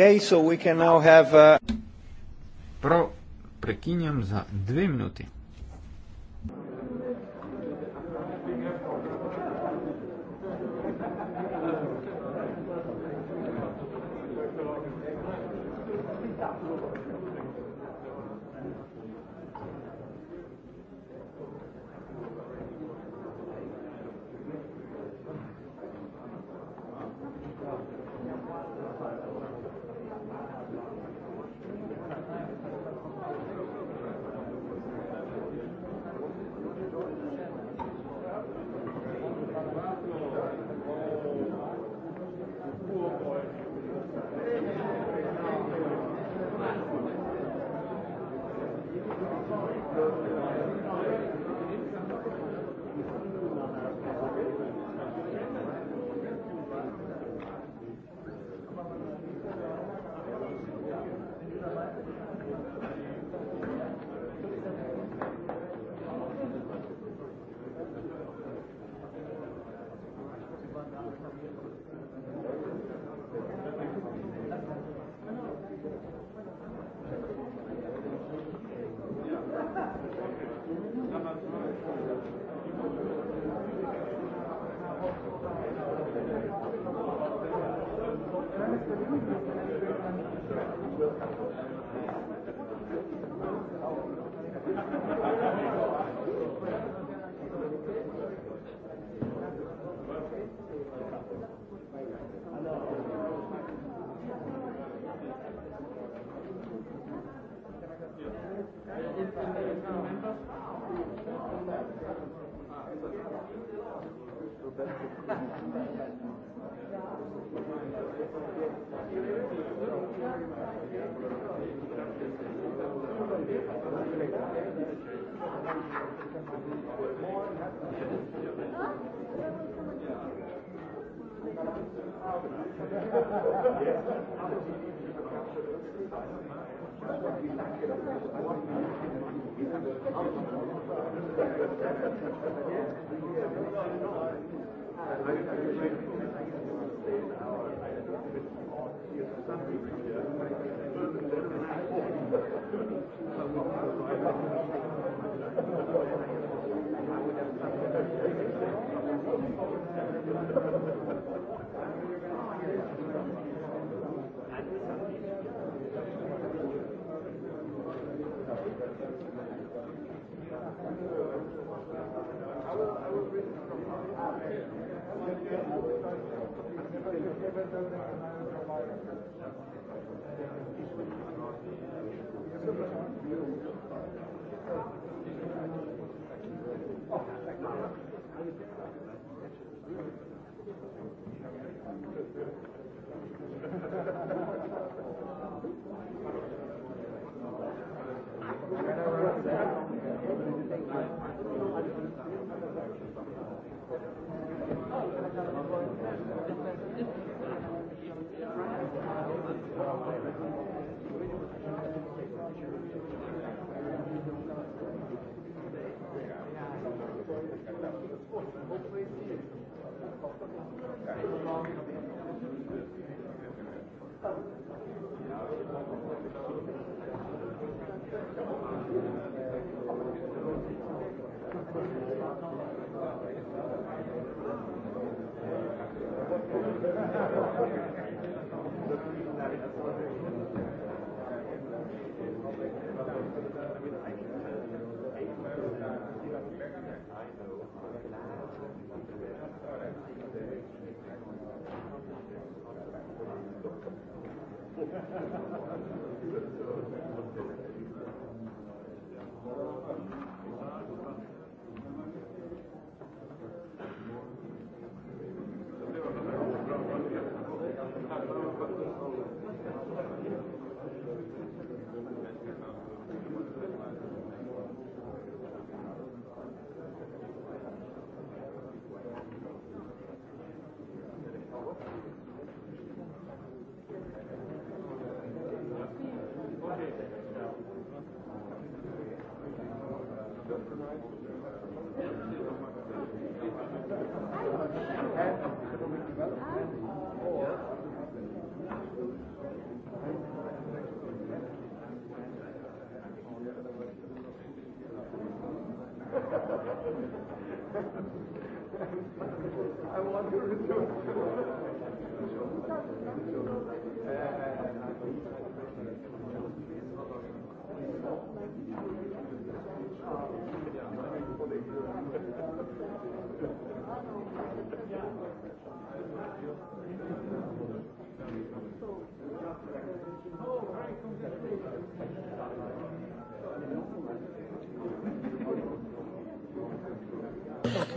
Okay, so we can now have a... Uh, Prav prekinjam za dve minuti.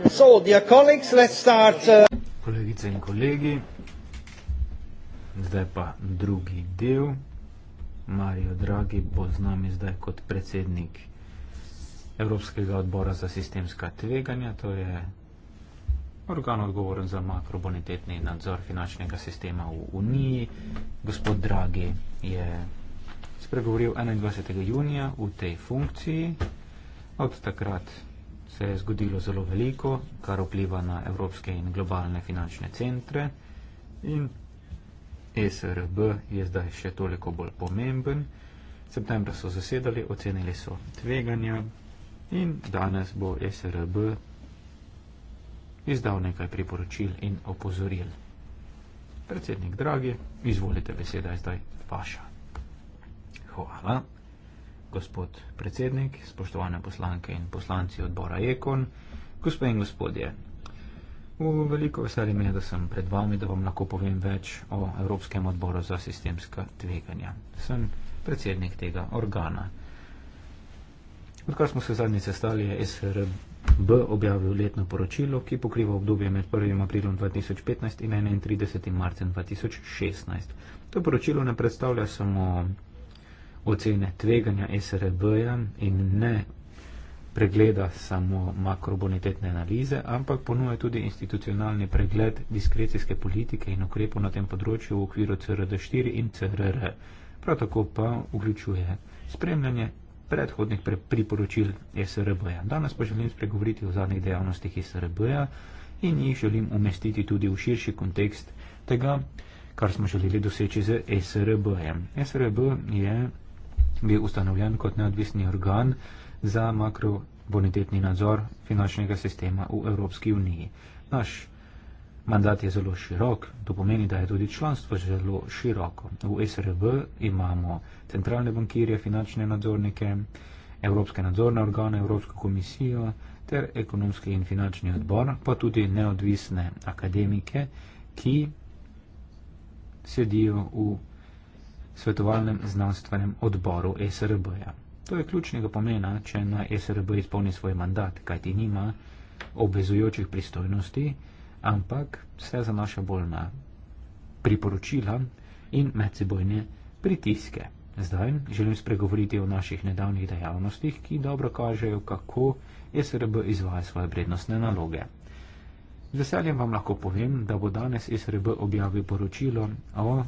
So, dear colleagues, let's start. Uh, Kolegice in kolegi, zdaj pa drugi del. Mario Draghi bo z nami zdaj kot predsednik Evropskega odbora za sistemska tveganja, to je organ odgovoren za makrobonitetni nadzor finančnega sistema v Uniji. Gospod Draghi je spregovoril 21. junija v tej funkciji. Od takrat se je zgodilo zelo veliko, kar vpliva na evropske in globalne finančne centre in e SRB je zdaj še toliko bolj pomemben. Septembra so zasedali, ocenili so tveganja in danes bo e SRB izdal nekaj priporočil in opozoril. Predsednik Dragi, izvolite beseda je zdaj vaša. Hvala gospod predsednik, spoštovane poslanke in poslanci odbora Ekon, gospe in gospodje. V veliko veselje mi je, da sem pred vami, da vam lahko povem več o Evropskem odboru za sistemska tveganja. Sem predsednik tega organa. Odkar smo se zadnji sestali, je SRB objavil letno poročilo, ki pokriva obdobje med 1. aprilom 2015 in 31. marcem 2016. To poročilo ne predstavlja samo ocene tveganja SRB-ja in ne pregleda samo makrobonitetne analize, ampak ponuja tudi institucionalni pregled diskrecijske politike in ukrepov na tem področju v okviru CRD4 in CRR. Prav tako pa vključuje spremljanje predhodnih priporočil SRB-ja. Danes pa želim spregovoriti o zadnjih dejavnostih SRB-ja in jih želim umestiti tudi v širši kontekst tega, kar smo želeli doseči z SRB-jem. SRB je bi ustanovljen kot neodvisni organ za makrobonitetni nadzor finančnega sistema v Evropski uniji. Naš mandat je zelo širok, to pomeni, da je tudi članstvo zelo široko. V SRB imamo centralne bankirje, finančne nadzornike, Evropske nadzorne organe, Evropsko komisijo ter ekonomski in finančni odbor, pa tudi neodvisne akademike, ki sedijo v svetovalnem znanstvenem odboru SRB-ja. To je ključnega pomena, če na SRB izpolni svoj mandat, kajti nima obvezujočih pristojnosti, ampak se zanaša bolj na priporočila in medsebojne pritiske. Zdaj želim spregovoriti o naših nedavnih dejavnostih, ki dobro kažejo, kako SRB izvaja svoje vrednostne naloge. Z veseljem vam lahko povem, da bo danes SRB objavil poročilo o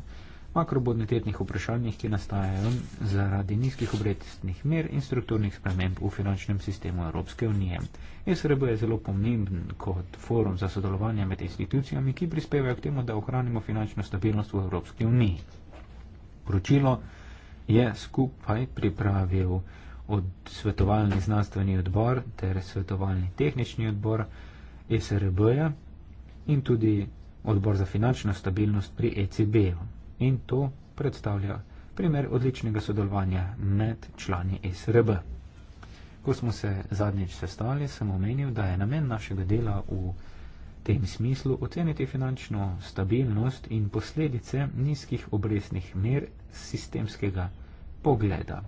makrobonitetnih vprašanjih, ki nastajajo zaradi nizkih obrestnih mer in strukturnih sprememb v finančnem sistemu Evropske unije. ESRB je zelo pomemben kot forum za sodelovanje med institucijami, ki prispevajo k temu, da ohranimo finančno stabilnost v Evropski uniji. Poročilo je skupaj pripravil od svetovalni znanstveni odbor ter svetovalni tehnični odbor ESRB-ja in tudi odbor za finančno stabilnost pri ECB-ju in to predstavlja primer odličnega sodelovanja med člani SRB. Ko smo se zadnjič sestali, sem omenil, da je namen našega dela v tem smislu oceniti finančno stabilnost in posledice nizkih obresnih mer sistemskega pogleda.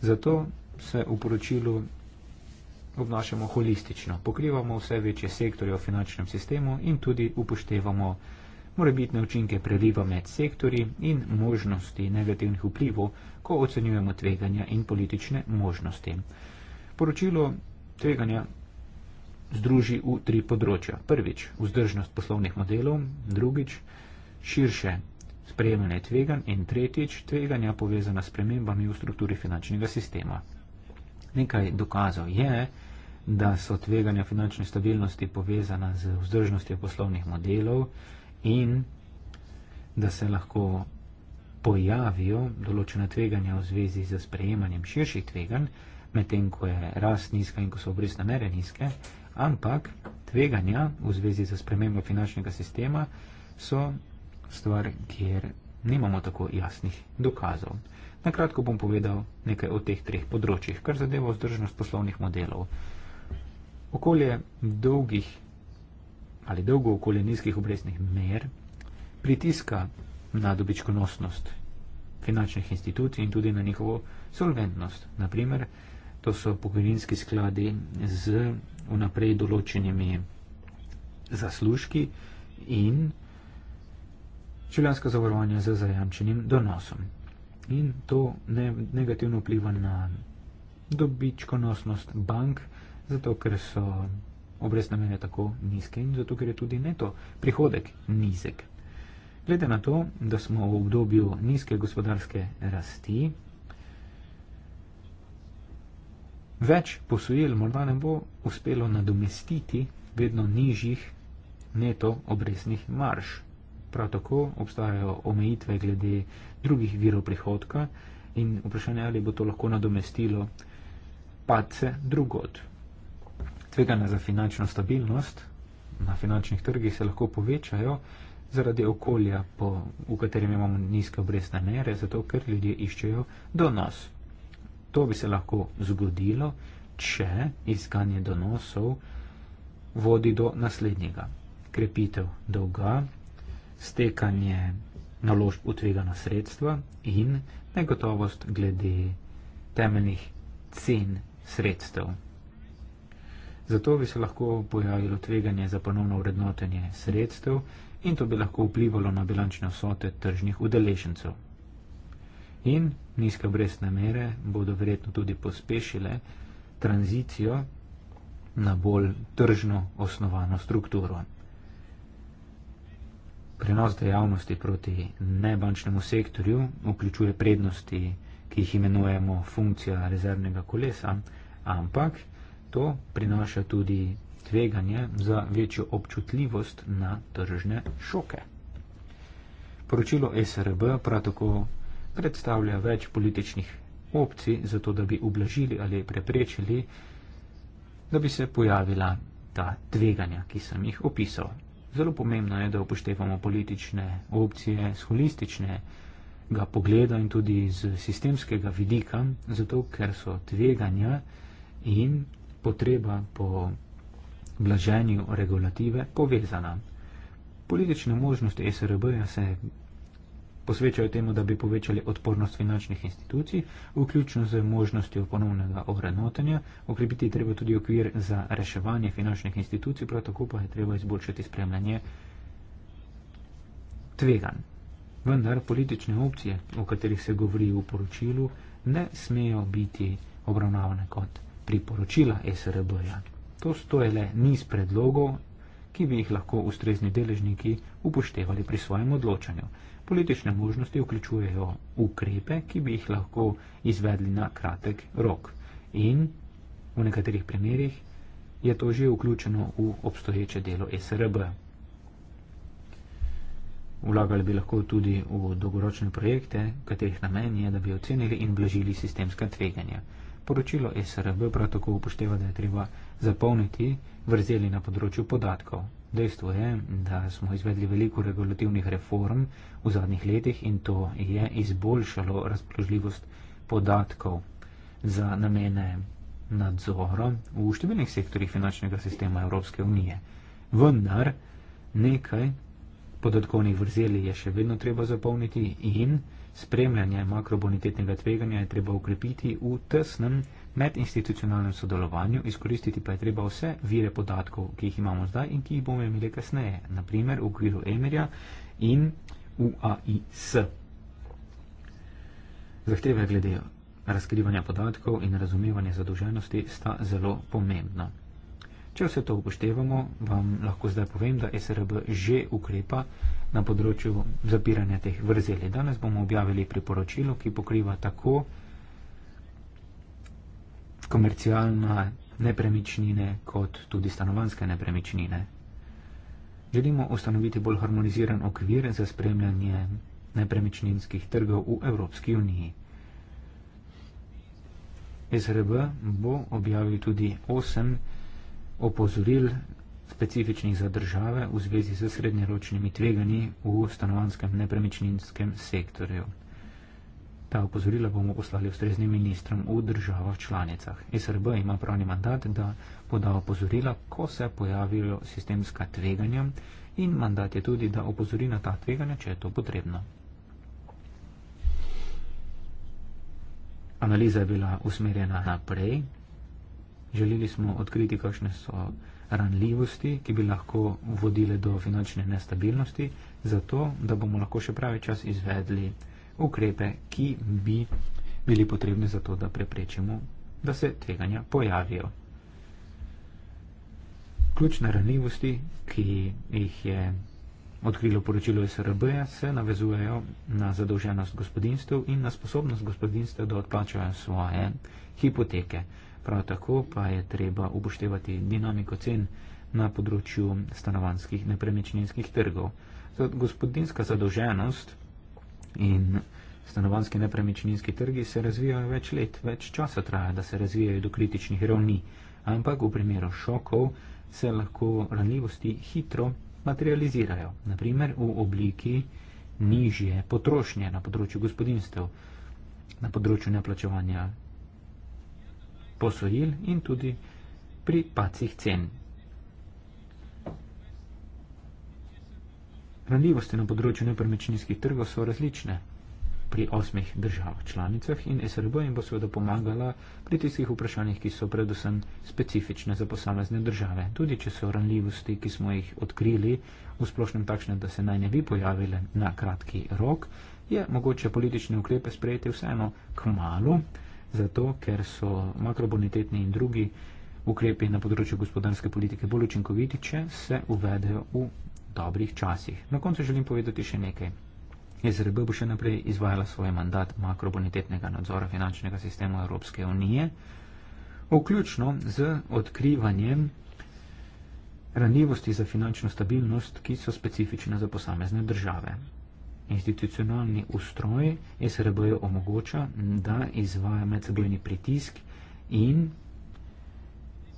Zato se v poročilu obnašamo holistično, pokrivamo vse večje sektorje v finančnem sistemu in tudi upoštevamo morebitne učinke preliva med sektori in možnosti negativnih vplivov, ko ocenjujemo tveganja in politične možnosti. Poročilo tveganja združi v tri področja. Prvič, vzdržnost poslovnih modelov, drugič, širše sprejemanje tvegan in tretjič, tveganja povezana s premembami v strukturi finančnega sistema. Nekaj dokazov je, da so tveganja finančne stabilnosti povezana z vzdržnostjo poslovnih modelov, in da se lahko pojavijo določena tveganja v zvezi z sprejemanjem širših tveganj, medtem ko je rast nizka in ko so obrestne mere nizke, ampak tveganja v zvezi z spremembo finančnega sistema so stvar, kjer nimamo tako jasnih dokazov. Na kratko bom povedal nekaj o teh treh področjih, kar zadeva vzdržnost poslovnih modelov. Okolje dolgih ali dolgo okoli nizkih obrestnih mer pritiska na dobičkonosnost finančnih institucij in tudi na njihovo solventnost. Naprimer, to so pokojninski skladi z unaprej določenimi zaslužki in čelanska zavarovanja z zajamčenim donosom. In to ne, negativno vpliva na dobičkonosnost bank, zato ker so obrestne mere tako nizke in zato, ker je tudi neto prihodek nizek. Glede na to, da smo v obdobju nizke gospodarske rasti, več posojil morda ne bo uspelo nadomestiti vedno nižjih neto obrestnih marž. Prav tako obstajajo omejitve glede drugih virov prihodka in vprašanje, ali bo to lahko nadomestilo padce drugod tvegane za finančno stabilnost na finančnih trgih se lahko povečajo zaradi okolja, po, v katerem imamo nizke obrestne mere, zato ker ljudje iščejo donos. To bi se lahko zgodilo, če iskanje donosov vodi do naslednjega. Krepitev dolga, stekanje naložb v tvegana sredstva in negotovost glede temeljnih cen sredstev zato bi se lahko pojavilo tveganje za ponovno vrednotenje sredstev in to bi lahko vplivalo na bilančne vsote tržnih udeležencev. In nizke obrestne mere bodo verjetno tudi pospešile tranzicijo na bolj tržno osnovano strukturo. Prenos dejavnosti proti nebančnemu sektorju vključuje prednosti, ki jih imenujemo funkcija rezervnega kolesa, ampak To prinaša tudi tveganje za večjo občutljivost na tržne šoke. Poročilo SRB prav tako predstavlja več političnih opcij za to, da bi ublažili ali preprečili, da bi se pojavila ta tveganja, ki sem jih opisal. Zelo pomembno je, da upoštevamo politične opcije z holističnega pogleda in tudi z sistemskega vidika, zato ker so tveganja in potreba po blaženju regulative povezana. Politične možnosti SRB-ja se posvečajo temu, da bi povečali odpornost finančnih institucij, vključno z možnostjo ponovnega ohranotenja, okrepiti treba tudi okvir za reševanje finančnih institucij, prav tako pa je treba izboljšati spremljanje tvegan. Vendar politične opcije, o katerih se govori v poročilu, ne smejo biti obravnavane kot priporočila SRB-ja. To stoje le niz predlogov, ki bi jih lahko ustrezni deležniki upoštevali pri svojem odločanju. Politične možnosti vključujejo ukrepe, ki bi jih lahko izvedli na kratek rok. In v nekaterih primerjih je to že vključeno v obstoječe delo SRB. Vlagali bi lahko tudi v dolgoročne projekte, katerih namen je, da bi ocenili in blažili sistemska tveganja poročilo SRB prav tako upošteva, da je treba zapolniti vrzeli na področju podatkov. Dejstvo je, da smo izvedli veliko regulativnih reform v zadnjih letih in to je izboljšalo razpoložljivost podatkov za namene nadzora v številnih sektorjih finančnega sistema Evropske unije. Vendar nekaj podatkovnih vrzeli je še vedno treba zapolniti in Spremljanje makrobonitetnega tveganja je treba ukrepiti v tesnem medinstitucionalnem sodelovanju, izkoristiti pa je treba vse vire podatkov, ki jih imamo zdaj in ki jih bomo imeli kasneje, naprimer v okviru EMERja in UAIS. Zahteve glede razkrivanja podatkov in razumevanja zadolženosti sta zelo pomembna. Če vse to upoštevamo, vam lahko zdaj povem, da SRB že ukrepa na področju zapiranja teh vrzeli. Danes bomo objavili priporočilo, ki pokriva tako komercialna nepremičnine kot tudi stanovanske nepremičnine. Želimo ustanoviti bolj harmoniziran okvir za spremljanje nepremičninskih trgov v Evropski uniji. SRB bo objavil tudi osem nepremičnine, opozoril specifičnih za države v zvezi z srednjeročnimi tveganji v stanovanskem nepremičninskem sektorju. Ta opozorila bomo poslali ustreznim ministrom v državah članicah. SRB ima pravni mandat, da poda opozorila, ko se pojavijo sistemska tveganja in mandat je tudi, da opozori na ta tveganja, če je to potrebno. Analiza je bila usmerjena naprej, Želeli smo odkriti, kakšne so ranljivosti, ki bi lahko vodile do finančne nestabilnosti, zato da bomo lahko še pravi čas izvedli ukrepe, ki bi bili potrebni za to, da preprečimo, da se tveganja pojavijo. Ključne ranljivosti, ki jih je odkrilo poročilo SRB, se navezujejo na zadolženost gospodinstv in na sposobnost gospodinstv, da odplačajo svoje hipoteke. Prav tako pa je treba upoštevati dinamiko cen na področju stanovanskih nepremičninskih trgov. Zato gospodinska zadolženost in stanovanski nepremičninski trgi se razvijajo več let, več časa traja, da se razvijajo do kritičnih ravni, ampak v primeru šokov se lahko ranljivosti hitro materializirajo, naprimer v obliki nižje potrošnje na področju gospodinstev, na področju neplačevanja posojil in tudi pri pacih cen. Ranljivosti na področju nepremičninskih trgov so različne pri osmih državah članicah in SRB jim bo seveda pomagala pri tistih vprašanjih, ki so predvsem specifične za posamezne države. Tudi če so ranljivosti, ki smo jih odkrili, v splošnem takšne, da se naj ne bi pojavile na kratki rok, je mogoče politične ukrepe sprejeti vseeno k malu zato ker so makrobonitetni in drugi ukrepi na področju gospodarske politike bolj učinkoviti, če se uvedejo v dobrih časih. Na koncu želim povedati še nekaj. SRB bo še naprej izvajala svoj mandat makrobonitetnega nadzora finančnega sistema Evropske unije, vključno z odkrivanjem ranljivosti za finančno stabilnost, ki so specifične za posamezne države institucionalni ustroj SRB omogoča, da izvaja medsebojni pritisk in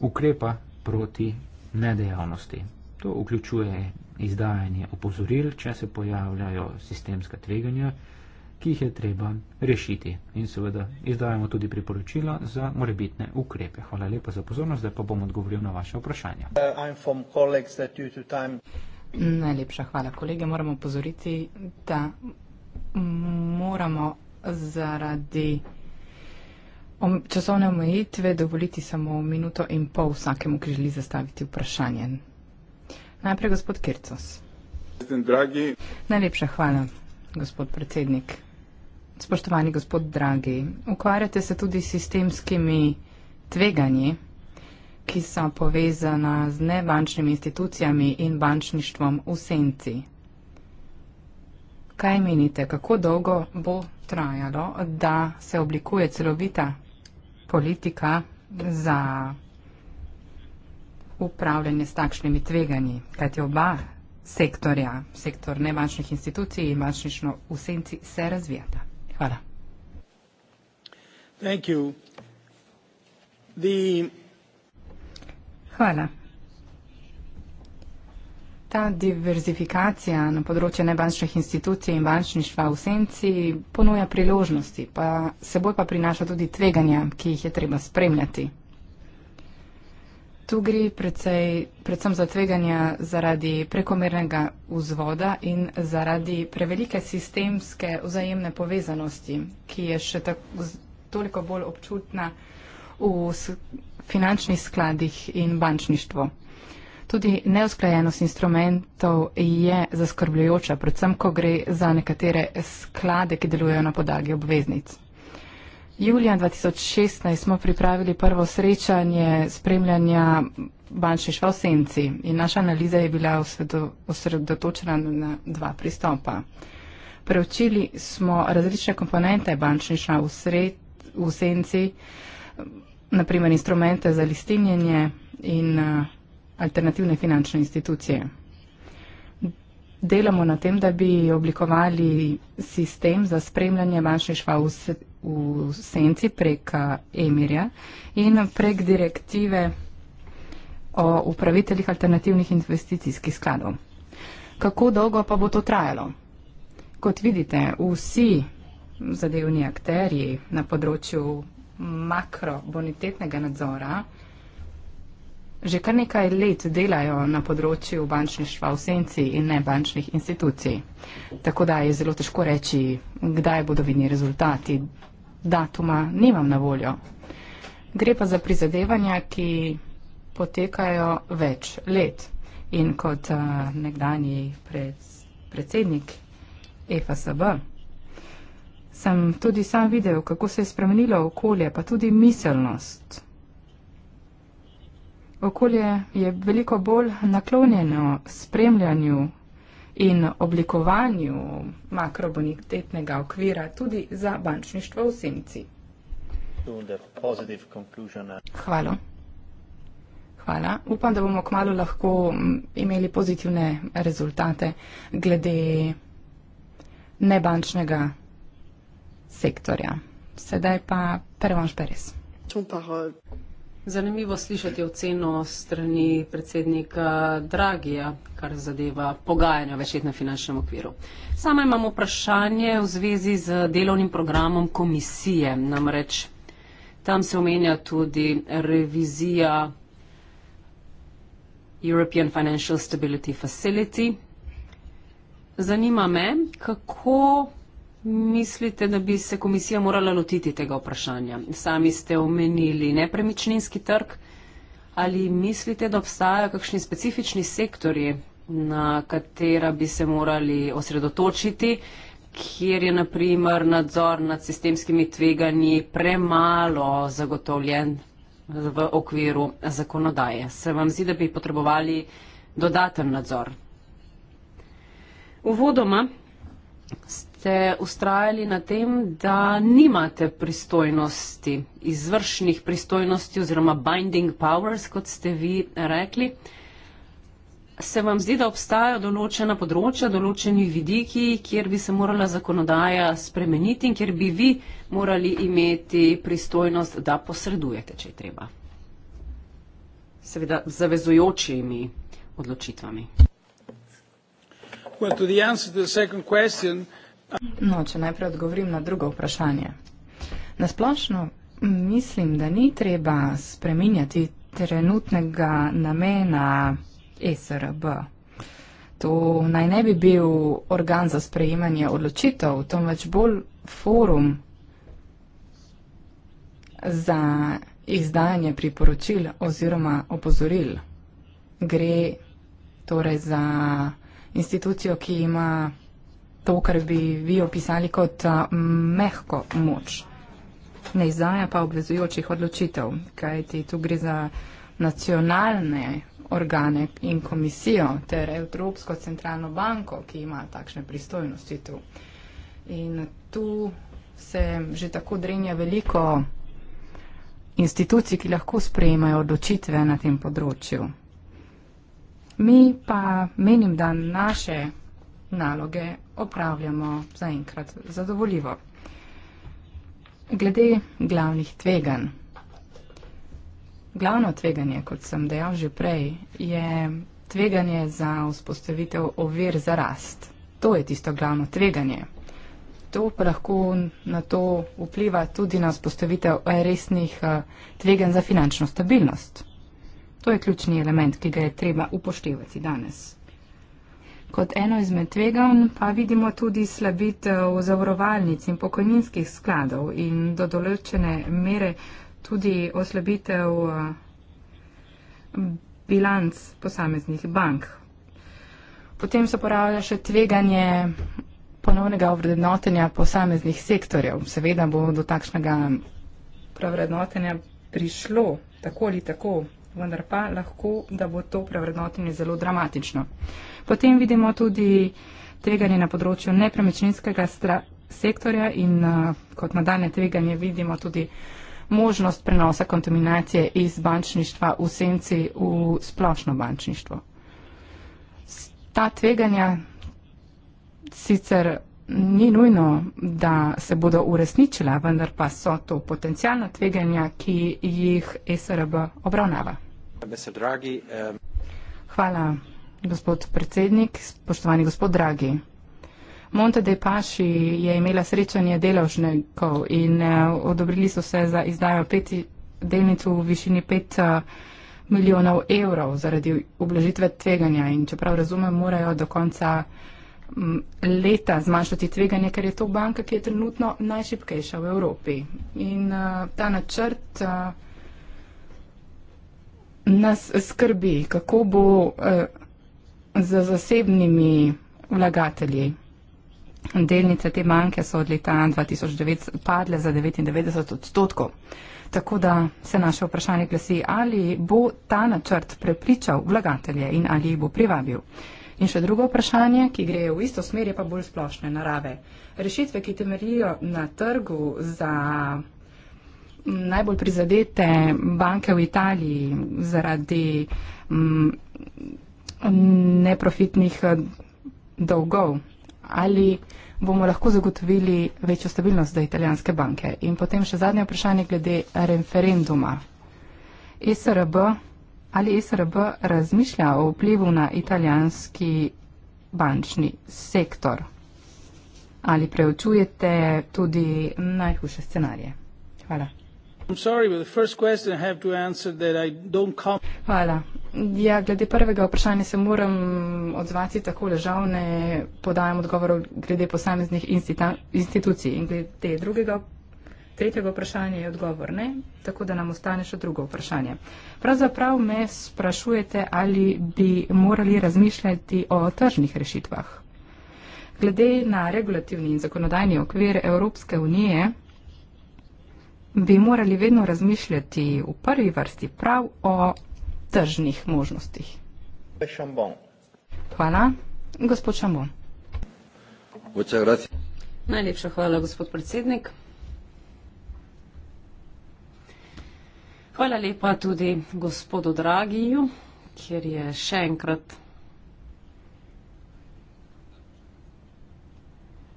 ukrepa proti nedejavnosti. To vključuje izdajanje opozoril, če se pojavljajo sistemska tveganja, ki jih je treba rešiti. In seveda izdajamo tudi priporočila za morebitne ukrepe. Hvala lepa za pozornost, zdaj pa bom odgovoril na vaše vprašanje. Uh, Najlepša hvala, kolege. Moramo pozoriti, da moramo zaradi časovne omejitve dovoliti samo minuto in pol vsakemu, ki želi zastaviti vprašanje. Najprej gospod Kircos. Dragi. Najlepša hvala, gospod predsednik. Spoštovani gospod Dragi, ukvarjate se tudi s sistemskimi tveganji ki so povezana z nebančnimi institucijami in bančništvom v senci. Kaj menite, kako dolgo bo trajalo, da se oblikuje celovita politika za upravljanje s takšnimi tveganji, kajti oba sektorja, sektor nebančnih institucij in bančnično v senci se razvijata? Hvala. Thank you. The Hvala. Ta diverzifikacija na področju nebančnih institucij in bančništva v senci ponuja priložnosti, pa seboj pa prinaša tudi tveganja, ki jih je treba spremljati. Tu gre predvsej, predvsem za tveganja zaradi prekomernega vzvoda in zaradi prevelike sistemske vzajemne povezanosti, ki je še tako, toliko bolj občutna v finančnih skladih in bančništvu. Tudi neusklajenost instrumentov je zaskrbljujoča, predvsem, ko gre za nekatere sklade, ki delujejo na podagi obveznic. Julija 2016 smo pripravili prvo srečanje spremljanja bančništva v senci in naša analiza je bila osredotočena na dva pristopa. Preučili smo različne komponente bančništva v, v senci, naprimer instrumente za listinjenje in eh, alternativne finančne institucije. Delamo na tem, da bi oblikovali sistem za spremljanje bančne šva v, se, v senci prek eh, Emirja in prek direktive o upraviteljih alternativnih investicijskih skladov. Kako dolgo pa bo to trajalo? Kot vidite, vsi zadevni akterji na področju makrobonitetnega nadzora že kar nekaj let delajo na področju bančništva v senci in ne bančnih institucij. Tako da je zelo težko reči, kdaj bodo vidni rezultati. Datuma nimam na voljo. Gre pa za prizadevanja, ki potekajo več let. In kot uh, eh, nekdani pred, predsednik EFSB, sem tudi sam videl, kako se je spremenilo okolje, pa tudi miselnost. Okolje je veliko bolj naklonjeno spremljanju in oblikovanju makrobonitetnega okvira tudi za bančništvo v senci. Hvala. Hvala. Upam, da bomo kmalo lahko imeli pozitivne rezultate glede nebančnega sektorja. Sedaj pa Pervanš Peres. Zanimivo slišati oceno strani predsednika Dragija, kar zadeva pogajanja večet na finančnem okviru. Sama imam vprašanje v zvezi z delovnim programom komisije. Namreč tam se omenja tudi revizija European Financial Stability Facility. Zanima me, kako mislite, da bi se komisija morala lotiti tega vprašanja? Sami ste omenili nepremičninski trg. Ali mislite, da obstajajo kakšni specifični sektori, na katera bi se morali osredotočiti, kjer je naprimer nadzor nad sistemskimi tveganji premalo zagotovljen v okviru zakonodaje? Se vam zdi, da bi potrebovali dodaten nadzor? Uvodoma ste ustrajali na tem, da nimate pristojnosti, izvršnih pristojnosti oziroma binding powers, kot ste vi rekli. Se vam zdi, da obstajajo določena področja, določeni vidiki, kjer bi se morala zakonodaja spremeniti in kjer bi vi morali imeti pristojnost, da posredujete, če je treba? Seveda zavezujočimi odločitvami. Well, to the answer to the second question, uh, No, če najprej odgovorim na drugo vprašanje. Nasplošno mislim, da ni treba spreminjati trenutnega namena e SRB. To naj ne bi bil organ za sprejemanje odločitev, temveč bolj forum za izdajanje priporočil oziroma opozoril. Gre torej za institucijo, ki ima to, kar bi vi opisali kot mehko moč. Ne izdaja pa obvezujočih odločitev, kajti tu gre za nacionalne organe in komisijo ter Evropsko centralno banko, ki ima takšne pristojnosti tu. In tu se že tako drenja veliko institucij, ki lahko sprejemajo odločitve na tem področju. Mi pa menim, da naše naloge opravljamo zaenkrat zadovoljivo. Glede glavnih tveganj. Glavno tveganje, kot sem dejal že prej, je tveganje za vzpostavitev ovir za rast. To je tisto glavno tveganje. To pa lahko na to vpliva tudi na vzpostavitev eh, resnih eh, tveganj za finančno stabilnost. To je ključni element, ki ga je treba upoštevati danes. Kot eno izmed tveganj pa vidimo tudi slabitev zavarovalnic in pokojninskih skladov in do določene mere tudi oslabitev eh, bilanc posameznih bank. Potem se pojavlja še tveganje ponovnega ovrednotenja posameznih sektorjev. Seveda bo do takšnega pravrednotenja prišlo tako ali tako, vendar pa lahko, da bo to pravrednotenje zelo dramatično. Potem vidimo tudi tveganje na področju nepremičninskega sektorja in eh, kot nadaljne tveganje vidimo tudi možnost prenosa kontaminacije iz bančništva v senci v splošno bančništvo. Ta tveganja sicer ni nujno, da se bodo uresničila, vendar pa so to potencijalna tveganja, ki jih e SRB obravnava. Eh, Hvala. Gospod predsednik, spoštovani gospod Dragi. Monte de Paši je imela srečanje delavšnikov in eh, odobrili so se za izdajo peti delnic v višini pet eh, milijonov evrov zaradi obložitve tveganja in čeprav razumem, morajo do konca mm, leta zmanjšati tveganje, ker je to banka, ki je trenutno najšipkejša v Evropi. In eh, ta načrt nas skrbi, kako bo z zasebnimi vlagatelji. Delnice te banke so od leta 2009 padle za 99 odstotkov. Tako da se naše vprašanje glasi, ali bo ta načrt prepričal vlagatelje in ali jih bo privabil. In še drugo vprašanje, ki gre v isto smer, je pa bolj splošne narave. Rešitve, ki temeljijo na trgu za najbolj prizadete banke v Italiji zaradi. Mm, neprofitnih eh, dolgov? Ali bomo lahko zagotovili večjo stabilnost za italijanske banke? In potem še zadnje vprašanje glede referenduma. E SRB, ali e SRB razmišlja o vplivu na italijanski bančni sektor? Ali preučujete tudi najhujše scenarije? Hvala. Hvala. Ja, glede prvega vprašanja se moram odzvati takole, žal ne podajam odgovorov glede posameznih institucij in glede drugega, tretjega vprašanja je odgovor ne, tako da nam ostane še drugo vprašanje. Pravzaprav me sprašujete, ali bi morali razmišljati o tržnih rešitvah. Glede na regulativni in zakonodajni okvir Evropske unije, bi morali vedno razmišljati v prvi vrsti prav o tržnih možnostih. Hvala, gospod Šambon. Najlepša hvala, gospod predsednik. Hvala lepa tudi gospodu Dragiju, kjer je še enkrat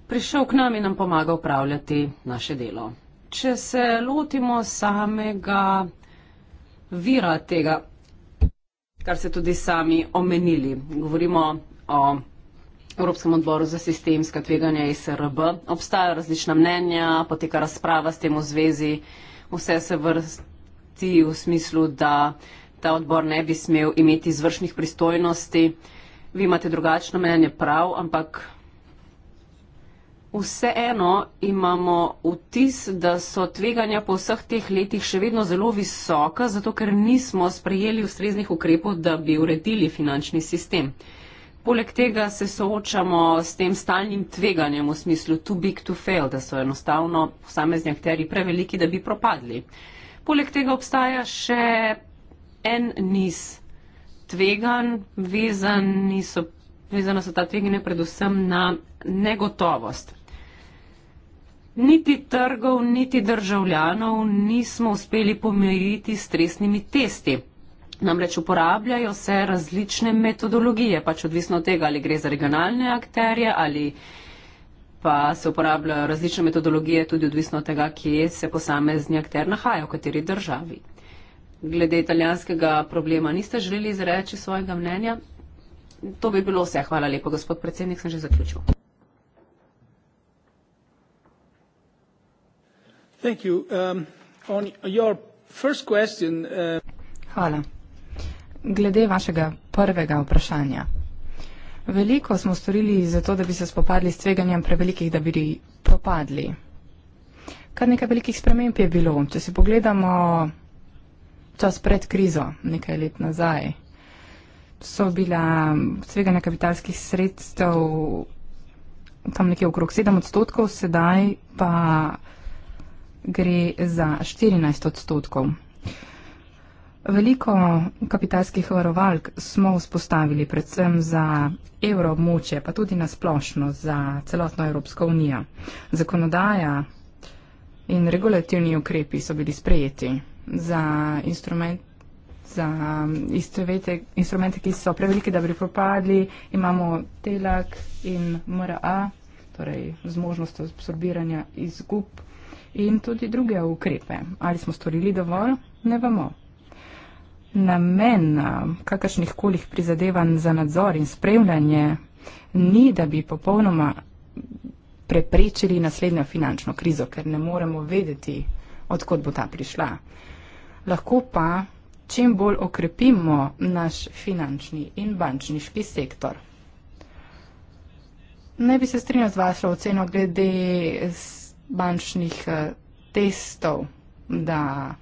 prišel k nam in nam pomaga upravljati naše delo če se lotimo samega vira tega, kar ste tudi sami omenili. Govorimo o Evropskem odboru za sistemska tveganja ISRB. Obstajajo različna mnenja, poteka razprava s tem v zvezi. Vse se vrsti v smislu, da ta odbor ne bi smel imeti izvršnih pristojnosti. Vi imate drugačno mnenje prav, ampak vseeno imamo vtis, da so tveganja po vseh teh letih še vedno zelo visoka, zato ker nismo sprejeli ustreznih ukrepov, da bi uredili finančni sistem. Poleg tega se soočamo s tem stalnim tveganjem v smislu too big to fail, da so enostavno posamezni akteri preveliki, da bi propadli. Poleg tega obstaja še en niz tvegan, vezani so, vezana so ta tveganja predvsem na negotovost. Niti trgov, niti državljanov nismo uspeli pomiriti s stresnimi testi. Namreč uporabljajo se različne metodologije, pač odvisno od tega, ali gre za regionalne akterje ali pa se uporabljajo različne metodologije, tudi odvisno od tega, kje se posamezni akter nahaja, v kateri državi. Glede italijanskega problema niste želeli izreči svojega mnenja? To bi bilo vse. Hvala lepa, gospod predsednik, sem že zaključil. Thank you. Um, on your first question. Uh, Hvala. Glede vašega prvega vprašanja. Veliko smo storili za to, da bi se spopadli s tveganjem prevelikih, da bi propadli. Kar nekaj velikih sprememb je bilo. Če si pogledamo čas pred krizo, nekaj let nazaj, so bila tveganja kapitalskih sredstev tam nekje okrog 7%, sedaj pa gre za 14 odstotkov. Veliko kapitalskih varovalk smo vzpostavili predvsem za evroobmoče, pa tudi nasplošno za celotno Evropsko unijo. Zakonodaja in regulativni ukrepi so bili sprejeti za, instrument, za instrumente, ki so preveliki, da bi propadli. Imamo TELAK in MRA, torej zmožnost absorbiranja izgub in tudi druge ukrepe. Ali smo storili dovolj, ne vemo. Namen kakršnih kolih prizadevanj za nadzor in spremljanje ni, da bi popolnoma preprečili naslednjo finančno krizo, ker ne moremo vedeti, odkot bo ta prišla. Lahko pa čim bolj okrepimo naš finančni in bančniški sektor. Ne bi se strinjal z vašo oceno glede bančnih eh, testov, da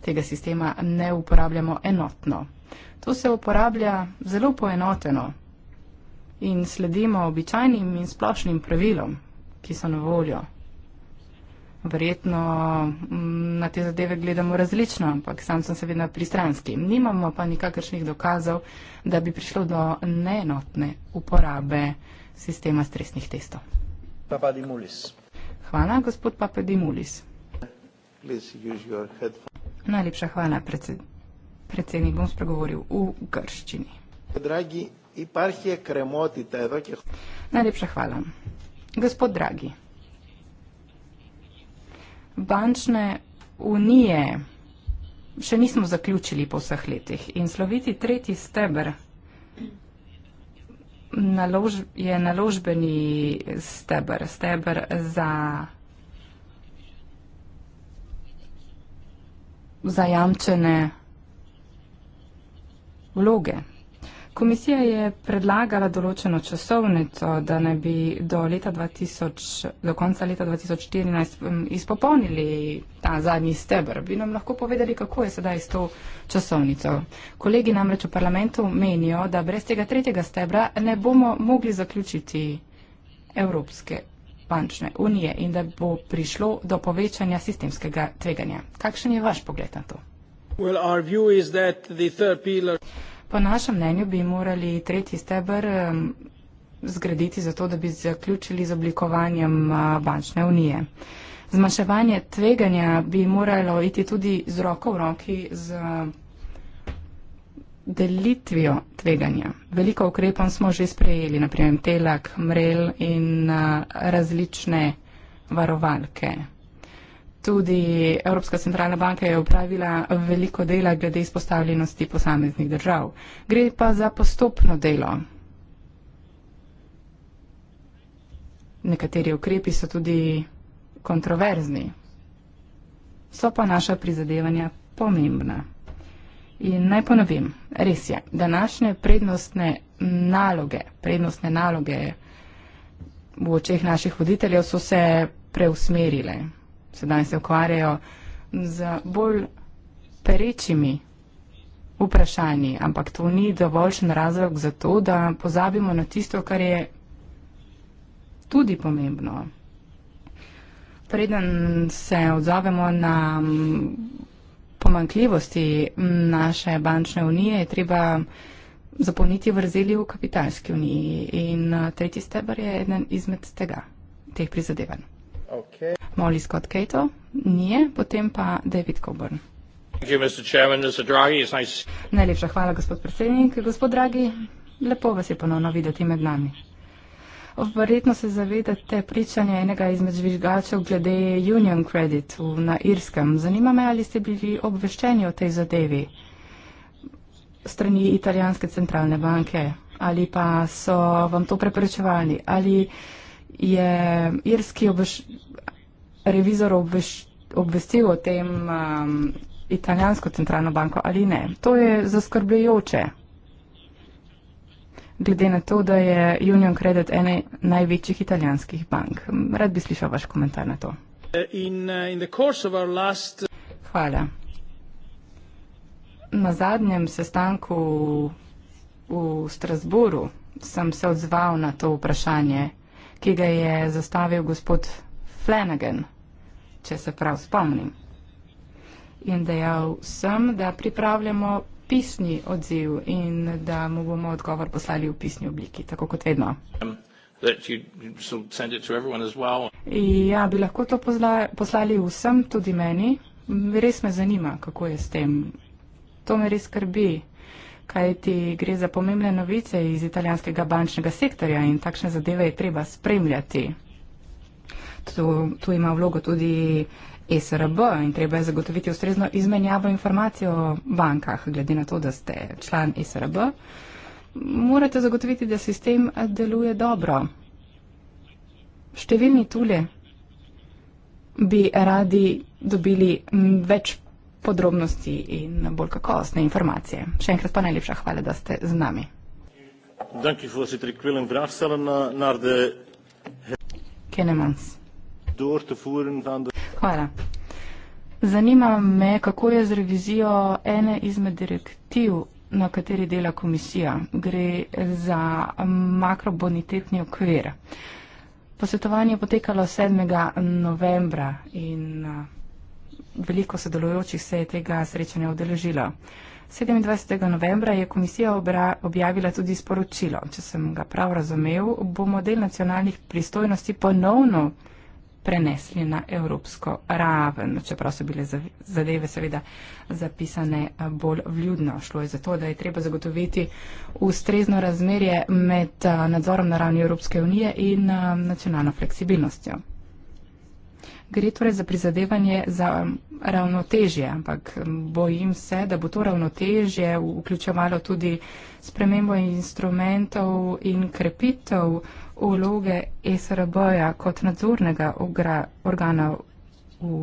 tega sistema ne uporabljamo enotno. To se uporablja zelo poenoteno in sledimo običajnim in splošnim pravilom, ki so na voljo. Verjetno mm, na te zadeve gledamo različno, ampak sam sem seveda pristranski. Nimamo pa nikakršnih dokazov, da bi prišlo do neenotne uporabe sistema stresnih testov. Papa Dimulis. Hvala, gospod Papadimulis. Najlepša hvala, predsed... predsednik. Bom spregovoril v grščini. Dragi, eparhije kremoti, tajdoke... Najlepša hvala. Gospod Dragi, bančne unije še nismo zaključili po vseh letih in sloviti tretji stebr nalož, je naložbeni stebr, stebr za zajamčene vloge. Komisija je predlagala določeno časovnico, da ne bi do, leta 2000, do konca leta 2014 izpopolnili ta zadnji stebr. Bi nam lahko povedali, kako je sedaj s to časovnico. Kolegi namreč v parlamentu menijo, da brez tega tretjega stebra ne bomo mogli zaključiti Evropske bančne unije in da bo prišlo do povečanja sistemskega tveganja. Kakšen je vaš pogled na to? Well, Po našem mnenju bi morali tretji stebr zgraditi zato, da bi zaključili z oblikovanjem bančne unije. Zmaševanje tveganja bi moralo iti tudi z roko v roki z delitvijo tveganja. Veliko ukrepov smo že sprejeli, naprimer telak, mrel in različne varovalke. Tudi Evropska centralna banka je upravila veliko dela glede izpostavljenosti posameznih držav. Gre pa za postopno delo. Nekateri ukrepi so tudi kontroverzni. So pa naša prizadevanja pomembna. In naj ponovim, res je, današnje prednostne naloge, prednostne naloge v očeh naših voditeljev so se preusmerile sedaj se ukvarjajo z bolj perečimi vprašanji, ampak to ni dovoljšen razlog za to, da pozabimo na tisto, kar je tudi pomembno. Preden se odzovemo na mm, pomankljivosti naše bančne unije, je treba zapolniti vrzeli v kapitalski uniji in eh, tretji stebr je eden izmed tega, teh prizadevanj. Okay. Molly Scott Cato? Nije. Potem pa David Coburn. You, Chairman, Draghi, nice. Najlepša hvala, gospod predsednik. Gospod Dragi, lepo vas je ponovno videti med nami. Verjetno se zavedate pričanja enega izmed žvižgačev glede Union Credit v, na Irskem. Zanima me, ali ste bili obveščeni o tej zadevi strani italijanske centralne banke ali pa so vam to preprečevali ali je irski obveščen revizor obveš, obvestil o tem um, italijansko centralno banko ali ne. To je zaskrbljujoče. Glede na to, da je Union Credit ena največjih italijanskih bank. Rad bi slišal vaš komentar na to. In, uh, in last... Hvala. Na zadnjem sestanku v Strasburu sem se odzval na to vprašanje, ki ga je zastavil gospod Flanagan če se prav spomnim. In dejal sem, da pripravljamo pisni odziv in da mu bomo odgovor poslali v pisni obliki, tako kot vedno. Um, well. Ja, bi lahko to poslali vsem, tudi meni. Res me zanima, kako je s tem. To me res skrbi, kaj ti gre za pomembne novice iz italijanskega bančnega sektorja in takšne zadeve je treba spremljati tu, tu ima vlogo tudi e SRB in treba je zagotoviti ustrezno izmenjavo informacij o bankah, glede na to, da ste član e SRB. Morate zagotoviti, da sistem deluje dobro. Številni tule bi radi dobili več podrobnosti in bolj kakovostne informacije. Še enkrat pa najlepša hvala, da ste z nami. Danke für Sie, Trikwilen Grafsalen, eh, nach der Kennemanns. Hvala. Zanima me, kako je z revizijo ene izmed direktiv, na kateri dela komisija. Gre za makrobonitetni okvir. Posvetovanje je potekalo 7. novembra in veliko sodelujočih se je tega srečanja odeležilo. 27. novembra je komisija objavila tudi sporočilo. Če sem ga prav razumel, bo model nacionalnih pristojnosti ponovno prenesli na evropsko raven, čeprav so bile zadeve seveda zapisane eh, bolj vljudno. Šlo je za to, da je treba zagotoviti ustrezno razmerje med eh, nadzorom na ravni Evropske unije in eh, nacionalno fleksibilnostjo. Gre torej za prizadevanje za ravnotežje, ampak bojim se, da bo to ravnotežje vključevalo tudi spremembo instrumentov in krepitev vloge e SRB-ja kot nadzornega organa v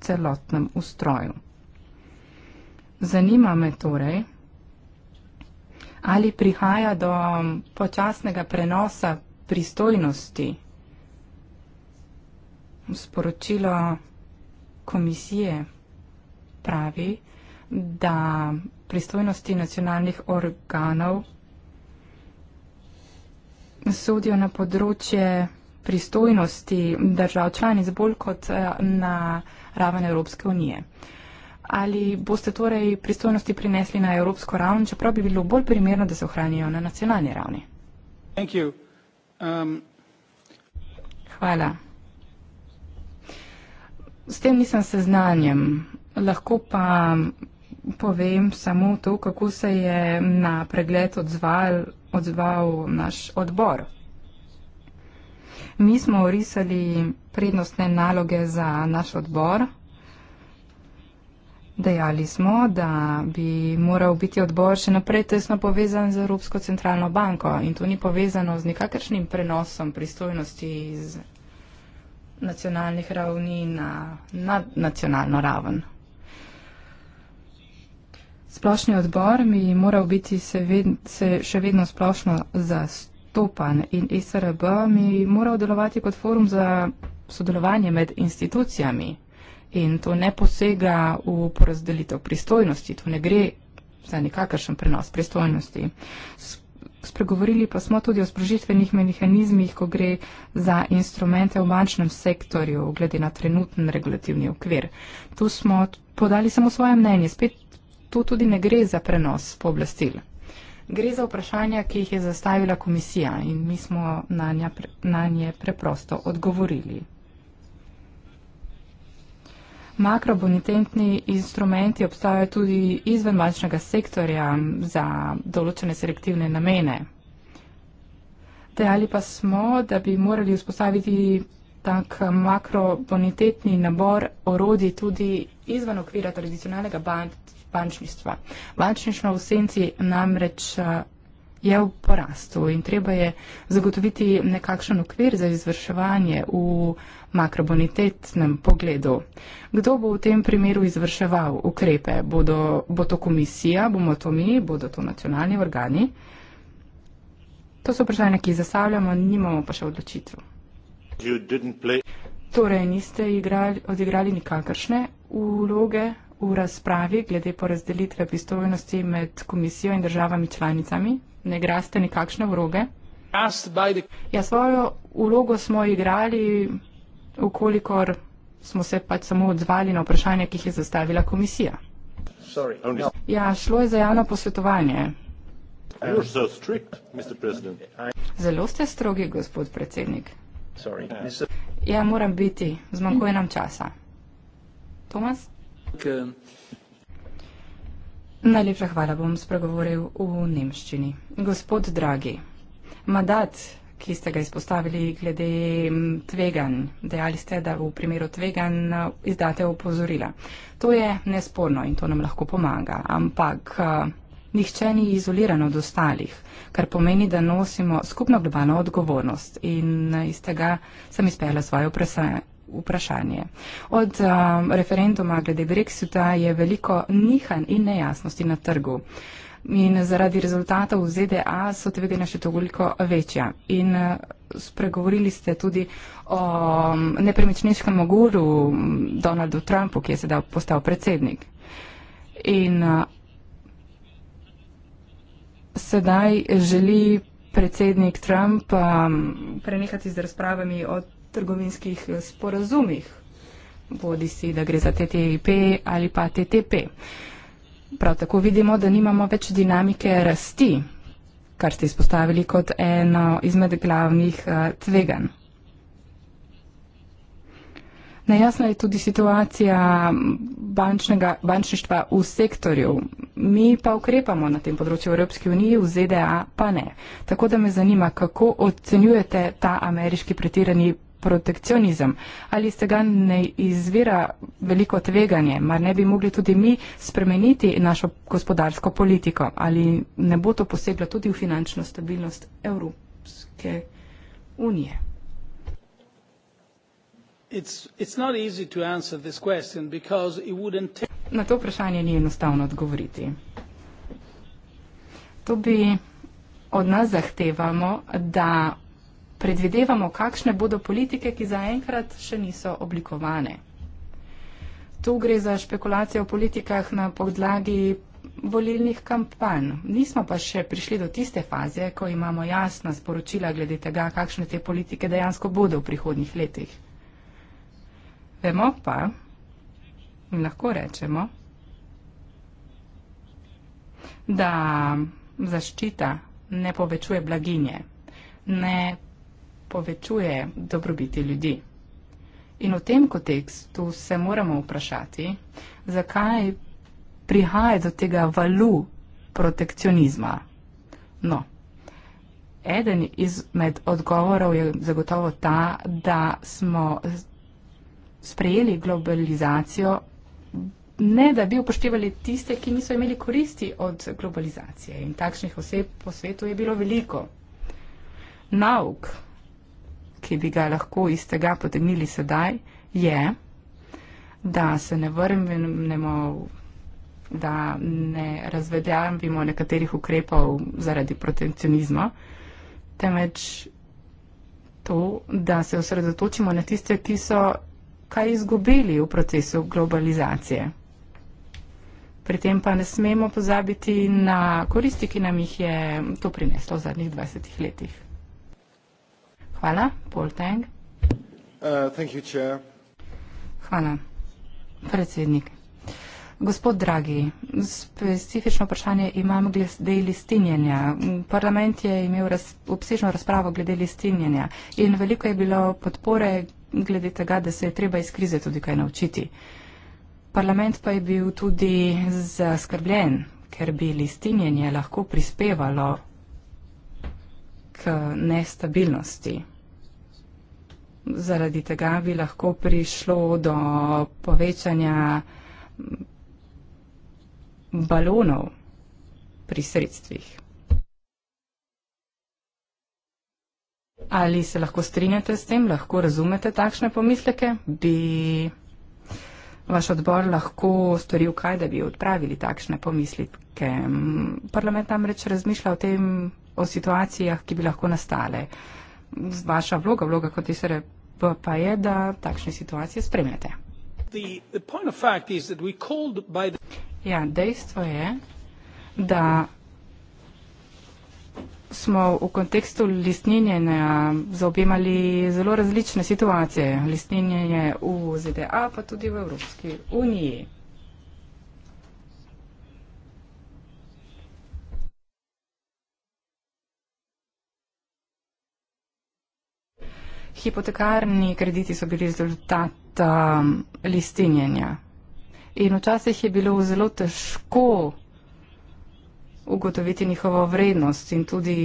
celotnem ustroju. Zanima me torej, ali prihaja do počasnega prenosa pristojnosti sporočilo komisije pravi, da pristojnosti nacionalnih organov sodijo na področje pristojnosti držav članic bolj kot eh, na raven Evropske unije. Ali boste torej pristojnosti prinesli na evropsko raven, čeprav bi bilo bolj primerno, da se ohranijo na nacionalni ravni? Um... Hvala. S tem nisem seznanjem. Lahko pa povem samo to, kako se je na pregled odzval odzval naš odbor. Mi smo orisali prednostne naloge za naš odbor. Dejali smo, da bi moral biti odbor še naprej tesno povezan z Evropsko centralno banko in to ni povezano z nikakršnim prenosom pristojnosti iz nacionalnih ravni na nacionalno raven. Splošni odbor mi je moral biti se, ved, se še vedno splošno zastopan in SRB mi je moral delovati kot forum za sodelovanje med institucijami in to ne posega v porazdelitev pristojnosti, to ne gre za nekakršen prenos pristojnosti. Spregovorili pa smo tudi o sprožitvenih mehanizmih, ko gre za instrumente v bančnem sektorju, glede na trenutni regulativni okvir. Tu smo podali samo svoje mnenje, spet tu tudi ne gre za prenos pooblastil. Gre za vprašanja, ki jih je zastavila komisija in mi smo na, nja, na nje preprosto odgovorili. Makrobonitentni instrumenti obstajajo tudi izven bančnega sektorja za določene selektivne namene. Dejali pa smo, da bi morali vzpostaviti tak makrobonitetni nabor orodij tudi izven okvira tradicionalnega bank, bančništva. Bančništvo v senci namreč eh, je v porastu in treba je zagotoviti nekakšen okvir za izvrševanje v makrobonitetnem pogledu. Kdo bo v tem primeru izvrševal ukrepe? Bodo, bo to komisija, bomo to mi, bodo to nacionalni organi? To so vprašanja, ki jih zastavljamo, nimamo pa še odločitev. Torej, niste igrali, odigrali nikakršne vloge v razpravi glede porazdelitve pristojnosti med komisijo in državami članicami? Ne graste nikakšne vroge? The... Ja, svojo vlogo smo igrali, ukolikor smo se pač samo odzvali na vprašanja, ki jih je zastavila komisija. Sorry, only... Ja, šlo je za javno posvetovanje. So strict, I... Zelo ste strogi, gospod predsednik. Sorry, yeah. Ja. ja, moram biti, zmanjkuje nam časa. Tomas? Najlepša hvala, bom spregovoril v nemščini. Gospod Dragi, mandat, ki ste ga izpostavili glede mm, tvegan, dejali ste, da v primeru tvegan mm, izdate opozorila. To je nesporno in to nam lahko pomaga, ampak mm, nihče ni izoliran od ostalih, kar pomeni, da nosimo skupno globalno odgovornost in iz tega sem izpela svoje vprašanje vprašanje. Od um, referenduma glede Brexita je veliko nihanj in nejasnosti na trgu. In zaradi rezultatov v ZDA so tveganja še toliko večja. In uh, spregovorili ste tudi o um, nepremičniškem moguru um, Donaldu Trumpu, ki je sedaj postal predsednik. In uh, sedaj želi predsednik Trump um, prenehati z razpravami o trgovinskih eh, sporazumih, bodi si, da gre za TTIP ali pa TTP. Prav tako vidimo, da nimamo več dinamike rasti, kar ste izpostavili kot eno izmed glavnih eh, tvegan. Nejasna je tudi situacija bančništva v sektorju. Mi pa ukrepamo na tem področju v Evropski uniji, v ZDA pa ne. Tako da me zanima, kako ocenjujete ta ameriški pretirani protekcionizem. Ali iz tega ne izvira veliko tveganje, mar ne bi mogli tudi mi spremeniti našo gospodarsko politiko? Ali ne bo to poseglo tudi v finančno stabilnost Evropske unije? It's, it's Na to vprašanje ni enostavno odgovoriti. To bi od nas zahtevamo, da predvidevamo, kakšne bodo politike, ki zaenkrat še niso oblikovane. Tu gre za špekulacije o politikah na podlagi volilnih kampanj. Nismo pa še prišli do tiste faze, ko imamo jasna sporočila glede tega, kakšne te politike dejansko bodo v prihodnih letih. Vemo pa, lahko rečemo, da zaščita ne povečuje blaginje, ne povečuje dobrobiti ljudi. In v tem kontekstu se moramo vprašati, zakaj prihaja do tega valu protekcionizma. No, eden izmed odgovorov je zagotovo ta, da smo sprejeli globalizacijo, ne da bi upoštevali tiste, ki niso imeli koristi od globalizacije. In takšnih oseb po svetu je bilo veliko. Nauk ki bi ga lahko iz tega potegnili sedaj, je, da se ne vrnemo, da ne razvedjavimo nekaterih ukrepov zaradi protekcionizma, temveč to, da se osredotočimo na tiste, ki so kaj izgubili v procesu globalizacije. Pri tem pa ne smemo pozabiti na koristi, ki nam jih je to prineslo v zadnjih 20 letih. Hvala. Paul Tang. Uh, Hvala, predsednik. Gospod Dragi, specifično vprašanje imam glede listinjenja. Parlament je imel raz, obsežno razpravo glede listinjenja in veliko je bilo podpore glede tega, da se je treba iz krize tudi kaj naučiti. Parlament pa je bil tudi zaskrbljen, ker bi listinjenje lahko prispevalo Eh, nestabilnosti. Zaradi tega bi lahko prišlo do povečanja balonov pri sredstvih. Ali se lahko strinjate s tem, lahko razumete takšne pomisleke? Bi vaš odbor lahko storil kaj, da bi odpravili takšne pomisleke? Parlament namreč razmišlja o tem o situacijah, ki bi lahko nastale. Vaša vloga, vloga kot SRP, pa je, da takšne situacije spremljate. Ja, dejstvo je, da smo v kontekstu listninjenja zaobjemali zelo različne situacije. Listninjenje v ZDA, pa tudi v Evropski uniji. hipotekarni krediti so bili rezultat um, listinjenja. In včasih je bilo zelo težko ugotoviti njihovo vrednost in tudi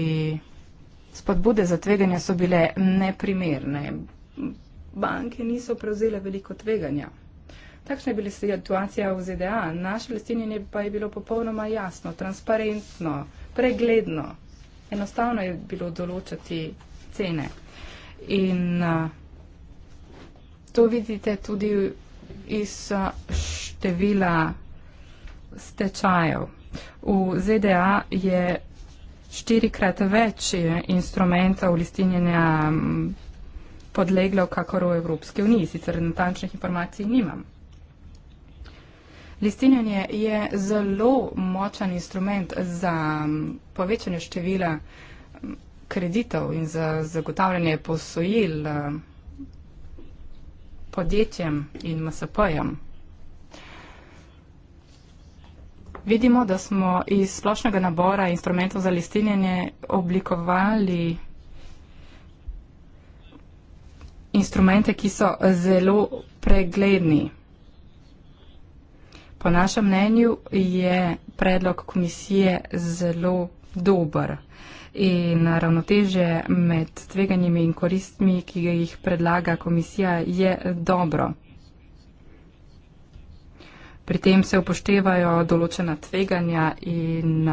spodbude za tveganja so bile neprimerne. Banke niso prevzele veliko tveganja. Takšna je bila situacija v ZDA. Naše listinjenje pa je bilo popolnoma jasno, transparentno, pregledno. Enostavno je bilo določati cene. In to vidite tudi iz števila stečajev. V ZDA je štirikrat več instrumentov listinjenja podleglo, kakor v Evropski uniji. Sicer natančnih informacij nimam. Listinjanje je zelo močan instrument za povečanje števila stečajev kreditov in za zagotavljanje posojil eh, podjetjem in MSP-jem. Vidimo, da smo iz splošnega nabora instrumentov za listinjenje oblikovali instrumente, ki so zelo pregledni. Po našem mnenju je predlog komisije zelo dober. Uh, In ravnotežje med tveganjimi in koristmi, ki jih predlaga komisija, je dobro. Pri tem se upoštevajo določena tveganja in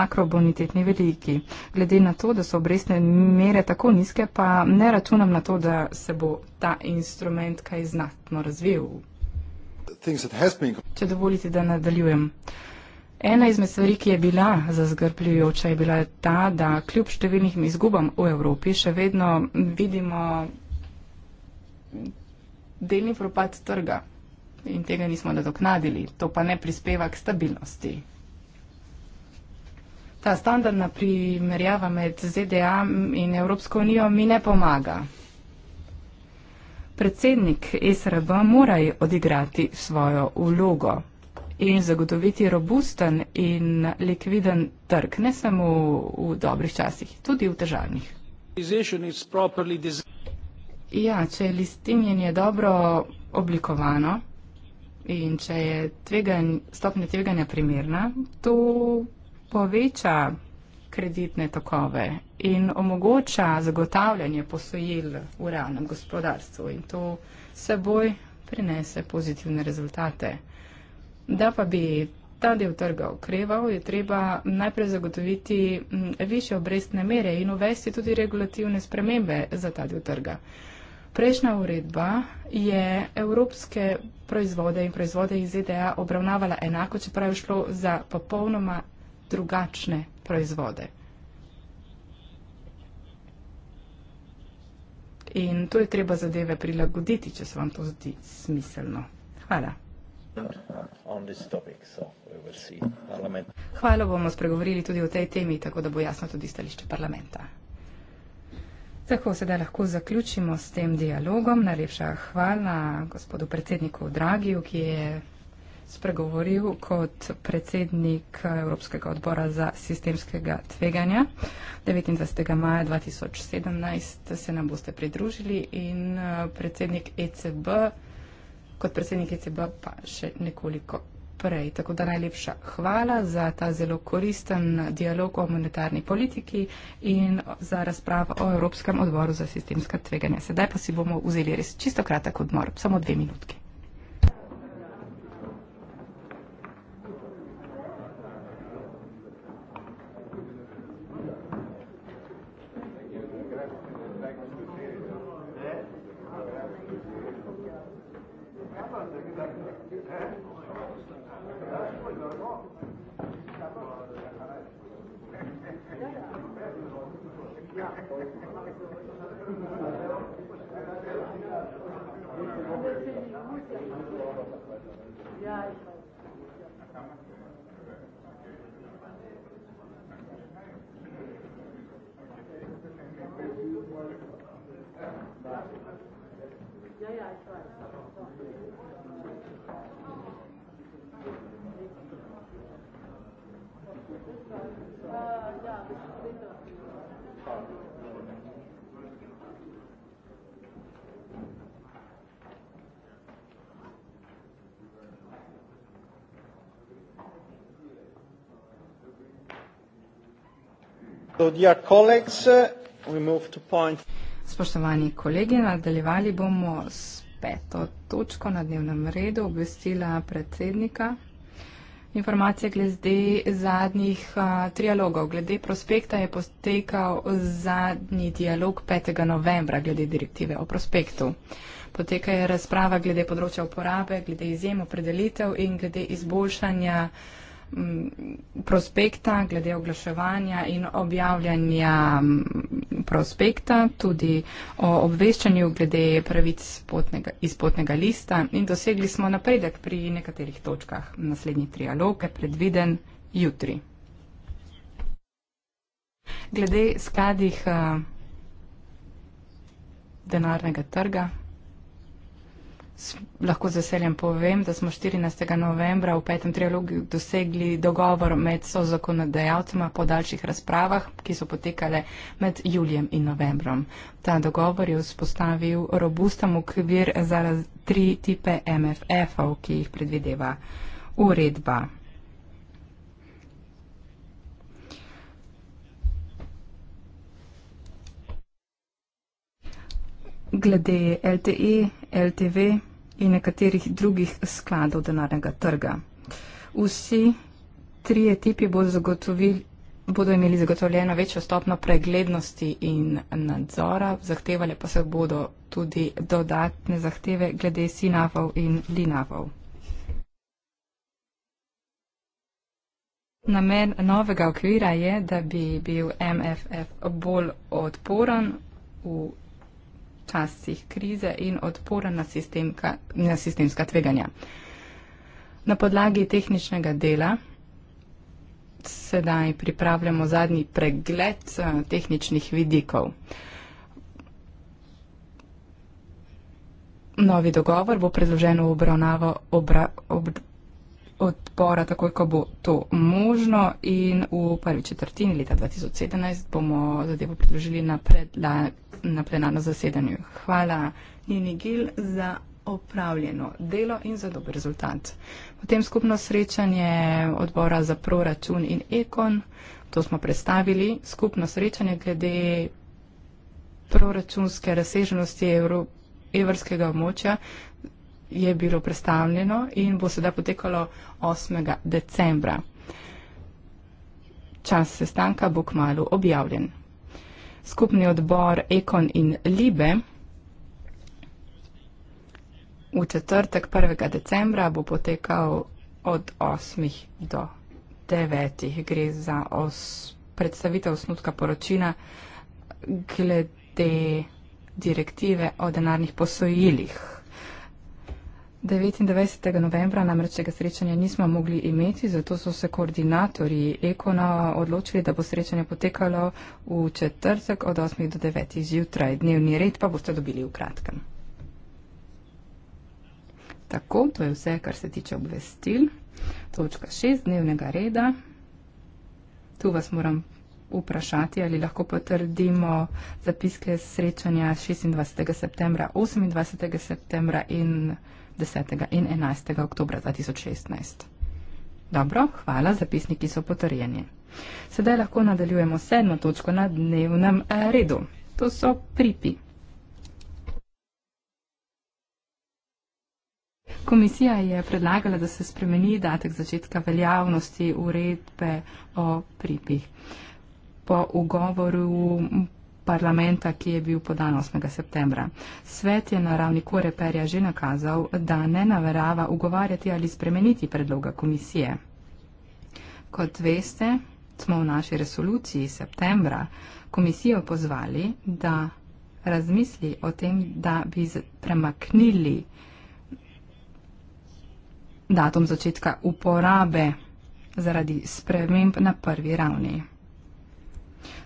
makrobonitetni veliki. Glede na to, da so obrestne mere tako nizke, pa ne računam na to, da se bo ta instrument kaj znatno razvil. Če dovolite, da nadaljujem. Ena izmed stvari, ki je bila zazgrpljujoča, je bila ta, da kljub številnim izgubam v Evropi še vedno vidimo delni propad trga in tega nismo nadoknadili. To pa ne prispeva k stabilnosti. Ta standardna primerjava med ZDA in Evropsko unijo mi ne pomaga. Predsednik SRB mora odigrati svojo vlogo in zagotoviti robusten in likviden trg, ne samo v dobrih časih, tudi v težavnih. Ja, če je listinjenje dobro oblikovano in če je tveganj, stopnja tveganja primerna, to poveča kreditne tokove in omogoča zagotavljanje posojil v realnem gospodarstvu in to seboj prinese pozitivne rezultate. Da pa bi ta del trga okreval, je treba najprej zagotoviti mm, više obrestne mere in uvesti tudi regulativne spremembe za ta del trga. Prejšnja uredba je evropske proizvode in proizvode iz ZDA obravnavala enako, čeprav je šlo za popolnoma drugačne proizvode. In tu je treba zadeve prilagoditi, če se vam to zdi smiselno. Hvala. Kmalu bomo spregovorili tudi o tej temi, tako da bo jasno tudi stališče parlamenta. Tako sedaj lahko zaključimo s tem dialogom. Najlepša hvala gospodu predsedniku Dragiju, ki je spregovoril kot predsednik Evropskega odbora za sistemskega tveganja. 29. maja 2017 se nam boste pridružili in eh, predsednik ECB kot predsednikice bila pa še nekoliko prej. Tako da najlepša hvala za ta zelo koristen dialog o monetarni politiki in za razpravo o Evropskem odboru za sistemska tveganja. Sedaj pa si bomo vzeli res čisto kratek odmor, samo dve minutki. Thank you. Spoštovani kolegi, nadaljevali bomo s peto točko na dnevnem redu, obvestila predsednika. Informacije glede zadnjih trialogov. Glede prospekta je potekal zadnji dialog 5. novembra glede direktive o prospektu. Poteka je razprava glede področja uporabe, glede izjem opredelitev in glede izboljšanja prospekta, glede oglaševanja in objavljanja prospekta, tudi o obveščanju glede pravic potnega, izpotnega lista in dosegli smo napredek pri nekaterih točkah. Naslednji trialog je predviden jutri. Glede skladih uh, denarnega trga lahko z veseljem povem, da smo 14. novembra v petem trialogu dosegli dogovor med so zakonodajalcema po daljših razpravah, ki so potekale med julijem in novembrom. Ta dogovor je vzpostavil robusten okvir za tri tipe MFF-ov, ki jih predvideva uredba. Glede LTE, LTV, in nekaterih drugih skladov denarnega trga. Vsi trije tipi bodo, bodo imeli zagotovljeno večjo stopno preglednosti in nadzora, zahtevali pa se bodo tudi dodatne zahteve glede sinavov in linavov. Namen novega okvira je, da bi bil MFF bolj odporen v časih krize in odpora na, na sistemska tveganja. Na podlagi tehničnega dela sedaj pripravljamo zadnji pregled eh, tehničnih vidikov. Novi dogovor bo predložen v obravnavo obra, obra, odpora, takoj ko bo to možno. In v prvi četrtini leta 2017 bomo zadevo pridružili na, na plenarno zasedanju. Hvala Nini Gil za opravljeno delo in za dober rezultat. Potem skupno srečanje odbora za proračun in ekon. To smo predstavili. Skupno srečanje glede proračunske razsežnosti Evropske. Evrskega območja je bilo predstavljeno in bo sedaj potekalo 8. decembra. Čas sestanka bo kmalo objavljen. Skupni odbor Ekon in Libe v četrtek 1. decembra bo potekal od 8. do 9. Gre za os predstavitev osnutka poročila glede direktive o denarnih posojilih. 29. novembra namreč tega srečanja nismo mogli imeti, zato so se koordinatorji Ekona odločili, da bo srečanje potekalo v četrtek od 8. do 9. zjutraj. Dnevni red pa boste dobili v kratkem. Tako, to je vse, kar se tiče obvestil. Točka 6 dnevnega reda. Tu vas moram vprašati, ali lahko potrdimo zapiske srečanja 26. septembra, 28. septembra in 10. in 11. oktober 2016. Dobro, hvala, zapisniki so potrjeni. Sedaj lahko nadaljujemo sedmo točko na dnevnem eh, redu. To so pripi. Komisija je predlagala, da se spremeni datek začetka veljavnosti uredbe o pripih. Po ugovoru parlamenta, ki je bil podan 8. septembra. Svet je na ravni koreperja že nakazal, da ne naverava ugovarjati ali spremeniti predloga komisije. Kot veste, smo v naši resoluciji septembra komisijo pozvali, da razmisli o tem, da bi premaknili datum začetka uporabe zaradi sprememb na prvi ravni.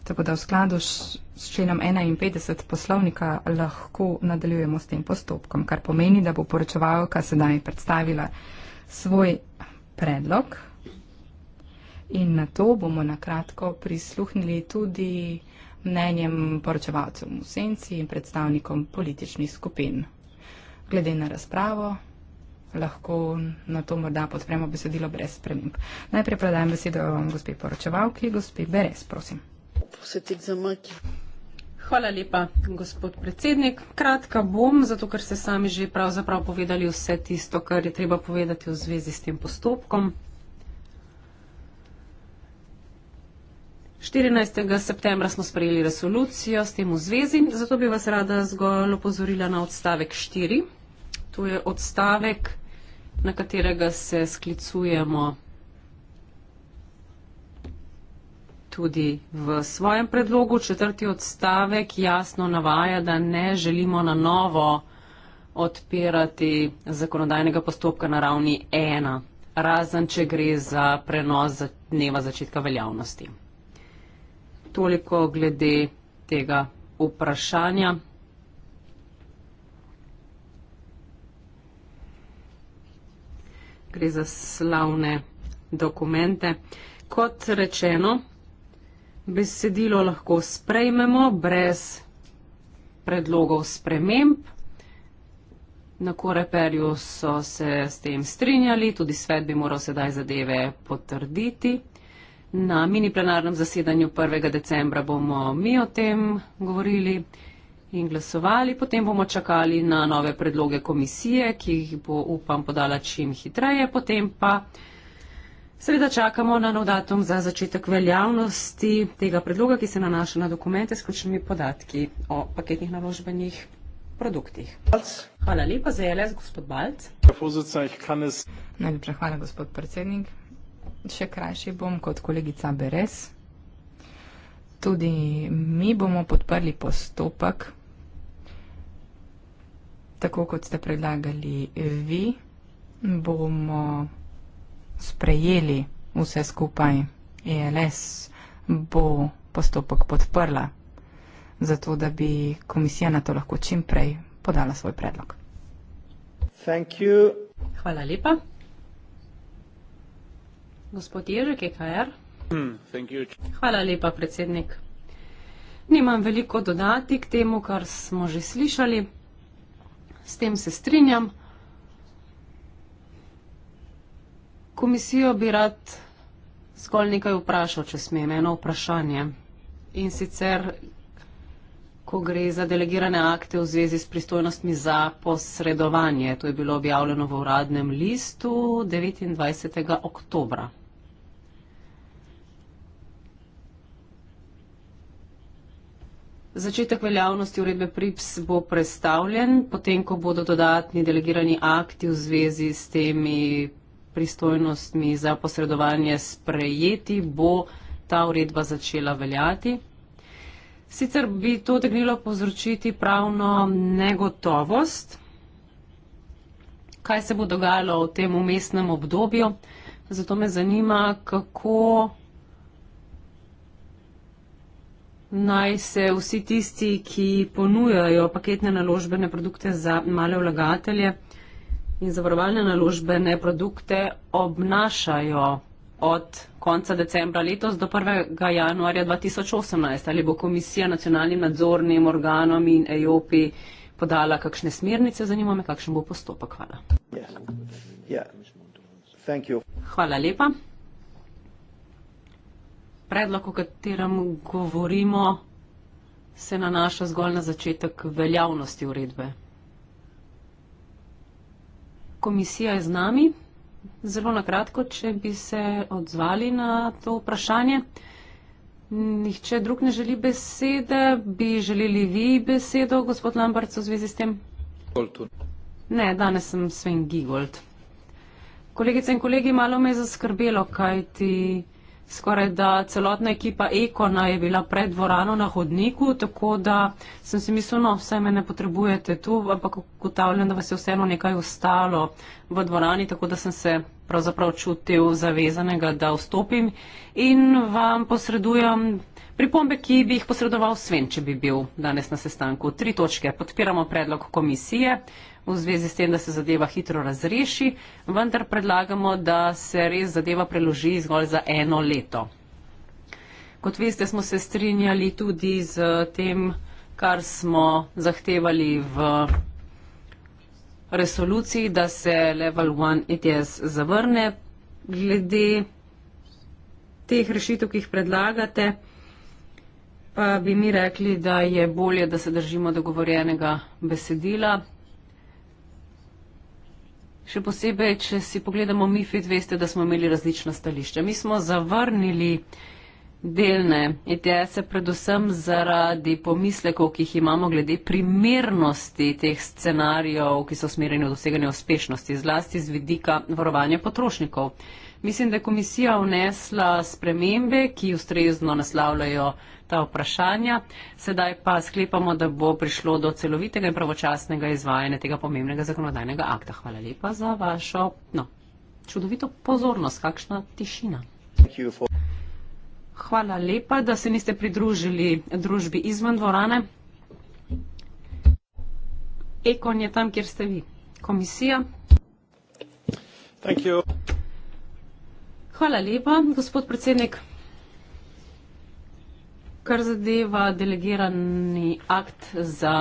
Tako da v skladu s členom 51 poslovnika lahko nadaljujemo s tem postopkom, kar pomeni, da bo poročevalka sedaj predstavila svoj predlog in na to bomo nakratko prisluhnili tudi mnenjem poročevalcev v senci in predstavnikom političnih skupin. Glede na razpravo lahko na to morda podpremo besedilo brez sprememb. Najprej predajam besedo gospe poročevalki, gospe Beres, prosim pour cet examen qui... Hvala lepa, gospod predsednik. Kratka bom, zato ker ste sami že pravzaprav povedali vse tisto, kar je treba povedati v zvezi s tem postopkom. 14. septembra smo sprejeli resolucijo s tem v zvezi, zato bi vas rada zgolj opozorila na odstavek 4. To je odstavek, na katerega se sklicujemo tudi v svojem predlogu. Četrti odstavek jasno navaja, da ne želimo na novo odpirati zakonodajnega postopka na ravni ena, razen če gre za prenos dneva začetka veljavnosti. Toliko glede tega vprašanja. Gre za slavne dokumente. Kot rečeno, besedilo lahko sprejmemo brez predlogov sprememb. Na koreperju so se s tem strinjali, tudi svet bi moral sedaj zadeve potrditi. Na mini plenarnem zasedanju 1. decembra bomo mi o tem govorili in glasovali, potem bomo čakali na nove predloge komisije, ki jih bo upam podala čim hitreje, potem pa. Seveda čakamo na nov datum za začetek veljavnosti tega predloga, ki se nanaša na dokumente s ključnimi podatki o paketnih naložbenih produktih. Hvala lepa za jeles, gospod Balc. Najlepša hvala, gospod predsednik. Še krajši bom kot kolegica Beres. Tudi mi bomo podprli postopek, tako kot ste predlagali vi, bomo sprejeli vse skupaj, ELS bo postopek podprla, zato da bi komisija na to lahko čim prej podala svoj predlog. Hvala lepa. Gospod Jerzyk EKR. Hmm, Hvala lepa, predsednik. Nimam veliko dodati k temu, kar smo že slišali. S tem se strinjam. komisijo bi rad zgolj nekaj vprašal, če smem, eno vprašanje. In sicer, ko gre za delegirane akte v zvezi s pristojnostmi za posredovanje, to je bilo objavljeno v uradnem listu 29. oktobra. Začetek veljavnosti uredbe PRIPS bo predstavljen, potem ko bodo dodatni delegirani akti v zvezi s temi pristojnostmi za posredovanje sprejeti, bo ta uredba začela veljati. Sicer bi to tegnilo povzročiti pravno negotovost, kaj se bo dogajalo v tem umestnem obdobju. Zato me zanima, kako naj se vsi tisti, ki ponujajo paketne naložbene produkte za male vlagatelje, uh, in zavarovalne naložbene produkte obnašajo od konca decembra letos do 1. januarja 2018? Ali bo komisija nacionalnim nadzornim organom in EOP podala kakšne smernice? Zanima me, kakšen bo postopek. Hvala. Hvala lepa. Predlog, o katerem govorimo, se nanaša zgolj na začetek veljavnosti uredbe komisija je z nami. Zelo na kratko, če bi se odzvali na to vprašanje. Nihče drug ne želi besede, bi želeli vi besedo, gospod Lambert, v zvezi s tem? Ne, danes sem Sven Gigold. Kolegice in kolegi, malo me je zaskrbelo, kaj ti skoraj da celotna ekipa Ekona je bila pred dvorano na hodniku, tako da sem si mislil, no, vse me ne potrebujete tu, ampak ugotavljam, da vas je vseeno nekaj ostalo v dvorani, tako da sem se pravzaprav čutil zavezanega, da vstopim in vam posredujem pripombe, ki bi jih posredoval Sven, če bi bil danes na sestanku. Tri točke. Podpiramo predlog komisije v zvezi s tem, da se zadeva hitro razreši, vendar predlagamo, da se res zadeva preloži zgolj za eno leto. Kot veste, smo se strinjali tudi z tem, kar smo zahtevali v resoluciji, da se level 1 ETS zavrne. Glede teh rešitev, ki jih predlagate, pa bi mi rekli, da je bolje, da se držimo dogovorjenega besedila, Še posebej, če si pogledamo MIFID, veste, da smo imeli različna stališča. Mi smo zavrnili delne ETS-e predvsem zaradi pomislekov, ki jih imamo glede primernosti teh scenarijev, ki so smerjeni v doseganje uspešnosti, zlasti z vidika varovanja potrošnikov. Mislim, da je komisija vnesla spremembe, ki ustrezno naslavljajo ta vprašanja. Sedaj pa sklepamo, da bo prišlo do celovitega in pravočasnega izvajanja tega pomembnega zakonodajnega akta. Hvala lepa za vašo no, čudovito pozornost. Kakšna tišina. Hvala lepa, da se niste pridružili družbi izven dvorane. Ekon je tam, kjer ste vi. Komisija. Thank you. Hvala lepa, gospod predsednik. Kar zadeva delegirani akt za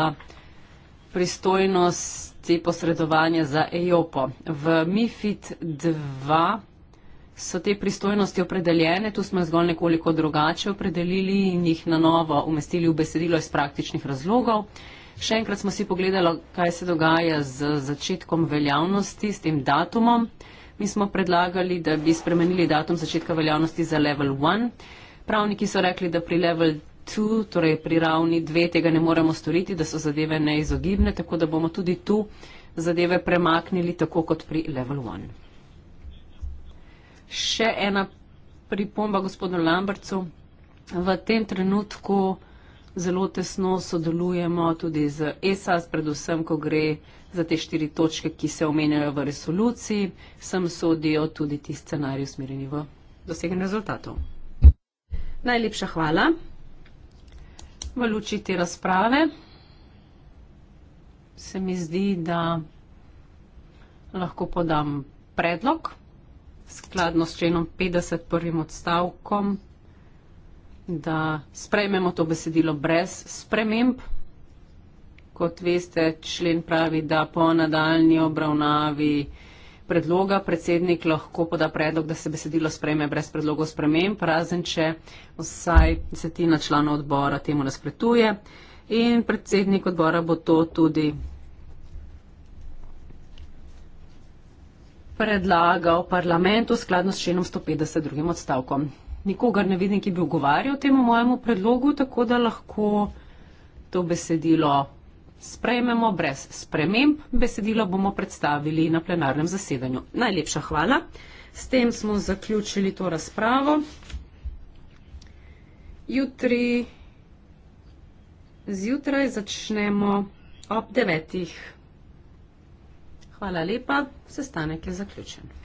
pristojnosti posredovanja za EOPO. V MIFID 2 so te pristojnosti opredeljene, tu smo jih zgolj nekoliko drugače opredelili in jih na novo umestili v besedilo iz praktičnih razlogov. Še enkrat smo si pogledali, kaj se dogaja z začetkom veljavnosti, s tem datumom. Mi smo predlagali, da bi spremenili datum začetka veljavnosti za level 1. Pravniki so rekli, da pri level 2, torej pri ravni 2, tega ne moremo storiti, da so zadeve neizogibne, tako da bomo tudi tu zadeve premaknili tako kot pri level 1. Še ena pripomba gospodu Lambrcu. V tem trenutku zelo tesno sodelujemo tudi z ESAS, predvsem, ko gre za te štiri točke, ki se omenjajo v resoluciji, sem sodijo tudi ti scenarij usmerjeni v doseganje rezultatov. Najlepša hvala. V luči te razprave se mi zdi, da lahko podam predlog skladno s členom 50 prvim odstavkom, da sprejmemo to besedilo brez sprememb kot veste, člen pravi, da po nadaljni obravnavi predloga predsednik lahko poda predlog, da se besedilo spreme brez predlogov sprememb, razen če vsaj desetina članov odbora temu nasprotuje. In predsednik odbora bo to tudi predlagal parlamentu skladno s členom 152. odstavkom. Nikogar ne vidim, ki bi ogovarjal temu mojemu predlogu, tako da lahko to besedilo sprejmemo brez sprememb. Besedilo bomo predstavili na plenarnem zasedanju. Najlepša hvala. S tem smo zaključili to razpravo. Jutri zjutraj začnemo ob devetih. Hvala lepa, sestanek je zaključen.